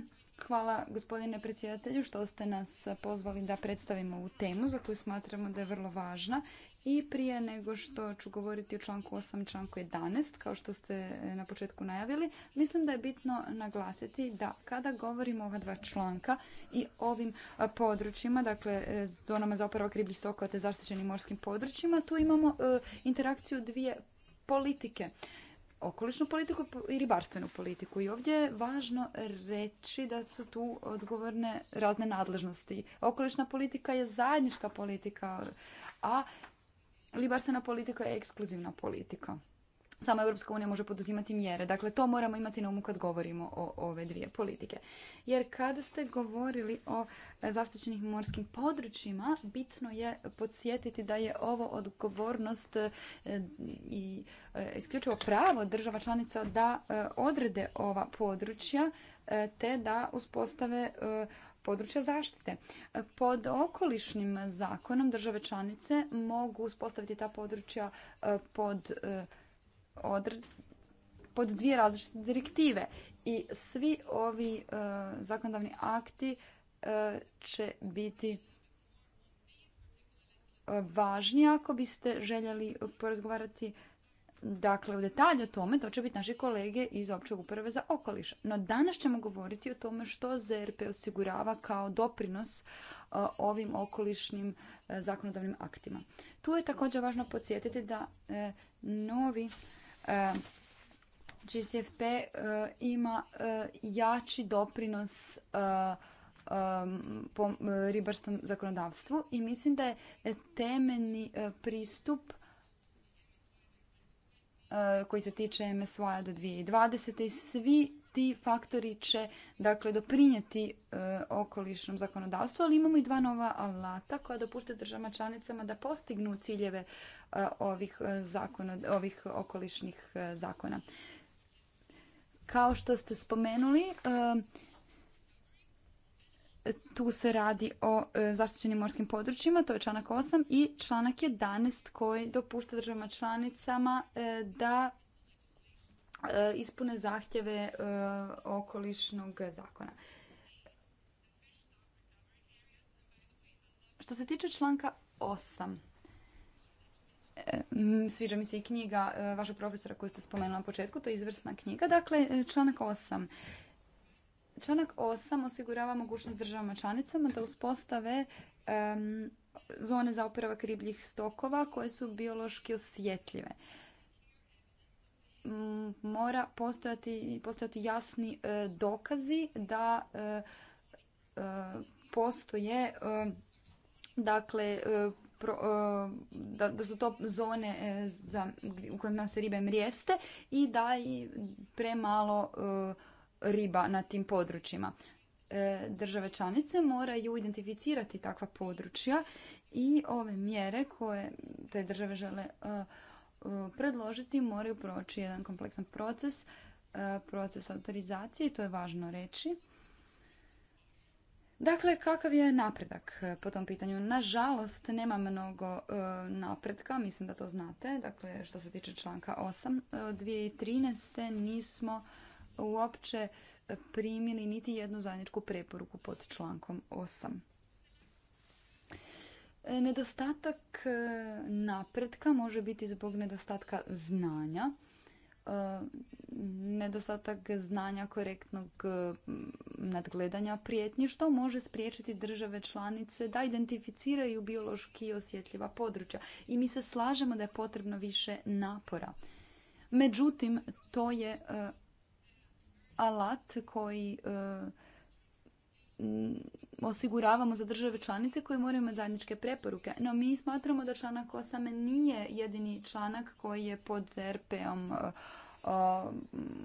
Hvala gospodine predsjedatelju što ste nas pozvali da predstavimo ovu temu za koju smatramo da je vrlo važna. I prije nego što ću govoriti o članku 8 članku 11, kao što ste e, na početku najavili, mislim da je bitno naglasiti da kada govorimo o ova dva članka i ovim e, područjima, dakle e, zonama za oporavak riblji sokova te zaštićenim morskim područjima, tu imamo interakciju dvije politike okolišnu politiku i ribarstvenu politiku. I ovdje je važno reći da su tu odgovorne razne nadležnosti. Okolišna politika je zajednička politika, a ribarstvena politika je ekskluzivna politika sama Europska unija može poduzimati mjere. Dakle, to moramo imati na umu kad govorimo o ove dvije politike. Jer kada ste govorili o e, zaštićenim morskim područjima, bitno je podsjetiti da je ovo odgovornost e, i e, isključivo pravo država članica da odrede ova područja te da uspostave područja zaštite. Pod okolišnim zakonom države članice mogu uspostaviti ta područja pod pod dvije različite direktive i svi ovi e, zakonodavni akti e, će biti e, važni ako biste željeli porazgovarati dakle u detalje o tome, to će biti naši kolege iz opće uprave za okoliš. No danas ćemo govoriti o tome što ZRP osigurava kao doprinos ovim okolišnim zakonodavnim aktima. Tu je također važno podsjetiti da novi GCFP e, ima e, jači doprinos e, po ribarskom zakonodavstvu i mislim da je temeljni pristup koji se tiče MSY do 2020. i svi ti faktori će dakle doprinijeti e, okolišnom zakonodavstvu, ali imamo i dva nova alata koja dopušte državama članicama da postignu ciljeve e, ovih, e, zakona, ovih okolišnih zakona. Kao što ste spomenuli, tu se radi o zaštićenim morskim područjima, to je članak 8 i članak 11 koji dopušta državama članicama da E, ispune zahtjeve e, okolišnog zakona. Što se tiče članka 8, e, sviđa mi se i knjiga vašeg profesora koju ste spomenuli na početku, to je izvrsna knjiga. Dakle, članak 8. Članak 8 osigurava mogućnost državama članicama da uspostave zone za operavak ribljih stokova koje su biološki osjetljive mora postojati, postojati jasni e, dokazi da e, e, postoje dakle da, da su to zone za, u kojima se ribe mrijeste i da je premalo riba na tim područjima. Države članice moraju identificirati takva područja i ove mjere koje te države žele E, predložiti moraju proći jedan kompleksan proces, e, proces autorizacije i to je važno reći. Dakle, kakav je napredak po tom pitanju? Nažalost, nema mnogo e, napretka, mislim da to znate. Dakle, što se tiče članka 8, od 2013. nismo uopće primili niti jednu zajedničku preporuku pod člankom 8. E, nedostatak e, napretka može biti zbog nedostatka znanja, e, nedostatak znanja korektnog nadgledanja prijetnje što može spriječiti države članice da identificiraju biološki osjetljiva područja. I mi se slažemo da je potrebno više napora. Međutim, to je alat koji osiguravamo za države članice koje moraju imati zajedničke preporuke. No mi smatramo da članak 8 nije jedini članak koji je pod ZRP-om e, e,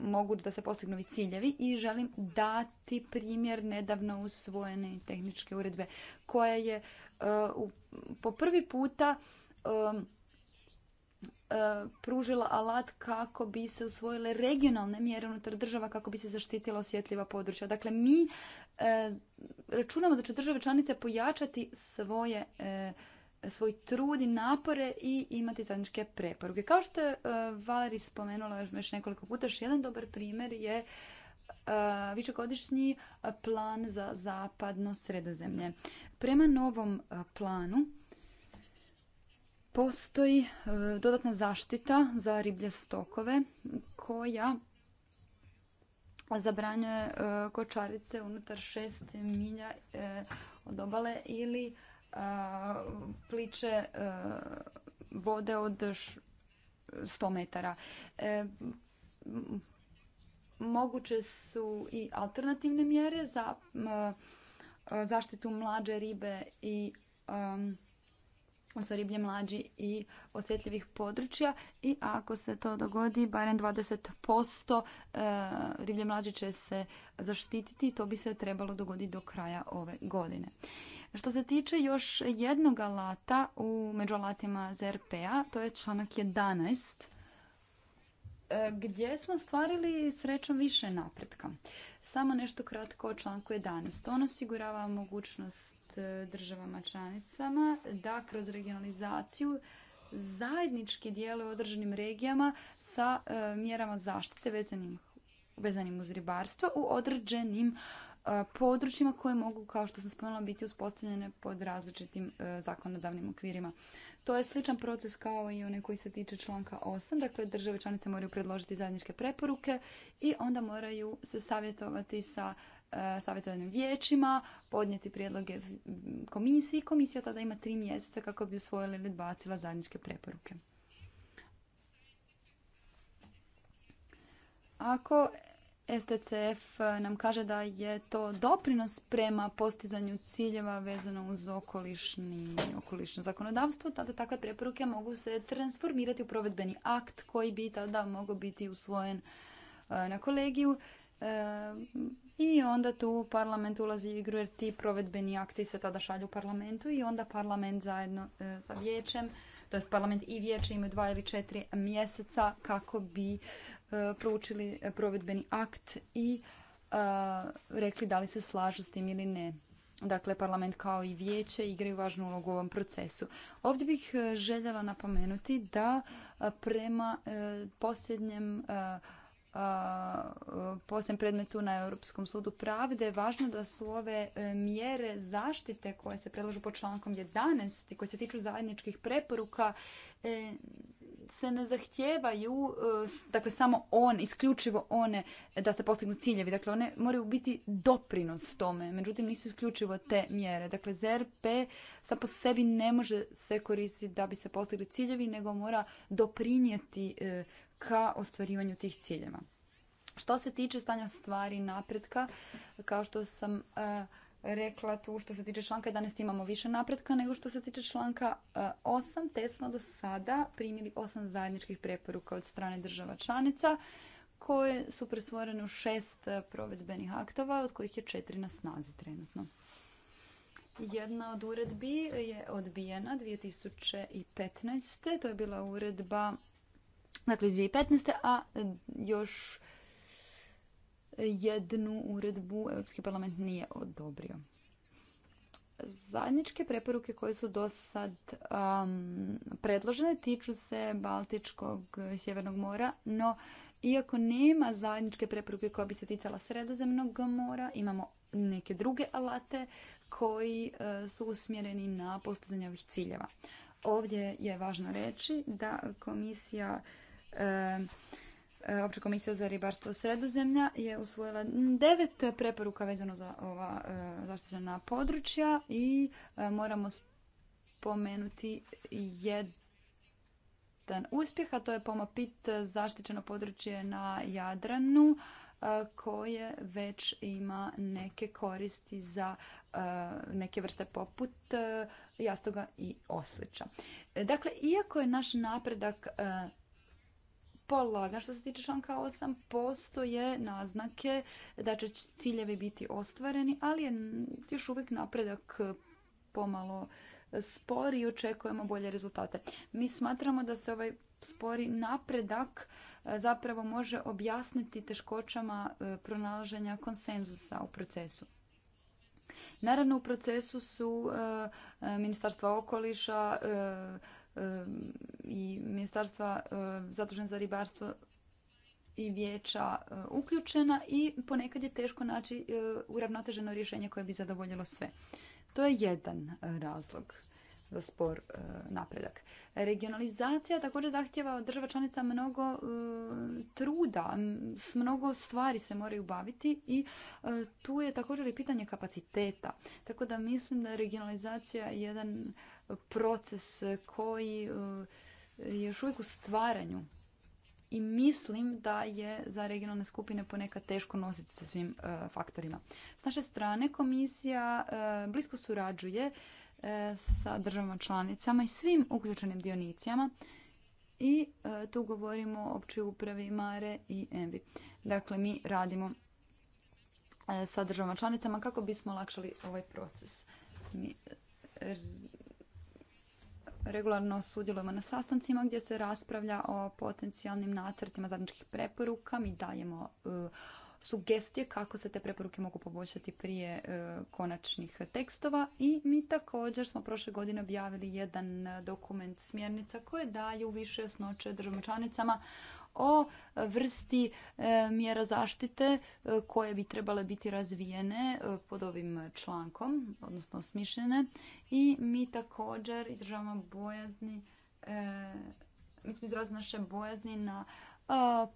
moguć da se postignu i ciljevi i želim dati primjer nedavno usvojene tehničke uredbe koja je e, po prvi puta pružila alat kako bi se usvojile regionalne mjere unutar država kako bi se zaštitila osjetljiva područja. Dakle, mi E, računamo da će države članice pojačati svoje e, svoj trud i napore i imati zajedničke preporuke. Kao što je e, Valeri spomenula još nekoliko puta, još jedan dobar primjer je višegodišnji plan za zapadno sredozemlje. Prema novom planu postoji dodatna zaštita za riblje stokove koja zabranjuje e, kočarice unutar šest milja e, od obale ili e, pliće vode od 100 metara. Moguće su i alternativne mjere za zaštitu mlađe ribe i za riblje mlađi i osjetljivih područja i ako se to dogodi, barem 20% e, riblje mlađi će se zaštititi i to bi se trebalo dogoditi do kraja ove godine. Što se tiče još jednog alata u među alatima ZRP-a, to je članak 11 e, gdje smo stvarili srećom više napretka. Samo nešto kratko o članku 11. On osigurava mogućnost državama članicama da kroz regionalizaciju zajednički djeluju u određenim regijama sa e, mjerama zaštite vezanim, vezanim uz ribarstvo u određenim e, područjima koje mogu, kao što sam spomenula, biti uspostavljene pod različitim e, zakonodavnim okvirima. To je sličan proces kao i onaj koji se tiče članka 8. Dakle, države članice moraju predložiti zajedničke preporuke i onda moraju se savjetovati sa E, savjetodavnim vijećima, podnijeti prijedloge komisiji. Komisija tada ima tri mjeseca kako bi usvojila ili odbacila zajedničke preporuke. Ako STCF nam kaže da je to doprinos prema postizanju ciljeva vezano uz okolišni, okolišno zakonodavstvo, tada takve preporuke mogu se transformirati u provedbeni akt koji bi tada mogao biti usvojen e, na kolegiju E, I onda tu parlament ulazi u igru jer ti provedbeni akti se tada šalju parlamentu i onda parlament zajedno e, sa vijećem, to parlament i vijeće imaju dva ili četiri mjeseca kako bi e, proučili provedbeni akt i rekli da li se slažu s tim ili ne. Dakle, parlament kao i vijeće igraju važnu ulogu u ovom procesu. Ovdje bih željela napomenuti da prema posljednjem posljednjem predmetu na Europskom sudu pravde, važno da su ove e, mjere zaštite koje se predlažu po člankom 11 i koje se tiču zajedničkih preporuka e, se ne zahtijevaju e, dakle samo on, isključivo one da se postignu ciljevi. Dakle, one moraju biti doprinos tome. Međutim, nisu isključivo te mjere. Dakle, ZRP sam po sebi ne može se koristiti da bi se postigli ciljevi, nego mora doprinijeti ka ostvarivanju tih ciljeva. Što se tiče stanja stvari napretka, kao što sam e, rekla tu što se tiče članka 11 imamo više napretka nego što se tiče članka 8 e, te smo do sada primili 8 zajedničkih preporuka od strane država članica koje su presvorene u šest e, provedbenih aktova od kojih je četiri na snazi trenutno. Jedna od uredbi je odbijena 2015. To je bila uredba dakle iz 2015. a e, još jednu uredbu Europski parlament nije odobrio. Zajedničke preporuke koje su do sad predložene tiču se Baltičkog Sjevernog mora, no iako nema zajedničke preporuke koja bi se ticala Sredozemnog mora, imamo neke druge alate koji e, su usmjereni na postizanje ovih ciljeva. Ovdje je važno reći da komisija E, e, Opća komisija za ribarstvo sredozemlja je usvojila devet preporuka vezano za ova e, zaštićena područja i moramo spomenuti jedan uspjeh, a to je pomopit zaštićeno područje na Jadranu koje već ima neke koristi za neke vrste poput jastoga i oslića. Dakle, iako je naš napredak na Što se tiče članka 8, postoje naznake da će ciljevi biti ostvareni, ali je još uvijek napredak pomalo spor i očekujemo bolje rezultate. Mi smatramo da se ovaj spori napredak e, zapravo može objasniti teškoćama e, pronalaženja konsenzusa u procesu. Naravno u procesu su e, ministarstva okoliša, i ministarstva e, zadužen za ribarstvo i vijeća e, uključena i ponekad je teško naći e, uravnoteženo rješenje koje bi zadovoljilo sve. To je jedan razlog za spor napredak. Regionalizacija također zahtjeva od država članica mnogo truda, s mnogo stvari se moraju baviti i tu je također i pitanje kapaciteta. Tako da mislim da je regionalizacija jedan proces koji e, je još uvijek u stvaranju i mislim da je za regionalne skupine ponekad teško nositi sa svim e, faktorima. S naše strane komisija e, blisko surađuje sa državama članicama i svim uključenim dionicijama i tu govorimo o općoj upravi Mare i Envi. Dakle, mi radimo sa državama članicama kako bismo olakšali ovaj proces. Mi regularno sudjelujemo na sastancima gdje se raspravlja o potencijalnim nacrtima zajedničkih preporuka. Mi dajemo e, sugestije kako se te preporuke mogu poboljšati prije e, konačnih tekstova i mi također smo prošle godine objavili jedan dokument smjernica koje daju više jasnoće državnim članicama o vrsti e, mjera zaštite e, koje bi trebale biti razvijene e, pod ovim člankom, odnosno smišljene. I mi također izražavamo bojazni, mi smo izrazili naše bojazni na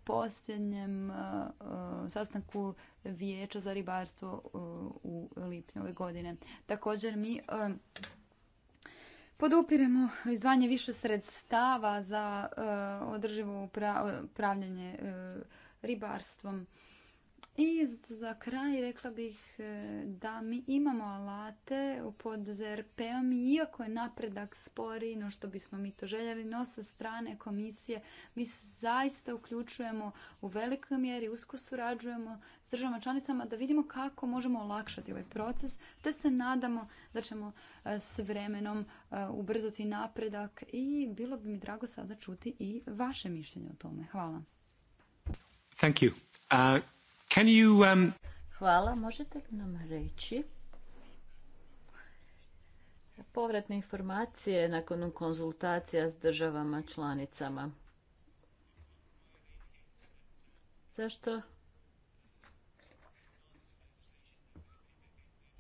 posljednjem sastanku Vijeća za ribarstvo u lipnju ove godine. Također mi Podupiremo izdvajanje više sredstava za e, održivo upravljanje e, ribarstvom. I za kraj rekla bih e, da mi imamo alate u pod ZRP-om, iako je napredak spori, no što bismo mi to željeli, no sa strane komisije mi se zaista uključujemo u velikoj mjeri, usko surađujemo s državama članicama da vidimo kako možemo olakšati ovaj proces, te se nadamo da ćemo e, s vremenom e, ubrzati napredak i bilo bi mi drago sada čuti i vaše mišljenje o tome. Hvala. Uh, Can you, um, Hvala. Možete li nam reći povratne informacije nakon konzultacija s državama članicama? Zašto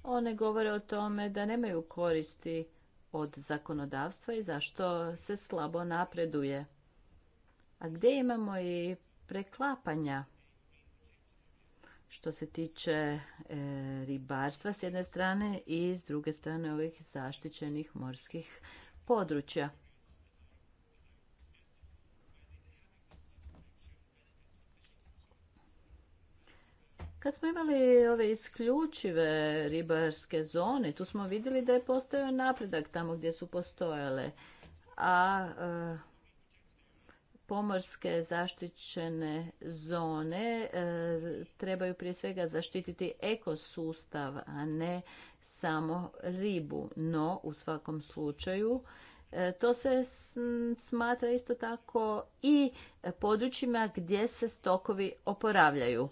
one govore o tome da nemaju koristi od zakonodavstva i zašto se slabo napreduje. A gdje imamo i preklapanja što se tiče e, ribarstva s jedne strane i s druge strane ovih zaštićenih morskih područja. Kad smo imali ove isključive ribarske zone, tu smo vidjeli da je postojao napredak tamo gdje su postojale, a e, pomorske zaštićene zone e, trebaju prije svega zaštititi ekosustav, a ne samo ribu. No, u svakom slučaju, e, to se smatra isto tako i područjima gdje se stokovi oporavljaju.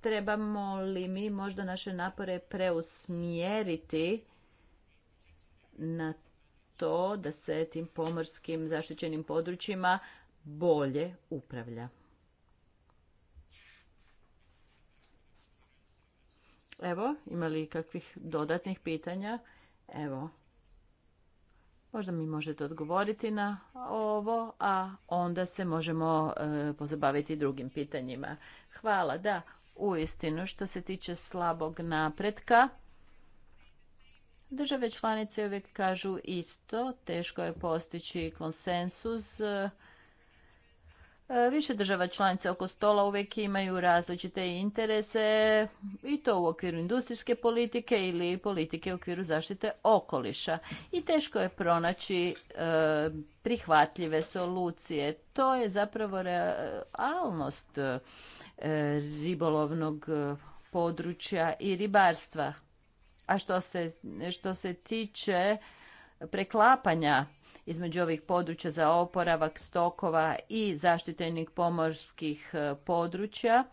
Trebamo li mi možda naše napore preusmjeriti na to da se tim pomorskim zaštićenim područjima bolje upravlja. Evo, ima li kakvih dodatnih pitanja? Evo, možda mi možete odgovoriti na ovo, a onda se možemo e, pozabaviti drugim pitanjima. Hvala, da, uistinu što se tiče slabog napretka. Države članice uvijek kažu isto, teško je postići konsensus. E, više država članica oko stola uvijek imaju različite interese i to u okviru industrijske politike ili politike u okviru zaštite okoliša. I teško je pronaći e, prihvatljive solucije. To je zapravo realnost e, ribolovnog područja i ribarstva. A što se, što se tiče preklapanja između ovih područja za oporavak stokova i zaštitenih pomorskih e, područja,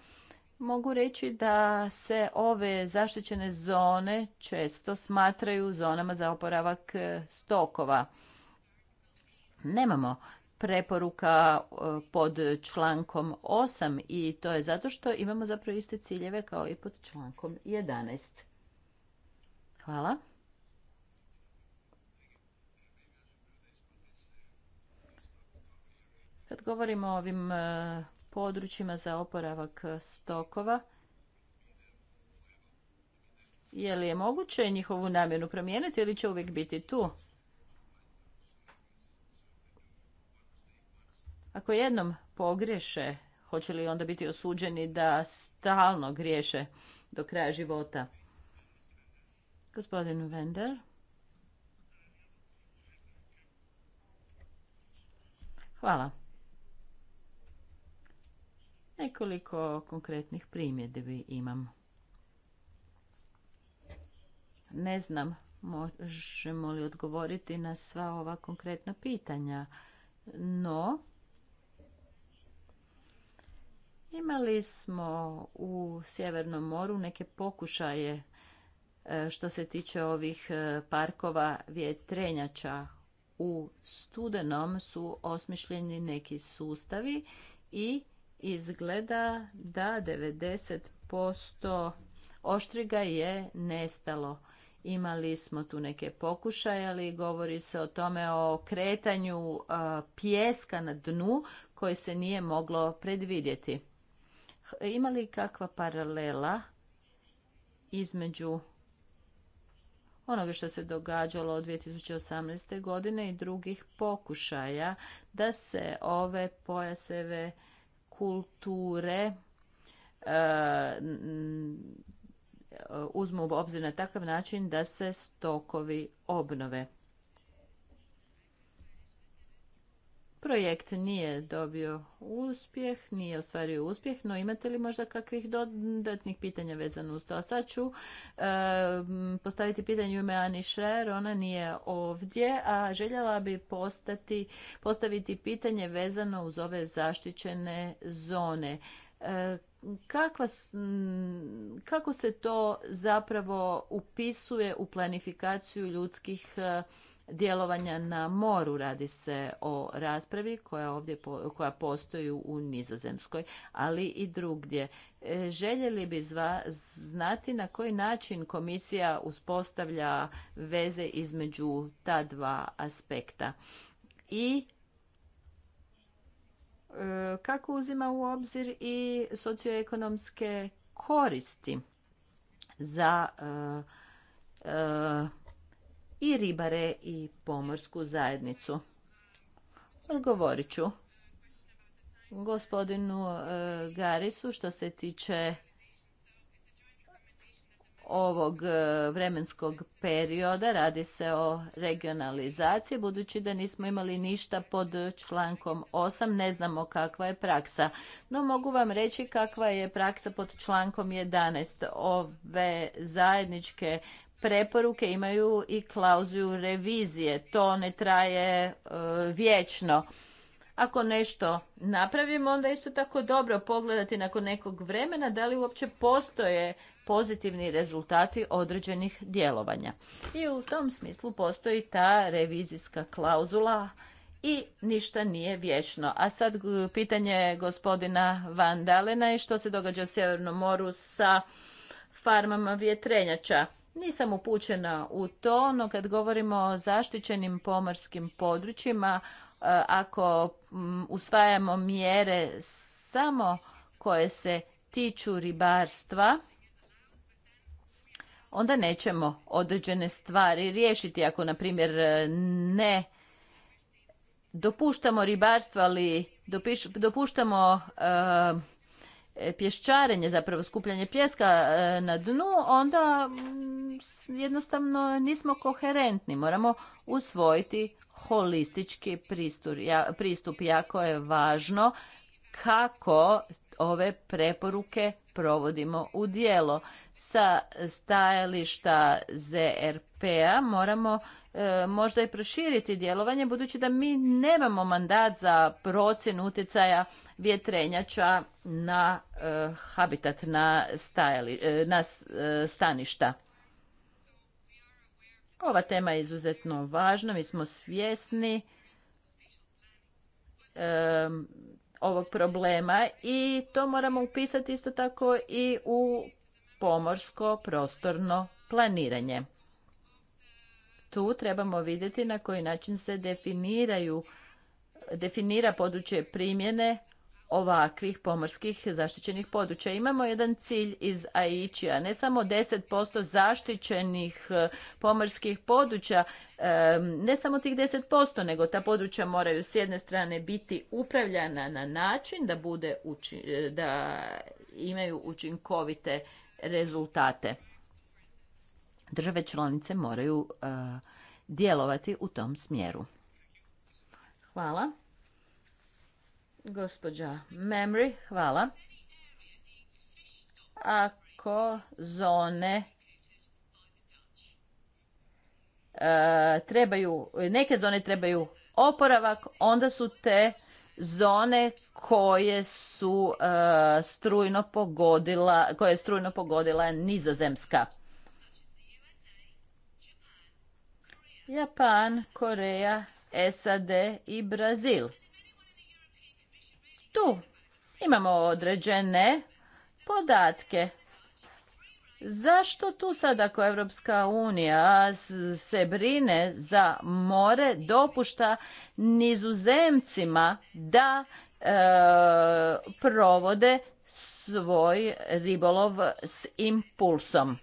mogu reći da se ove zaštićene zone često smatraju zonama za oporavak e, stokova. Nemamo preporuka e, pod člankom 8 i to je zato što imamo zapravo iste ciljeve kao i pod člankom 11. Hvala. Kad govorimo o ovim e, područjima za oporavak e, stokova, je li je moguće njihovu namjenu promijeniti ili će uvijek biti tu? Ako jednom pogriješe, hoće li onda biti osuđeni da stalno griješe do kraja života? Gospodin Vender. Hvala. Nekoliko konkretnih primjedbi imam. Ne znam možemo li odgovoriti na sva ova konkretna pitanja, no imali smo u Sjevernom moru neke pokušaje E, što se tiče ovih e, parkova vjetrenjača u studenom su osmišljeni neki sustavi i izgleda da 90% oštriga je nestalo. Imali smo tu neke pokušaje, ali govori se o tome o kretanju e, pjeska na dnu koje se nije moglo predvidjeti. Ima li kakva paralela između onoga što se događalo od 2018. godine i drugih pokušaja da se ove pojaseve kulture e, uzmu u obzir na takav način da se stokovi obnove. Projekt nije dobio uspjeh, nije ostvario uspjeh, no imate li možda kakvih dodatnih pitanja vezano uz to? A sad ću postaviti pitanje ime Ani Šer, ona nije ovdje, a željela bi postaviti pitanje vezano uz ove zaštićene zone. E, kako se to zapravo upisuje u planifikaciju ljudskih djelovanja na moru. Radi se o raspravi koja, ovdje, koja postoji u Nizozemskoj, ali i drugdje. E, željeli bi zva, znati na koji način komisija uspostavlja veze između ta dva aspekta. I e, kako uzima u obzir i socioekonomske koristi za e, i ribare i pomorsku zajednicu. Odgovorit ću gospodinu e, Garisu što se tiče ovog e, vremenskog perioda radi se o regionalizaciji budući da nismo imali ništa pod člankom 8 ne znamo kakva je praksa no mogu vam reći kakva je praksa pod člankom 11 ove zajedničke preporuke imaju i klauziju revizije. To ne traje e, vječno. Ako nešto napravimo, onda je isto tako dobro pogledati nakon nekog vremena da li uopće postoje pozitivni rezultati određenih djelovanja. I u tom smislu postoji ta revizijska klauzula i ništa nije vječno. A sad pitanje gospodina Van Dalena je što se događa u Sjevernom moru sa farmama vjetrenjača. Nisam upućena u to, no kad govorimo o zaštićenim pomorskim područjima, e, ako usvajamo mjere samo koje se tiču ribarstva, onda nećemo određene stvari riješiti. Ako, na primjer, e, ne dopuštamo ribarstvo, ali dopuštamo e, E, pješčarenje, zapravo skupljanje pjeska e, na dnu, onda mm, jednostavno nismo koherentni. Moramo usvojiti holistički pristup. Jako je važno kako ove preporuke provodimo u dijelo. Sa stajališta ZRP-a moramo e, možda i proširiti djelovanje budući da mi nemamo mandat za procjenu utjecaja vjetrenjača na e, habitat, na, e, na staništa. Ova tema je izuzetno važna, mi smo svjesni ovog problema i to moramo upisati isto tako i u pomorsko prostorno planiranje. Tu trebamo vidjeti na koji način se definiraju definira područje primjene ovakvih pomorskih zaštićenih područja. Imamo jedan cilj iz AIĆI-a. ne samo 10% zaštićenih e, pomorskih područja, e, ne samo tih 10%, nego ta područja moraju s jedne strane biti upravljana na način da, bude, e, da imaju učinkovite rezultate. Države članice moraju djelovati u tom smjeru. Hvala. Gospođa Memory, hvala. Ako zone e, trebaju, neke zone trebaju oporavak, onda su te zone koje su e, strujno pogodila, koje je strujno pogodila Nizozemska. Japan, Koreja, SAD i Brazil tu imamo određene podatke. Zašto tu sad ako Evropska unija se brine za more, dopušta nizuzemcima da e, provode svoj ribolov s impulsom?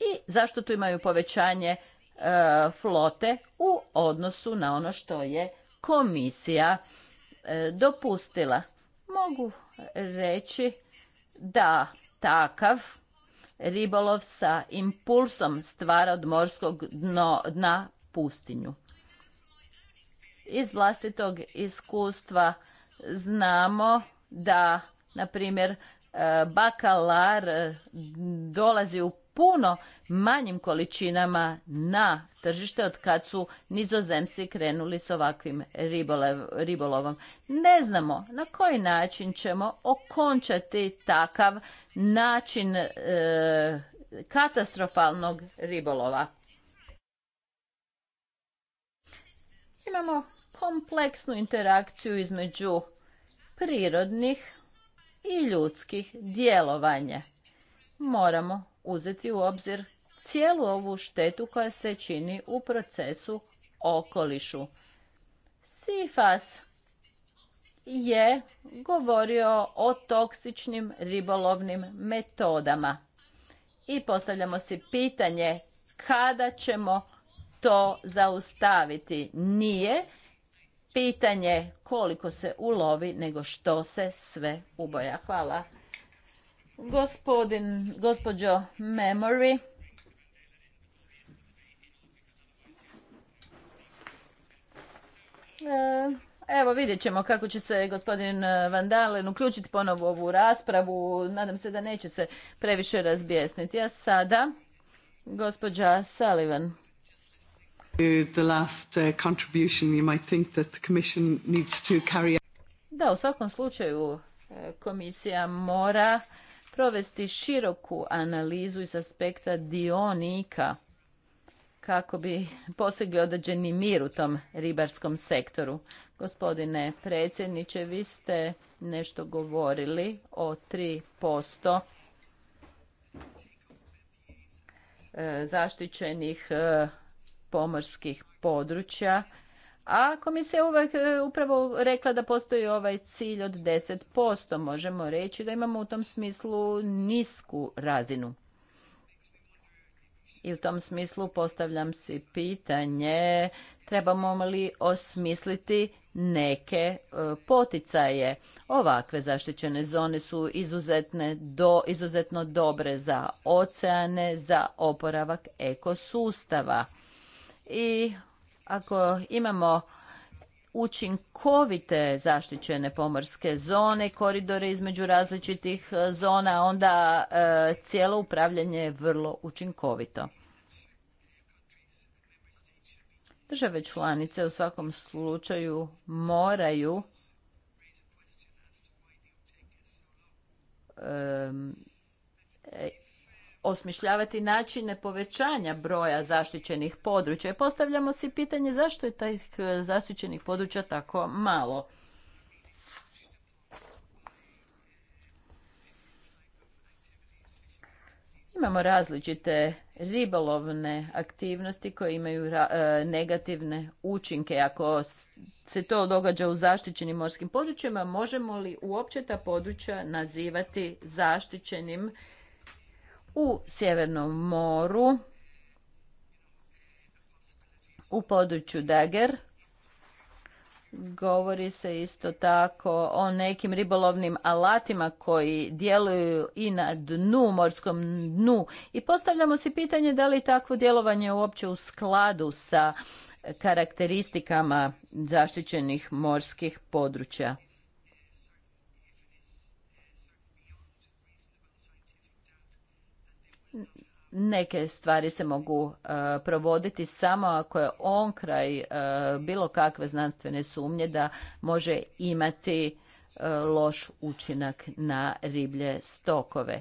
I zašto tu imaju povećanje e, flote u odnosu na ono što je komisija e, dopustila. Mogu reći da takav ribolov sa impulsom stvara od morskog dno, dna pustinju. Iz vlastitog iskustva znamo da, na primjer, e, bakalar dolazi u puno manjim količinama na tržište od kad su nizozemci krenuli s ovakvim ribolovom. Ne znamo na koji način ćemo okončati takav način e, katastrofalnog ribolova. Imamo kompleksnu interakciju između prirodnih i ljudskih djelovanja. Moramo uzeti u obzir cijelu ovu štetu koja se čini u procesu okolišu. Sifas je govorio o toksičnim ribolovnim metodama. I postavljamo si pitanje kada ćemo to zaustaviti. Nije pitanje koliko se ulovi, nego što se sve uboja. Hvala. Gospodin, gospođo Memory, e, Evo vidjet ćemo kako će se gospodin Van Dalen uključiti ponovo u ovu raspravu. Nadam se da neće se previše razbjesniti. A sada, gospođa Sullivan. Da, u svakom slučaju e, komisija mora provesti široku analizu iz aspekta dionika kako bi postigli određeni mir u tom ribarskom sektoru. Gospodine predsjedniče, vi ste nešto govorili o 3% e, zaštićenih e, pomorskih područja a komisija uvek e, upravo rekla da postoji ovaj cilj od 10%. Možemo reći da imamo u tom smislu nisku razinu. I u tom smislu postavljam si pitanje trebamo li osmisliti neke e, poticaje. Ovakve zaštićene zone su izuzetne do, izuzetno dobre za oceane, za oporavak ekosustava. I ako imamo učinkovite zaštićene pomorske zone, koridore između različitih e, zona, onda e, cijelo upravljanje je vrlo učinkovito. Države članice u svakom slučaju moraju e, osmišljavati načine povećanja broja zaštićenih područja. Postavljamo si pitanje zašto je tih e, zaštićenih područja tako malo. Imamo različite ribolovne aktivnosti koje imaju e, negativne učinke. Ako se to događa u zaštićenim morskim područjima, možemo li uopće ta područja nazivati zaštićenim u Sjevernom moru, u području Dager. Govori se isto tako o nekim ribolovnim alatima koji djeluju i na dnu, morskom dnu. I postavljamo si pitanje da li takvo djelovanje uopće u skladu sa karakteristikama zaštićenih morskih područja. Neke stvari se mogu e, provoditi samo ako je on kraj e, bilo kakve znanstvene sumnje da može imati e, loš učinak na riblje stokove.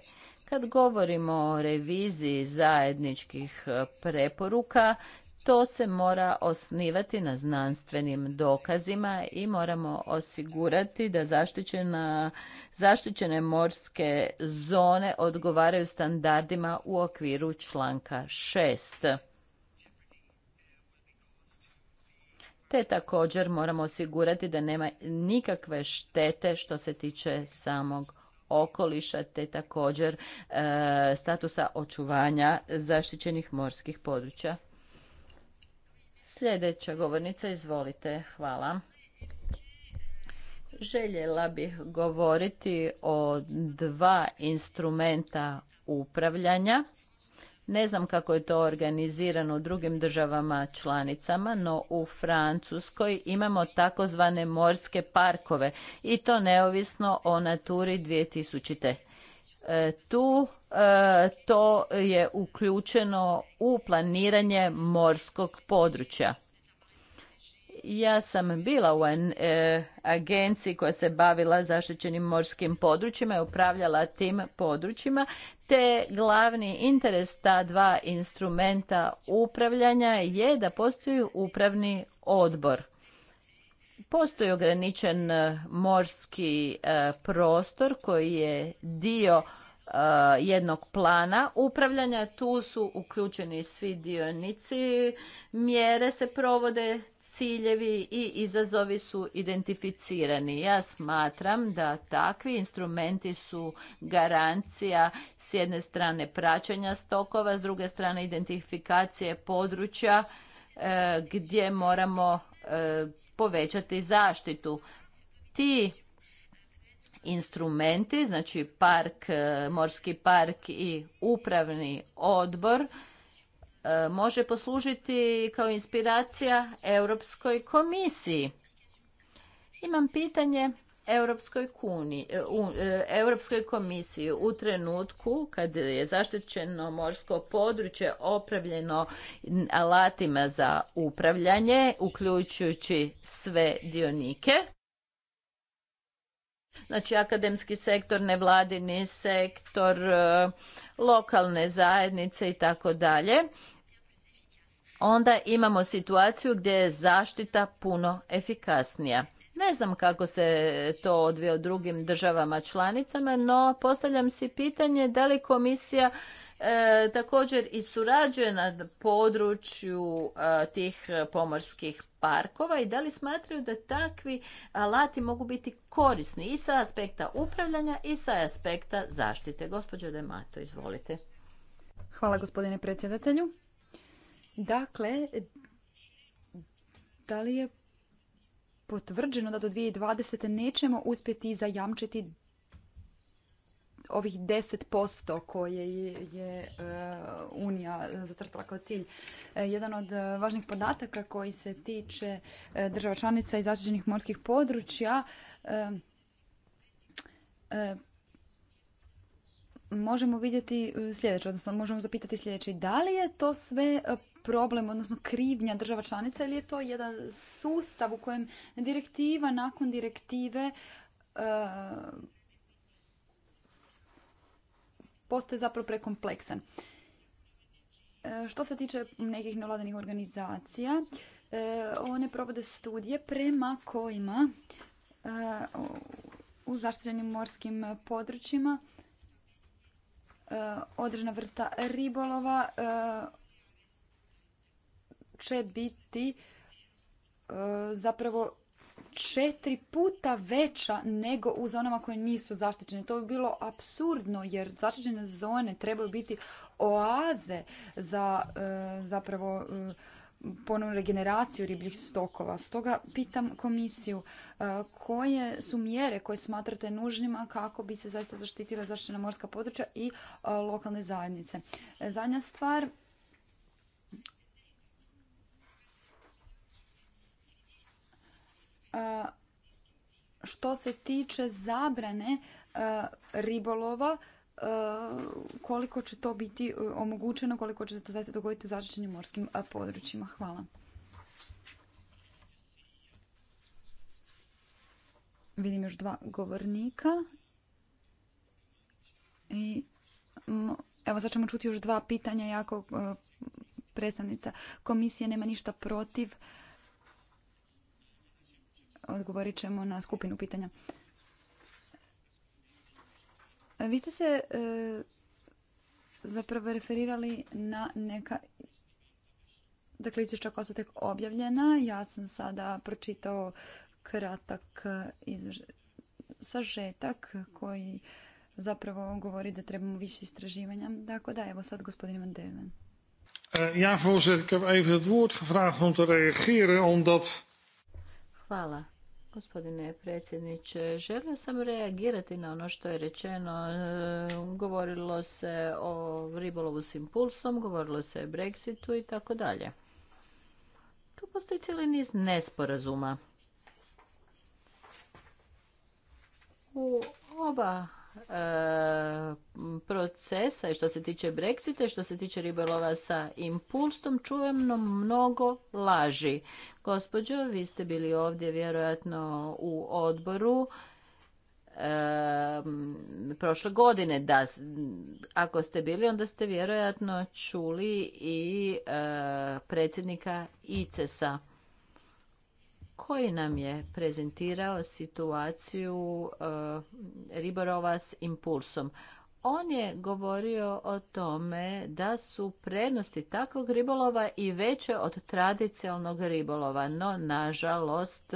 Kad govorimo o reviziji zajedničkih preporuka, to se mora osnivati na znanstvenim dokazima i moramo osigurati da zaštićene morske zone odgovaraju standardima u okviru članka 6. Te također moramo osigurati da nema nikakve štete što se tiče samog okoliša te također e, statusa očuvanja zaštićenih morskih područja. Sljedeća govornica, izvolite. Hvala. Željela bih govoriti o dva instrumenta upravljanja. Ne znam kako je to organizirano u drugim državama članicama, no u Francuskoj imamo takozvane morske parkove i to neovisno o naturi 2000. E, tu e, to je uključeno u planiranje morskog područja. Ja sam bila u e, agenciji koja se bavila zaštićenim morskim područjima i upravljala tim područjima, te glavni interes ta dva instrumenta upravljanja je da postoji upravni odbor Postoji ograničen e, morski e, prostor koji je dio e, jednog plana upravljanja. Tu su uključeni svi dionici, mjere se provode, ciljevi i izazovi su identificirani. Ja smatram da takvi instrumenti su garancija s jedne strane praćenja stokova, s druge strane identifikacije područja gdje moramo E, povećati zaštitu. Ti instrumenti, znači park, e, morski park i upravni odbor, e, može poslužiti kao inspiracija Europskoj komisiji. Imam pitanje Europskoj, e, u, e, Europskoj komisiji u trenutku kad je zaštićeno morsko područje opravljeno alatima za upravljanje, uključujući sve dionike. Znači akademski sektor, nevladini sektor, e, lokalne zajednice i tako dalje. Onda imamo situaciju gdje je zaštita puno efikasnija. Ne znam kako se to odvio drugim državama članicama, no postavljam si pitanje da li komisija e, također i surađuje na području e, tih pomorskih parkova i da li smatraju da takvi alati mogu biti korisni i sa aspekta upravljanja i sa aspekta zaštite. Gospođo Demato, izvolite. Hvala gospodine predsjedatelju. Dakle, da li je potvrđeno da do 2020. nećemo uspjeti zajamčiti ovih 10% koje je e, Unija zacrtala kao cilj. E, jedan od e, važnih podataka koji se tiče država članica i zaštićenih morskih područja možemo vidjeti sljedeće, odnosno možemo zapitati sljedeće, da li je to sve problem, odnosno krivnja država članica ili je to jedan sustav u kojem direktiva nakon direktive e, postaje zapravo prekompleksan. E, što se tiče nekih nevladanih organizacija, e, one provode studije prema kojima e, u zaštićenim morskim područjima određena vrsta ribolova će biti e, zapravo četiri puta veća nego u zonama koje nisu zaštićene. To bi bilo apsurdno jer zaštićene zone trebaju biti oaze za e, zapravo e, ponovnu regeneraciju ribljih stokova. Stoga pitam komisiju koje su mjere koje smatrate nužnima kako bi se zaista zaštitila zaštićena morska područja i lokalne zajednice. Zadnja stvar, što se tiče zabrane ribolova, koliko će to biti e, omogućeno, koliko će se to zaista dogoditi u zaštićenim morskim područjima. Hvala. Vidim još dva govornika. I, evo sad ćemo čuti još dva pitanja jako e, predstavnica komisije nema ništa protiv odgovorit ćemo na skupinu pitanja. Vi ste se e, zapravo referirali na neka dakle izvješća koja su tek objavljena. Ja sam sada pročitao kratak e, sažetak koji zapravo govori da trebamo više istraživanja. Dakle, da, evo sad gospodin Van Delen. E, ja, voorzitter, ik heb even het woord gevraagd om te reageren, omdat... Hvala, Gospodine predsjedniče, želio sam reagirati na ono što je rečeno. E, govorilo se o ribolovu s impulsom, govorilo se o Brexitu i tako dalje. Tu postoji cijeli niz nesporazuma. U oba e, procesa i što se tiče Brexita što se tiče ribolova sa impulsom čujemo mnogo laži. Gospođo, vi ste bili ovdje vjerojatno u odboru prošle godine. Da, ako ste bili, onda ste vjerojatno čuli i e, predsjednika ICES-a koji nam je prezentirao situaciju e, riborova s impulsom on je govorio o tome da su prednosti takvog ribolova i veće od tradicionalnog ribolova, no nažalost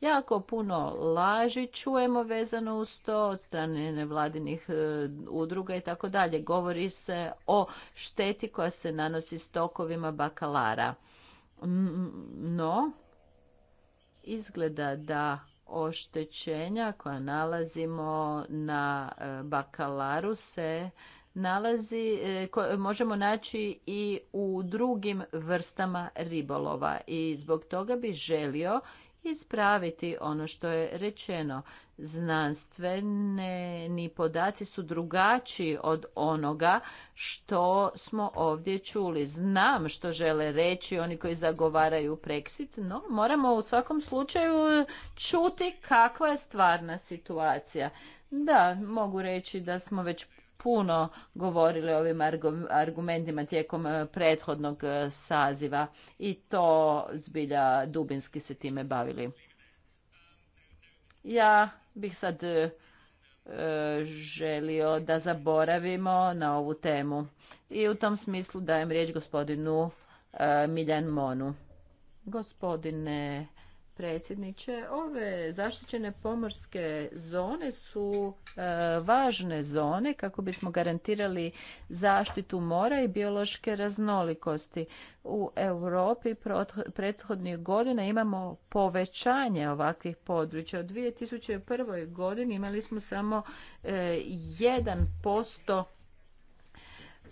jako puno laži čujemo vezano uz to od strane nevladinih e, udruga i tako dalje. Govori se o šteti koja se nanosi stokovima bakalara. No, izgleda da oštećenja koja nalazimo na e, bakalaru se nalazi, e, možemo naći i u drugim vrstama ribolova i zbog toga bi želio ispraviti ono što je rečeno. Znanstveni ni podaci su drugačiji od onoga što smo ovdje čuli. Znam što žele reći oni koji zagovaraju preksit, no moramo u svakom slučaju čuti kakva je stvarna situacija. Da, mogu reći da smo već puno govorili o ovim argumentima tijekom e, prethodnog e, saziva i to zbilja dubinski se time bavili. Ja bih sad e, želio da zaboravimo na ovu temu. I u tom smislu dajem riječ gospodinu Miljan Monu. Gospodine predsjedniče. Ove zaštićene pomorske zone su e, važne zone kako bismo garantirali zaštitu mora i biološke raznolikosti. U Europi prethodnih godina imamo povećanje ovakvih područja. U 2001. godini imali smo samo e, jedan posto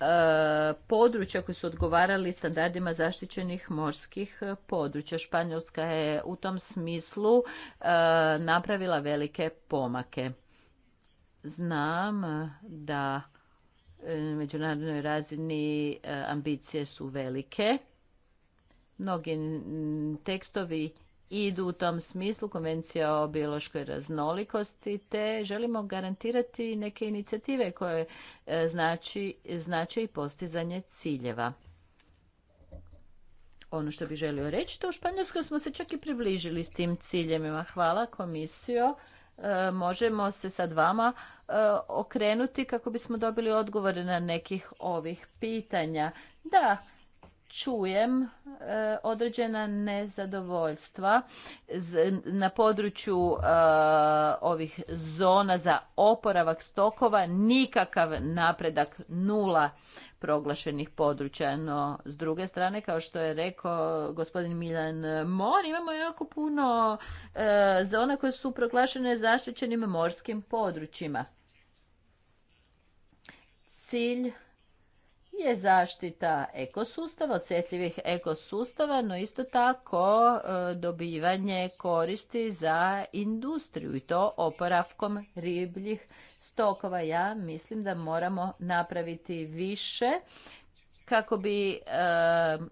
E, područja koji su odgovarali standardima zaštićenih morskih e, područja. Španjolska je u tom smislu e, napravila velike pomake. Znam da na međunarodnoj razini ambicije su velike. Mnogi tekstovi idu u tom smislu konvencija o biološkoj raznolikosti te želimo garantirati neke inicijative koje e, znači, znači i postizanje ciljeva. Ono što bih želio reći, to u Španjolskoj smo se čak i približili s tim ciljevima. Hvala komisijo. E, možemo se sad vama e, okrenuti kako bismo dobili odgovore na nekih ovih pitanja. Da, čujem e, određena nezadovoljstva na području e, ovih zona za oporavak stokova nikakav napredak nula proglašenih područja no s druge strane kao što je rekao gospodin Milan Mor imamo jako puno e, zona koje su proglašene zaštićenim morskim područjima cilj je zaštita ekosustava, osjetljivih ekosustava, no isto tako e, dobivanje koristi za industriju i to oporavkom ribljih stokova. Ja mislim da moramo napraviti više kako bi e,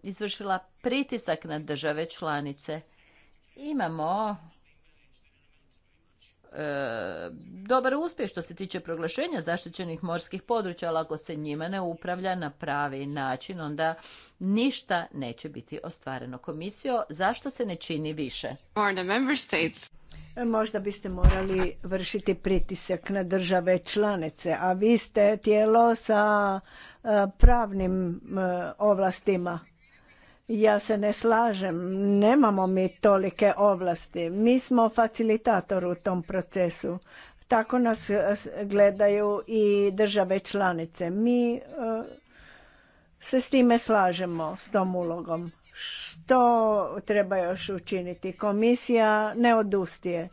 izvršila pritisak na države članice. Imamo E, dobar uspjeh što se tiče proglašenja zaštićenih morskih područja, ali ako se njima ne upravlja na pravi način, onda ništa neće biti ostvareno. Komisijo, zašto se ne čini više? E, možda biste morali vršiti pritisak na države članice, a vi ste tijelo sa e, pravnim ovlastima ja se ne slažem, nemamo mi tolike ovlasti. Mi smo facilitator u tom procesu. Tako nas eh, gledaju i države članice. Mi eh, se s time slažemo, s tom ulogom. Što treba još učiniti? Komisija ne odustije.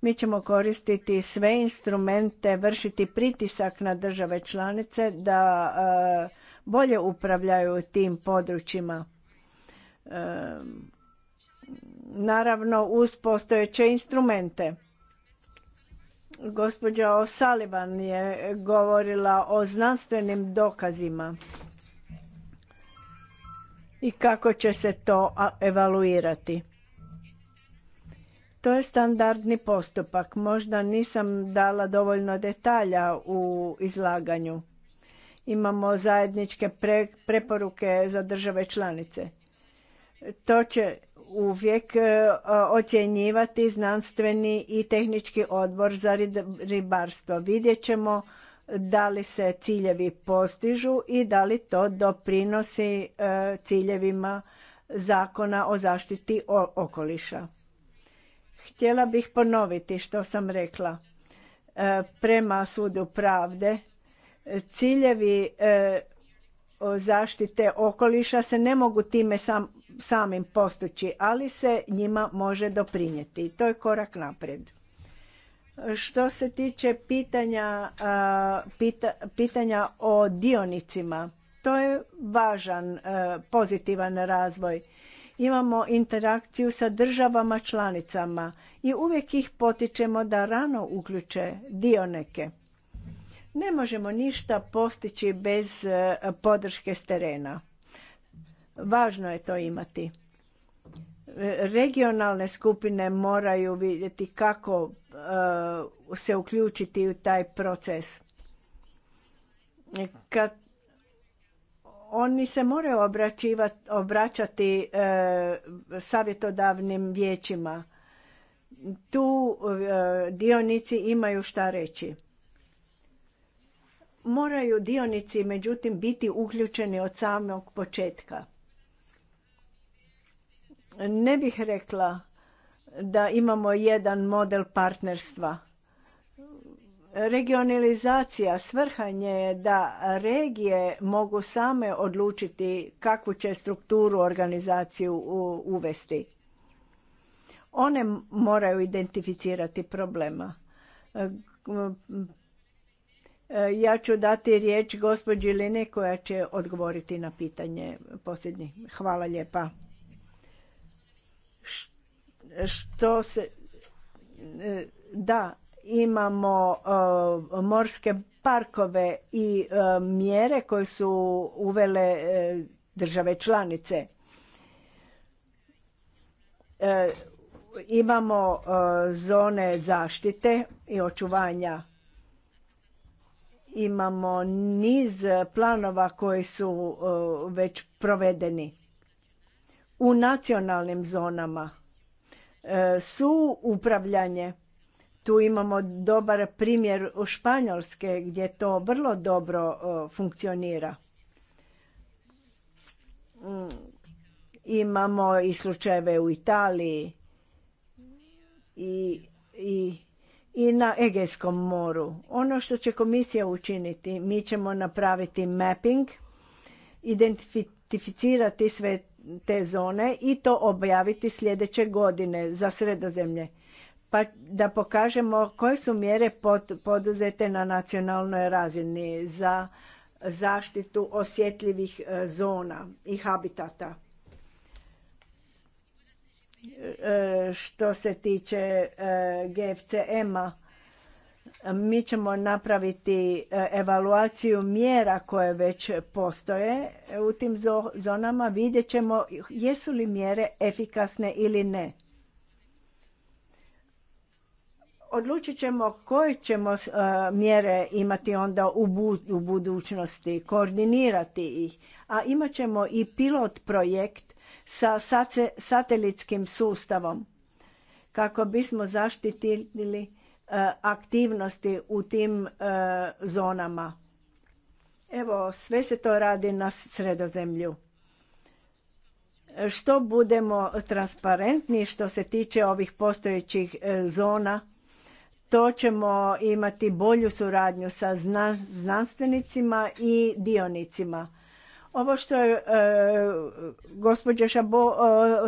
Mi ćemo koristiti sve instrumente, vršiti pritisak na države članice da eh, bolje upravljaju tim područjima naravno uz postojeće instrumente. Gospođa O'Sullivan je govorila o znanstvenim dokazima i kako će se to evaluirati. To je standardni postupak. Možda nisam dala dovoljno detalja u izlaganju. Imamo zajedničke preporuke za države članice. To će uvijek e, ocjenjivati znanstveni i tehnički odbor za ribarstvo. Vidjet ćemo da li se ciljevi postižu i da li to doprinosi e, ciljevima zakona o zaštiti okoliša. Htjela bih ponoviti što sam rekla. E, prema sudu pravde ciljevi zaštite okoliša se ne mogu time sam samim postići, ali se njima može doprinijeti to je korak naprijed. Što se tiče pitanja, pitanja o dionicima, to je važan pozitivan razvoj. Imamo interakciju sa državama članicama i uvijek ih potičemo da rano uključe dionike. Ne možemo ništa postići bez podrške s terena. Važno je to imati. E, regionalne skupine moraju vidjeti kako e, se uključiti u taj proces. E, kad oni se moraju obraćati savjetodavnim vijećima. Tu dionici imaju šta reći. Moraju dionici međutim biti uključeni od samog početka. Ne bih rekla da imamo jedan model partnerstva. Regionalizacija svrhanje je da regije mogu same odlučiti kakvu će strukturu organizaciju uvesti. One moraju identificirati problema. Ja ću dati riječ gospođi Line koja će odgovoriti na pitanje posljednje. Hvala lijepa što se e, da imamo e, morske parkove i e, mjere koje su uvele države članice imamo zone zaštite i očuvanja imamo niz planova koji su već provedeni u nacionalnim zonama e, su upravljanje tu imamo dobar primjer u Španjolske gdje to vrlo dobro funkcionira. Mm, imamo i slučajeve u Italiji i, i, i na Egejskom moru. Ono što će komisija učiniti, mi ćemo napraviti mapping, identificirati sve te zone i to objaviti sljedeće godine za sredozemlje. Pa da pokažemo koje su mjere poduzete na nacionalnoj razini za zaštitu osjetljivih e, zona i habitata. E, što se tiče e, GFCM-a, mi ćemo napraviti e, evaluaciju mjera koje već postoje u tim zonama. Vidjet ćemo jesu li mjere efikasne ili ne. Odlučit ćemo koje ćemo e, mjere imati onda u budućnosti, koordinirati ih. A imat ćemo i pilot projekt sa satelitskim sustavom kako bismo zaštitili Eh, aktivnosti u tim eh, zonama. Evo, sve se to radi na sredozemlju. Što budemo transparentni što se tiče ovih postojećih eh, zona, to ćemo imati bolju suradnju sa znanstvenicima i dionicima. Ovo što je gospođa Šabo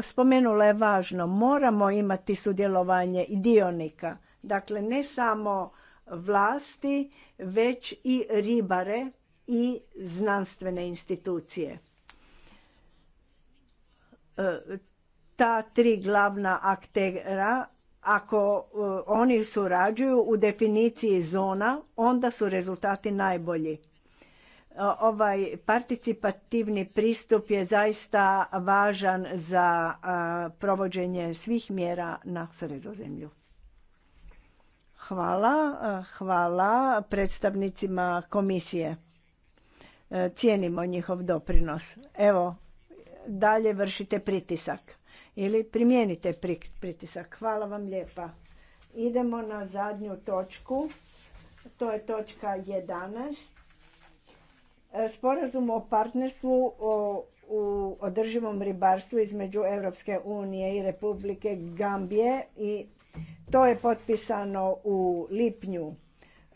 spomenula je važno. Moramo imati sudjelovanje i dionika – Dakle, ne samo vlasti, već i ribare i znanstvene institucije. E, ta tri glavna aktera, ako e, oni surađuju u definiciji zona, onda su rezultati najbolji. E, ovaj participativni pristup je zaista važan za provođenje svih mjera na sredozemlju. Hvala, eh, hvala predstavnicima komisije. Eh, cijenimo njihov doprinos. Evo, dalje vršite pritisak ili primijenite pritisak. Hvala vam lijepa. Idemo na zadnju točku. To je točka 11. Eh, sporazum o partnerstvu u održivom ribarstvu između Europske unije i Republike Gambije i to je potpisano u lipnju.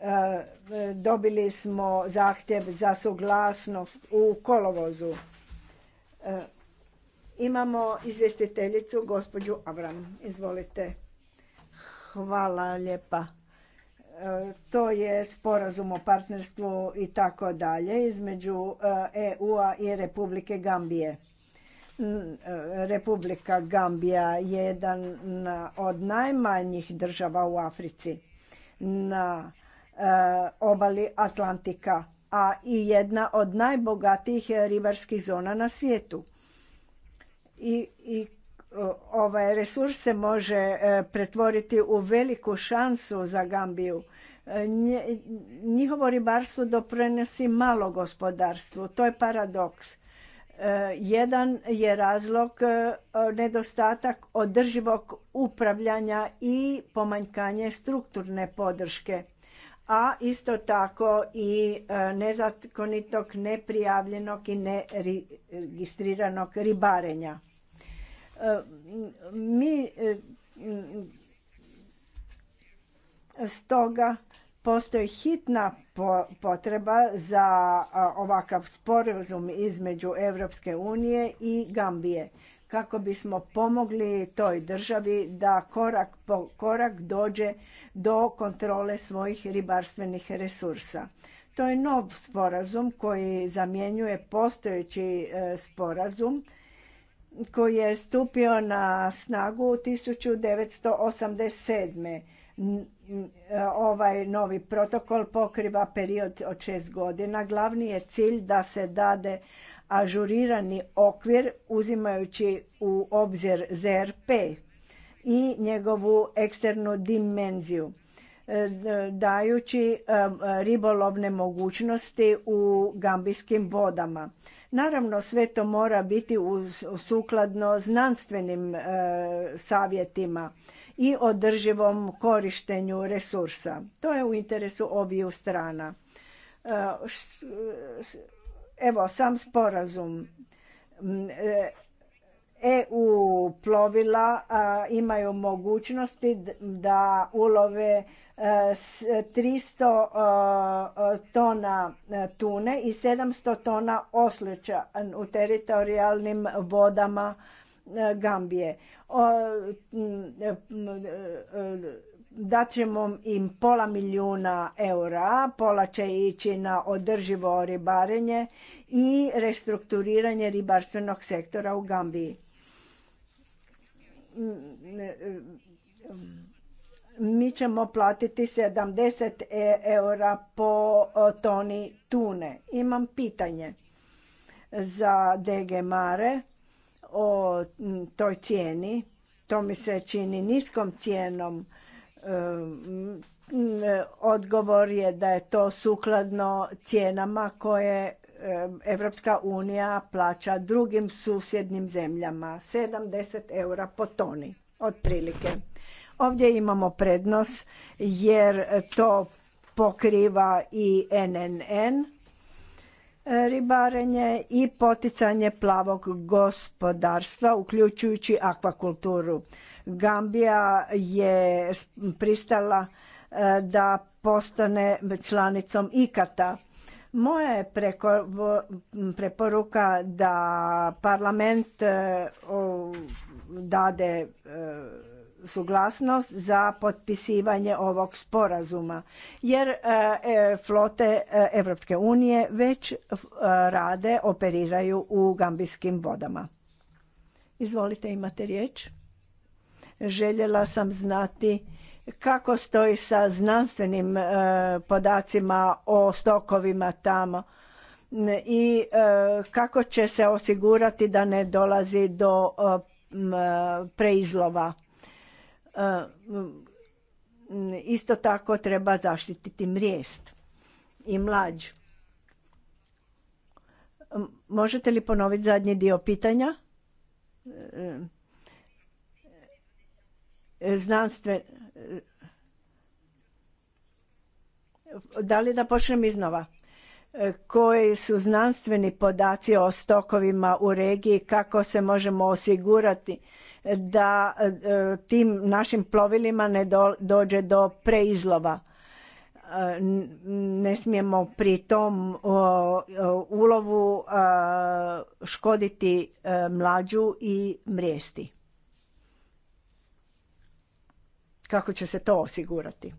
E, dobili smo zahtjev za suglasnost u kolovozu. E, imamo izvjestiteljicu, gospođu Avram. Izvolite. Hvala lijepa. E, to je sporazum o partnerstvu i tako dalje između EU-a i Republike Gambije. Republika Gambija je jedan od najmanjih država u Africi na e, obali Atlantika, a i jedna od najbogatijih ribarskih zona na svijetu. I, i e, ovaj resurs se može e, pretvoriti u veliku šansu za Gambiju. Njihovo ribarstvo doprinosi malo gospodarstvu, to je paradoks jedan je razlog e, nedostatak održivog upravljanja i pomanjkanje strukturne podrške, a isto tako i e, nezakonitog, neprijavljenog i neregistriranog ribarenja. E, mi stoga postoji hitna potreba za ovakav sporazum između Europske unije i Gambije kako bismo pomogli toj državi da korak po korak dođe do kontrole svojih ribarstvenih resursa. To je nov sporazum koji zamjenjuje postojeći e, sporazum koji je stupio na snagu 1987 ovaj novi protokol pokriva period od šest godina. Glavni je cilj da se dade ažurirani okvir uzimajući u obzir ZRP i njegovu eksternu dimenziju e, dajući e, ribolovne mogućnosti u gambijskim vodama. Naravno, sve to mora biti sukladno znanstvenim e, savjetima i održivom korištenju resursa. To je u interesu obiju strana. E, evo, sam sporazum. EU e plovila imaju mogućnosti da ulove 300 e, tona tune i 700 tona oslića u teritorijalnim vodama Gambije. Daćemo im pola milijuna eura, pola će ići na održivo ribarenje i restrukturiranje ribarstvenog sektora u Gambiji. Mi ćemo platiti 70 e, eura po toni tune. Imam pitanje za DG Mare o toj cijeni. To mi se čini niskom cijenom. E, e, odgovor je da je to sukladno cijenama koje e, Evropska unija plaća drugim susjednim zemljama. 70 eura po toni, otprilike. Ovdje imamo prednost jer to pokriva i NNN ribarenje i poticanje plavog gospodarstva, uključujući akvakulturu. Gambija je pristala e, da postane članicom IKATA. Moja je preko, preporuka da parlament e, dade e, suglasnost za potpisivanje ovog sporazuma jer e, e, flote Europske unije već e, rade, operiraju u gambijskim vodama. Izvolite, imate riječ. Željela sam znati kako stoji sa znanstvenim podacima o stokovima tamo i kako će se osigurati da ne dolazi do preizlova. Eh, isto tako treba zaštititi mrijest i mlađ. Eh, možete li ponoviti zadnji dio pitanja? Eh, da li da počnem iznova? Koji su znanstveni podaci o stokovima u regiji, kako se možemo osigurati da e, tim našim plovilima ne dođe do preizlova. E, ne smijemo pri tom ulovu e, škoditi mlađu i mrijesti. Kako će se to osigurati?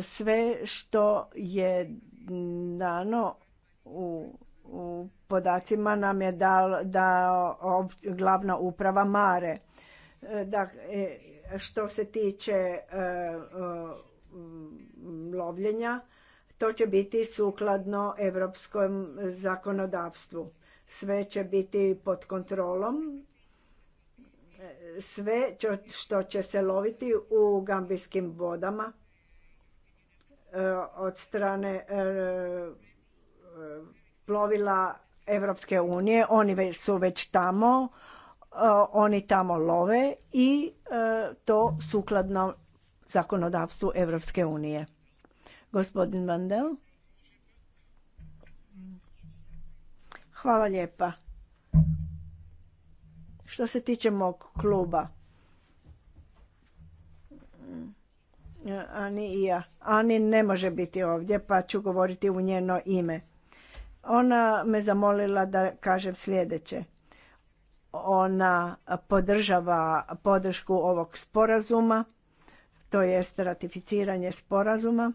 Sve što je dano u u podacima nam je dao da glavna uprava Mare. E, da e, što se tiče e, lovljenja, to će biti sukladno europskom zakonodavstvu. Sve će biti pod kontrolom. Sve što će se loviti u gambijskim vodama od strane plovila Evropske unije, oni su već tamo, e, oni tamo love i e, to sukladno zakonodavstvu Evropske unije. Gospodin Vandel. Hvala lijepa. Što se tiče mog kluba, e, Ani i ja. Ani ne može biti ovdje, pa ću govoriti u njeno ime. Ona me zamolila da kažem sljedeće. Ona podržava podršku ovog sporazuma, to jest ratificiranje sporazuma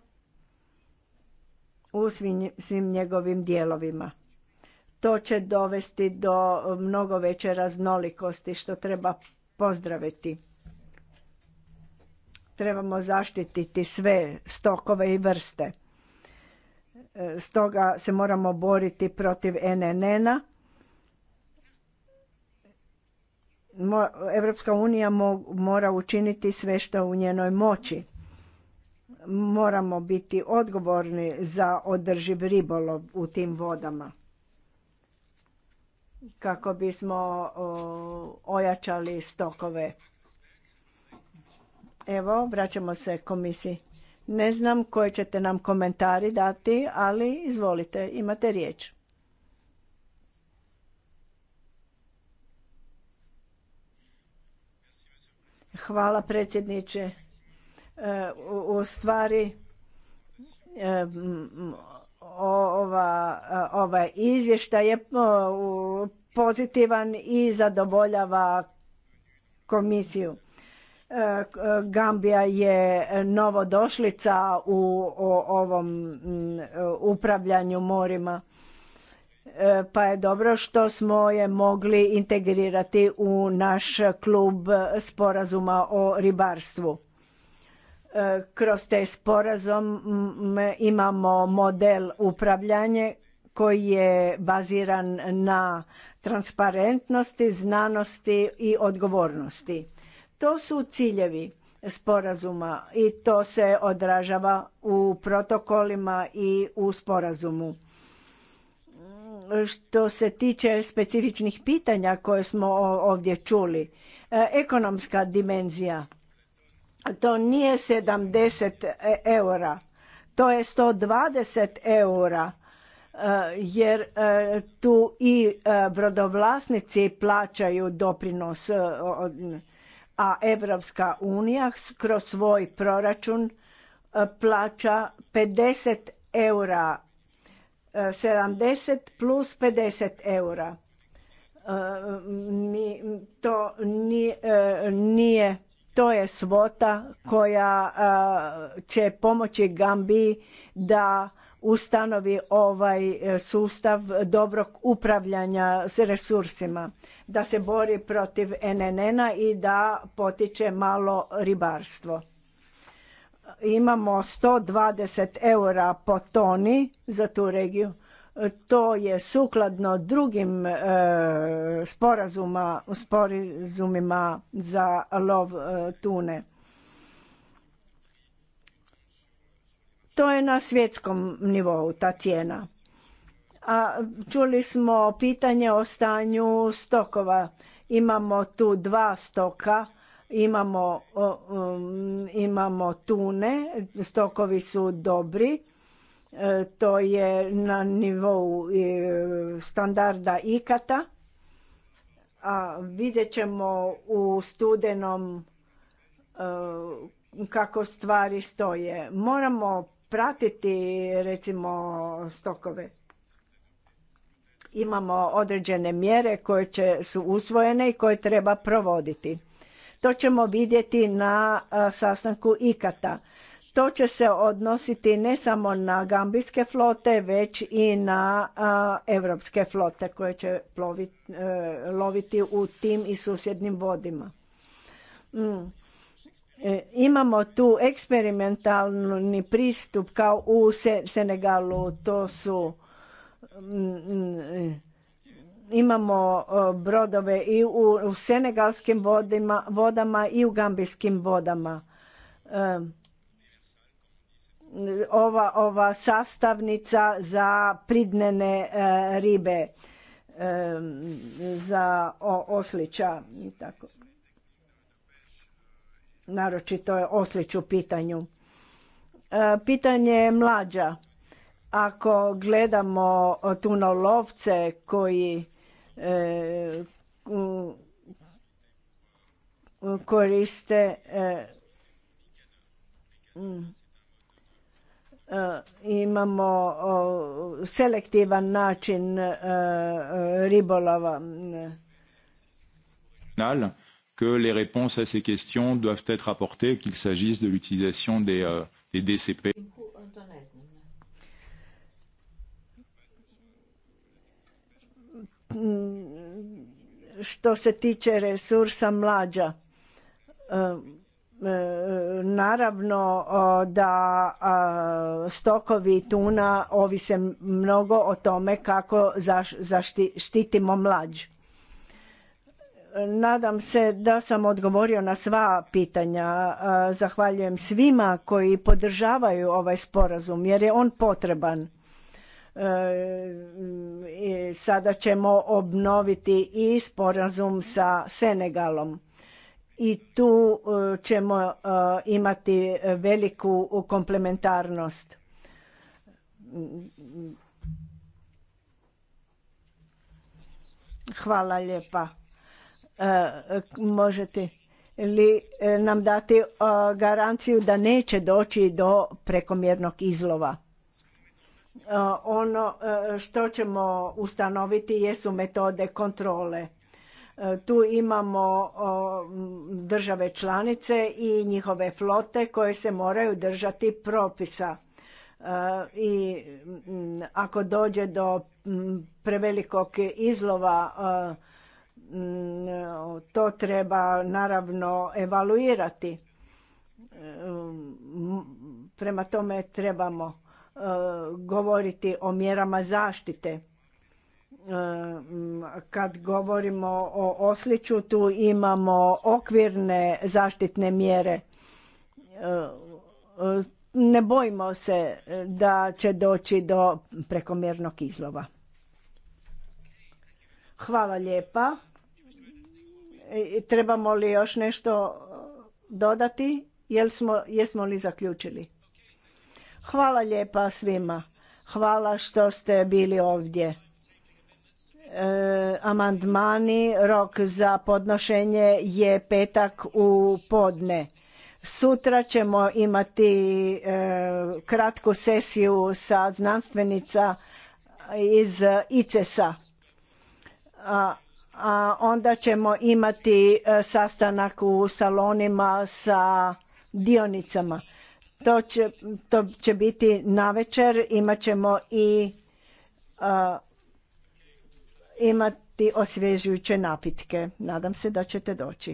u svim, svim njegovim dijelovima. To će dovesti do mnogo veće raznolikosti što treba pozdraviti. Trebamo zaštititi sve stokove i vrste. Stoga se moramo boriti protiv NNN-a. Evropska unija mora učiniti sve što u njenoj moći. Moramo biti odgovorni za održiv ribolov u tim vodama kako bismo ojačali stokove. Evo, vraćamo se komisiji. Ne znam koje ćete nam komentari dati, ali izvolite, imate riječ. Hvala predsjedniče. E, u stvari e, ova, ovaj izvještaj je pozitivan i zadovoljava komisiju. Gambija je novodošlica u ovom mm, upravljanju morima e, pa je dobro što smo je mogli integrirati u naš klub sporazuma o ribarstvu. E, kroz te sporazum imamo model upravljanje koji je baziran na transparentnosti, znanosti i odgovornosti. To su ciljevi sporazuma i to se odražava u protokolima i u sporazumu. Što se tiče specifičnih pitanja koje smo ovdje čuli, e, ekonomska dimenzija, to nije 70 eura, to je 120 eura e, jer e, tu i brodovlasnici plaćaju doprinos od a Evropska unija kroz svoj proračun e, plaća 50 eura, 70 e, plus 50 eura. E, to nije, to je svota koja će pomoći Gambi da ustanovi ovaj sustav dobrog upravljanja s resursima da se bori protiv NNN-a i da potiče malo ribarstvo. Imamo 120 eura po toni za tu regiju. To je sukladno drugim e, sporazumima za lov e, tune. To je na svjetskom nivou ta cijena. A čuli smo pitanje o stanju stokova. Imamo tu dva stoka, imamo, um, imamo tune, stokovi su dobri, e, to je na nivou e, standarda ikata. A vidjet ćemo u studenom e, kako stvari stoje. Moramo pratiti recimo stokove imamo određene mjere koje su usvojene i koje treba provoditi. To ćemo vidjeti na sastanku IKATA. To će se odnositi ne samo na gambijske flote, već i na europske flote koje će e, loviti u tim i susjednim vodima. Mm. E, imamo tu eksperimentalni pristup kao u Senegalu, to su Mm, mm, imamo brodove i u senegalskim vodama i u gambijskim vodama. Ova, ova sastavnica za pridnene e, ribe, za oslića i tako. Naročito je oslić u pitanju. E, pitanje je mlađa. Ako gledamo tunolovce koji e, koriste e, e imamo selektivan način e, ribolova. que les réponses à ces questions doivent être apportées, qu'il s'agisse de l'utilisation des, euh, des DCP. što se tiče resursa mlađa naravno da stokovi tuna ovise mnogo o tome kako zaštitimo mlađ. Nadam se da sam odgovorio na sva pitanja. Zahvaljujem svima koji podržavaju ovaj sporazum jer je on potreban E, sada ćemo obnoviti i sporazum sa Senegalom. I tu e, ćemo e, imati veliku komplementarnost. Hvala lijepa. Možete li nam dati garanciju da neće doći do prekomjernog izlova? E, ono e, što ćemo ustanoviti jesu metode kontrole. E, tu imamo države članice i njihove flote koje se moraju držati propisa. I ako dođe do prevelikog izlova, to treba naravno evaluirati. Prema tome trebamo Eh, govoriti o mjerama zaštite. Eh, kad govorimo o osliću, tu imamo okvirne zaštitne mjere. Eh, ne bojimo se da će doći do prekomjernog izlova. Hvala lijepa. Trebamo li još nešto dodati? jesmo li zaključili? Hvala lijepa svima. Hvala što ste bili ovdje. E, amandmani, rok za podnošenje je petak u podne. Sutra ćemo imati e, kratku sesiju sa znanstvenica iz ices A, a onda ćemo imati e, sastanak u salonima sa dionicama. To će, to će biti navečer, imat ćemo i imati osvježujuće napitke. Nadam se da ćete doći.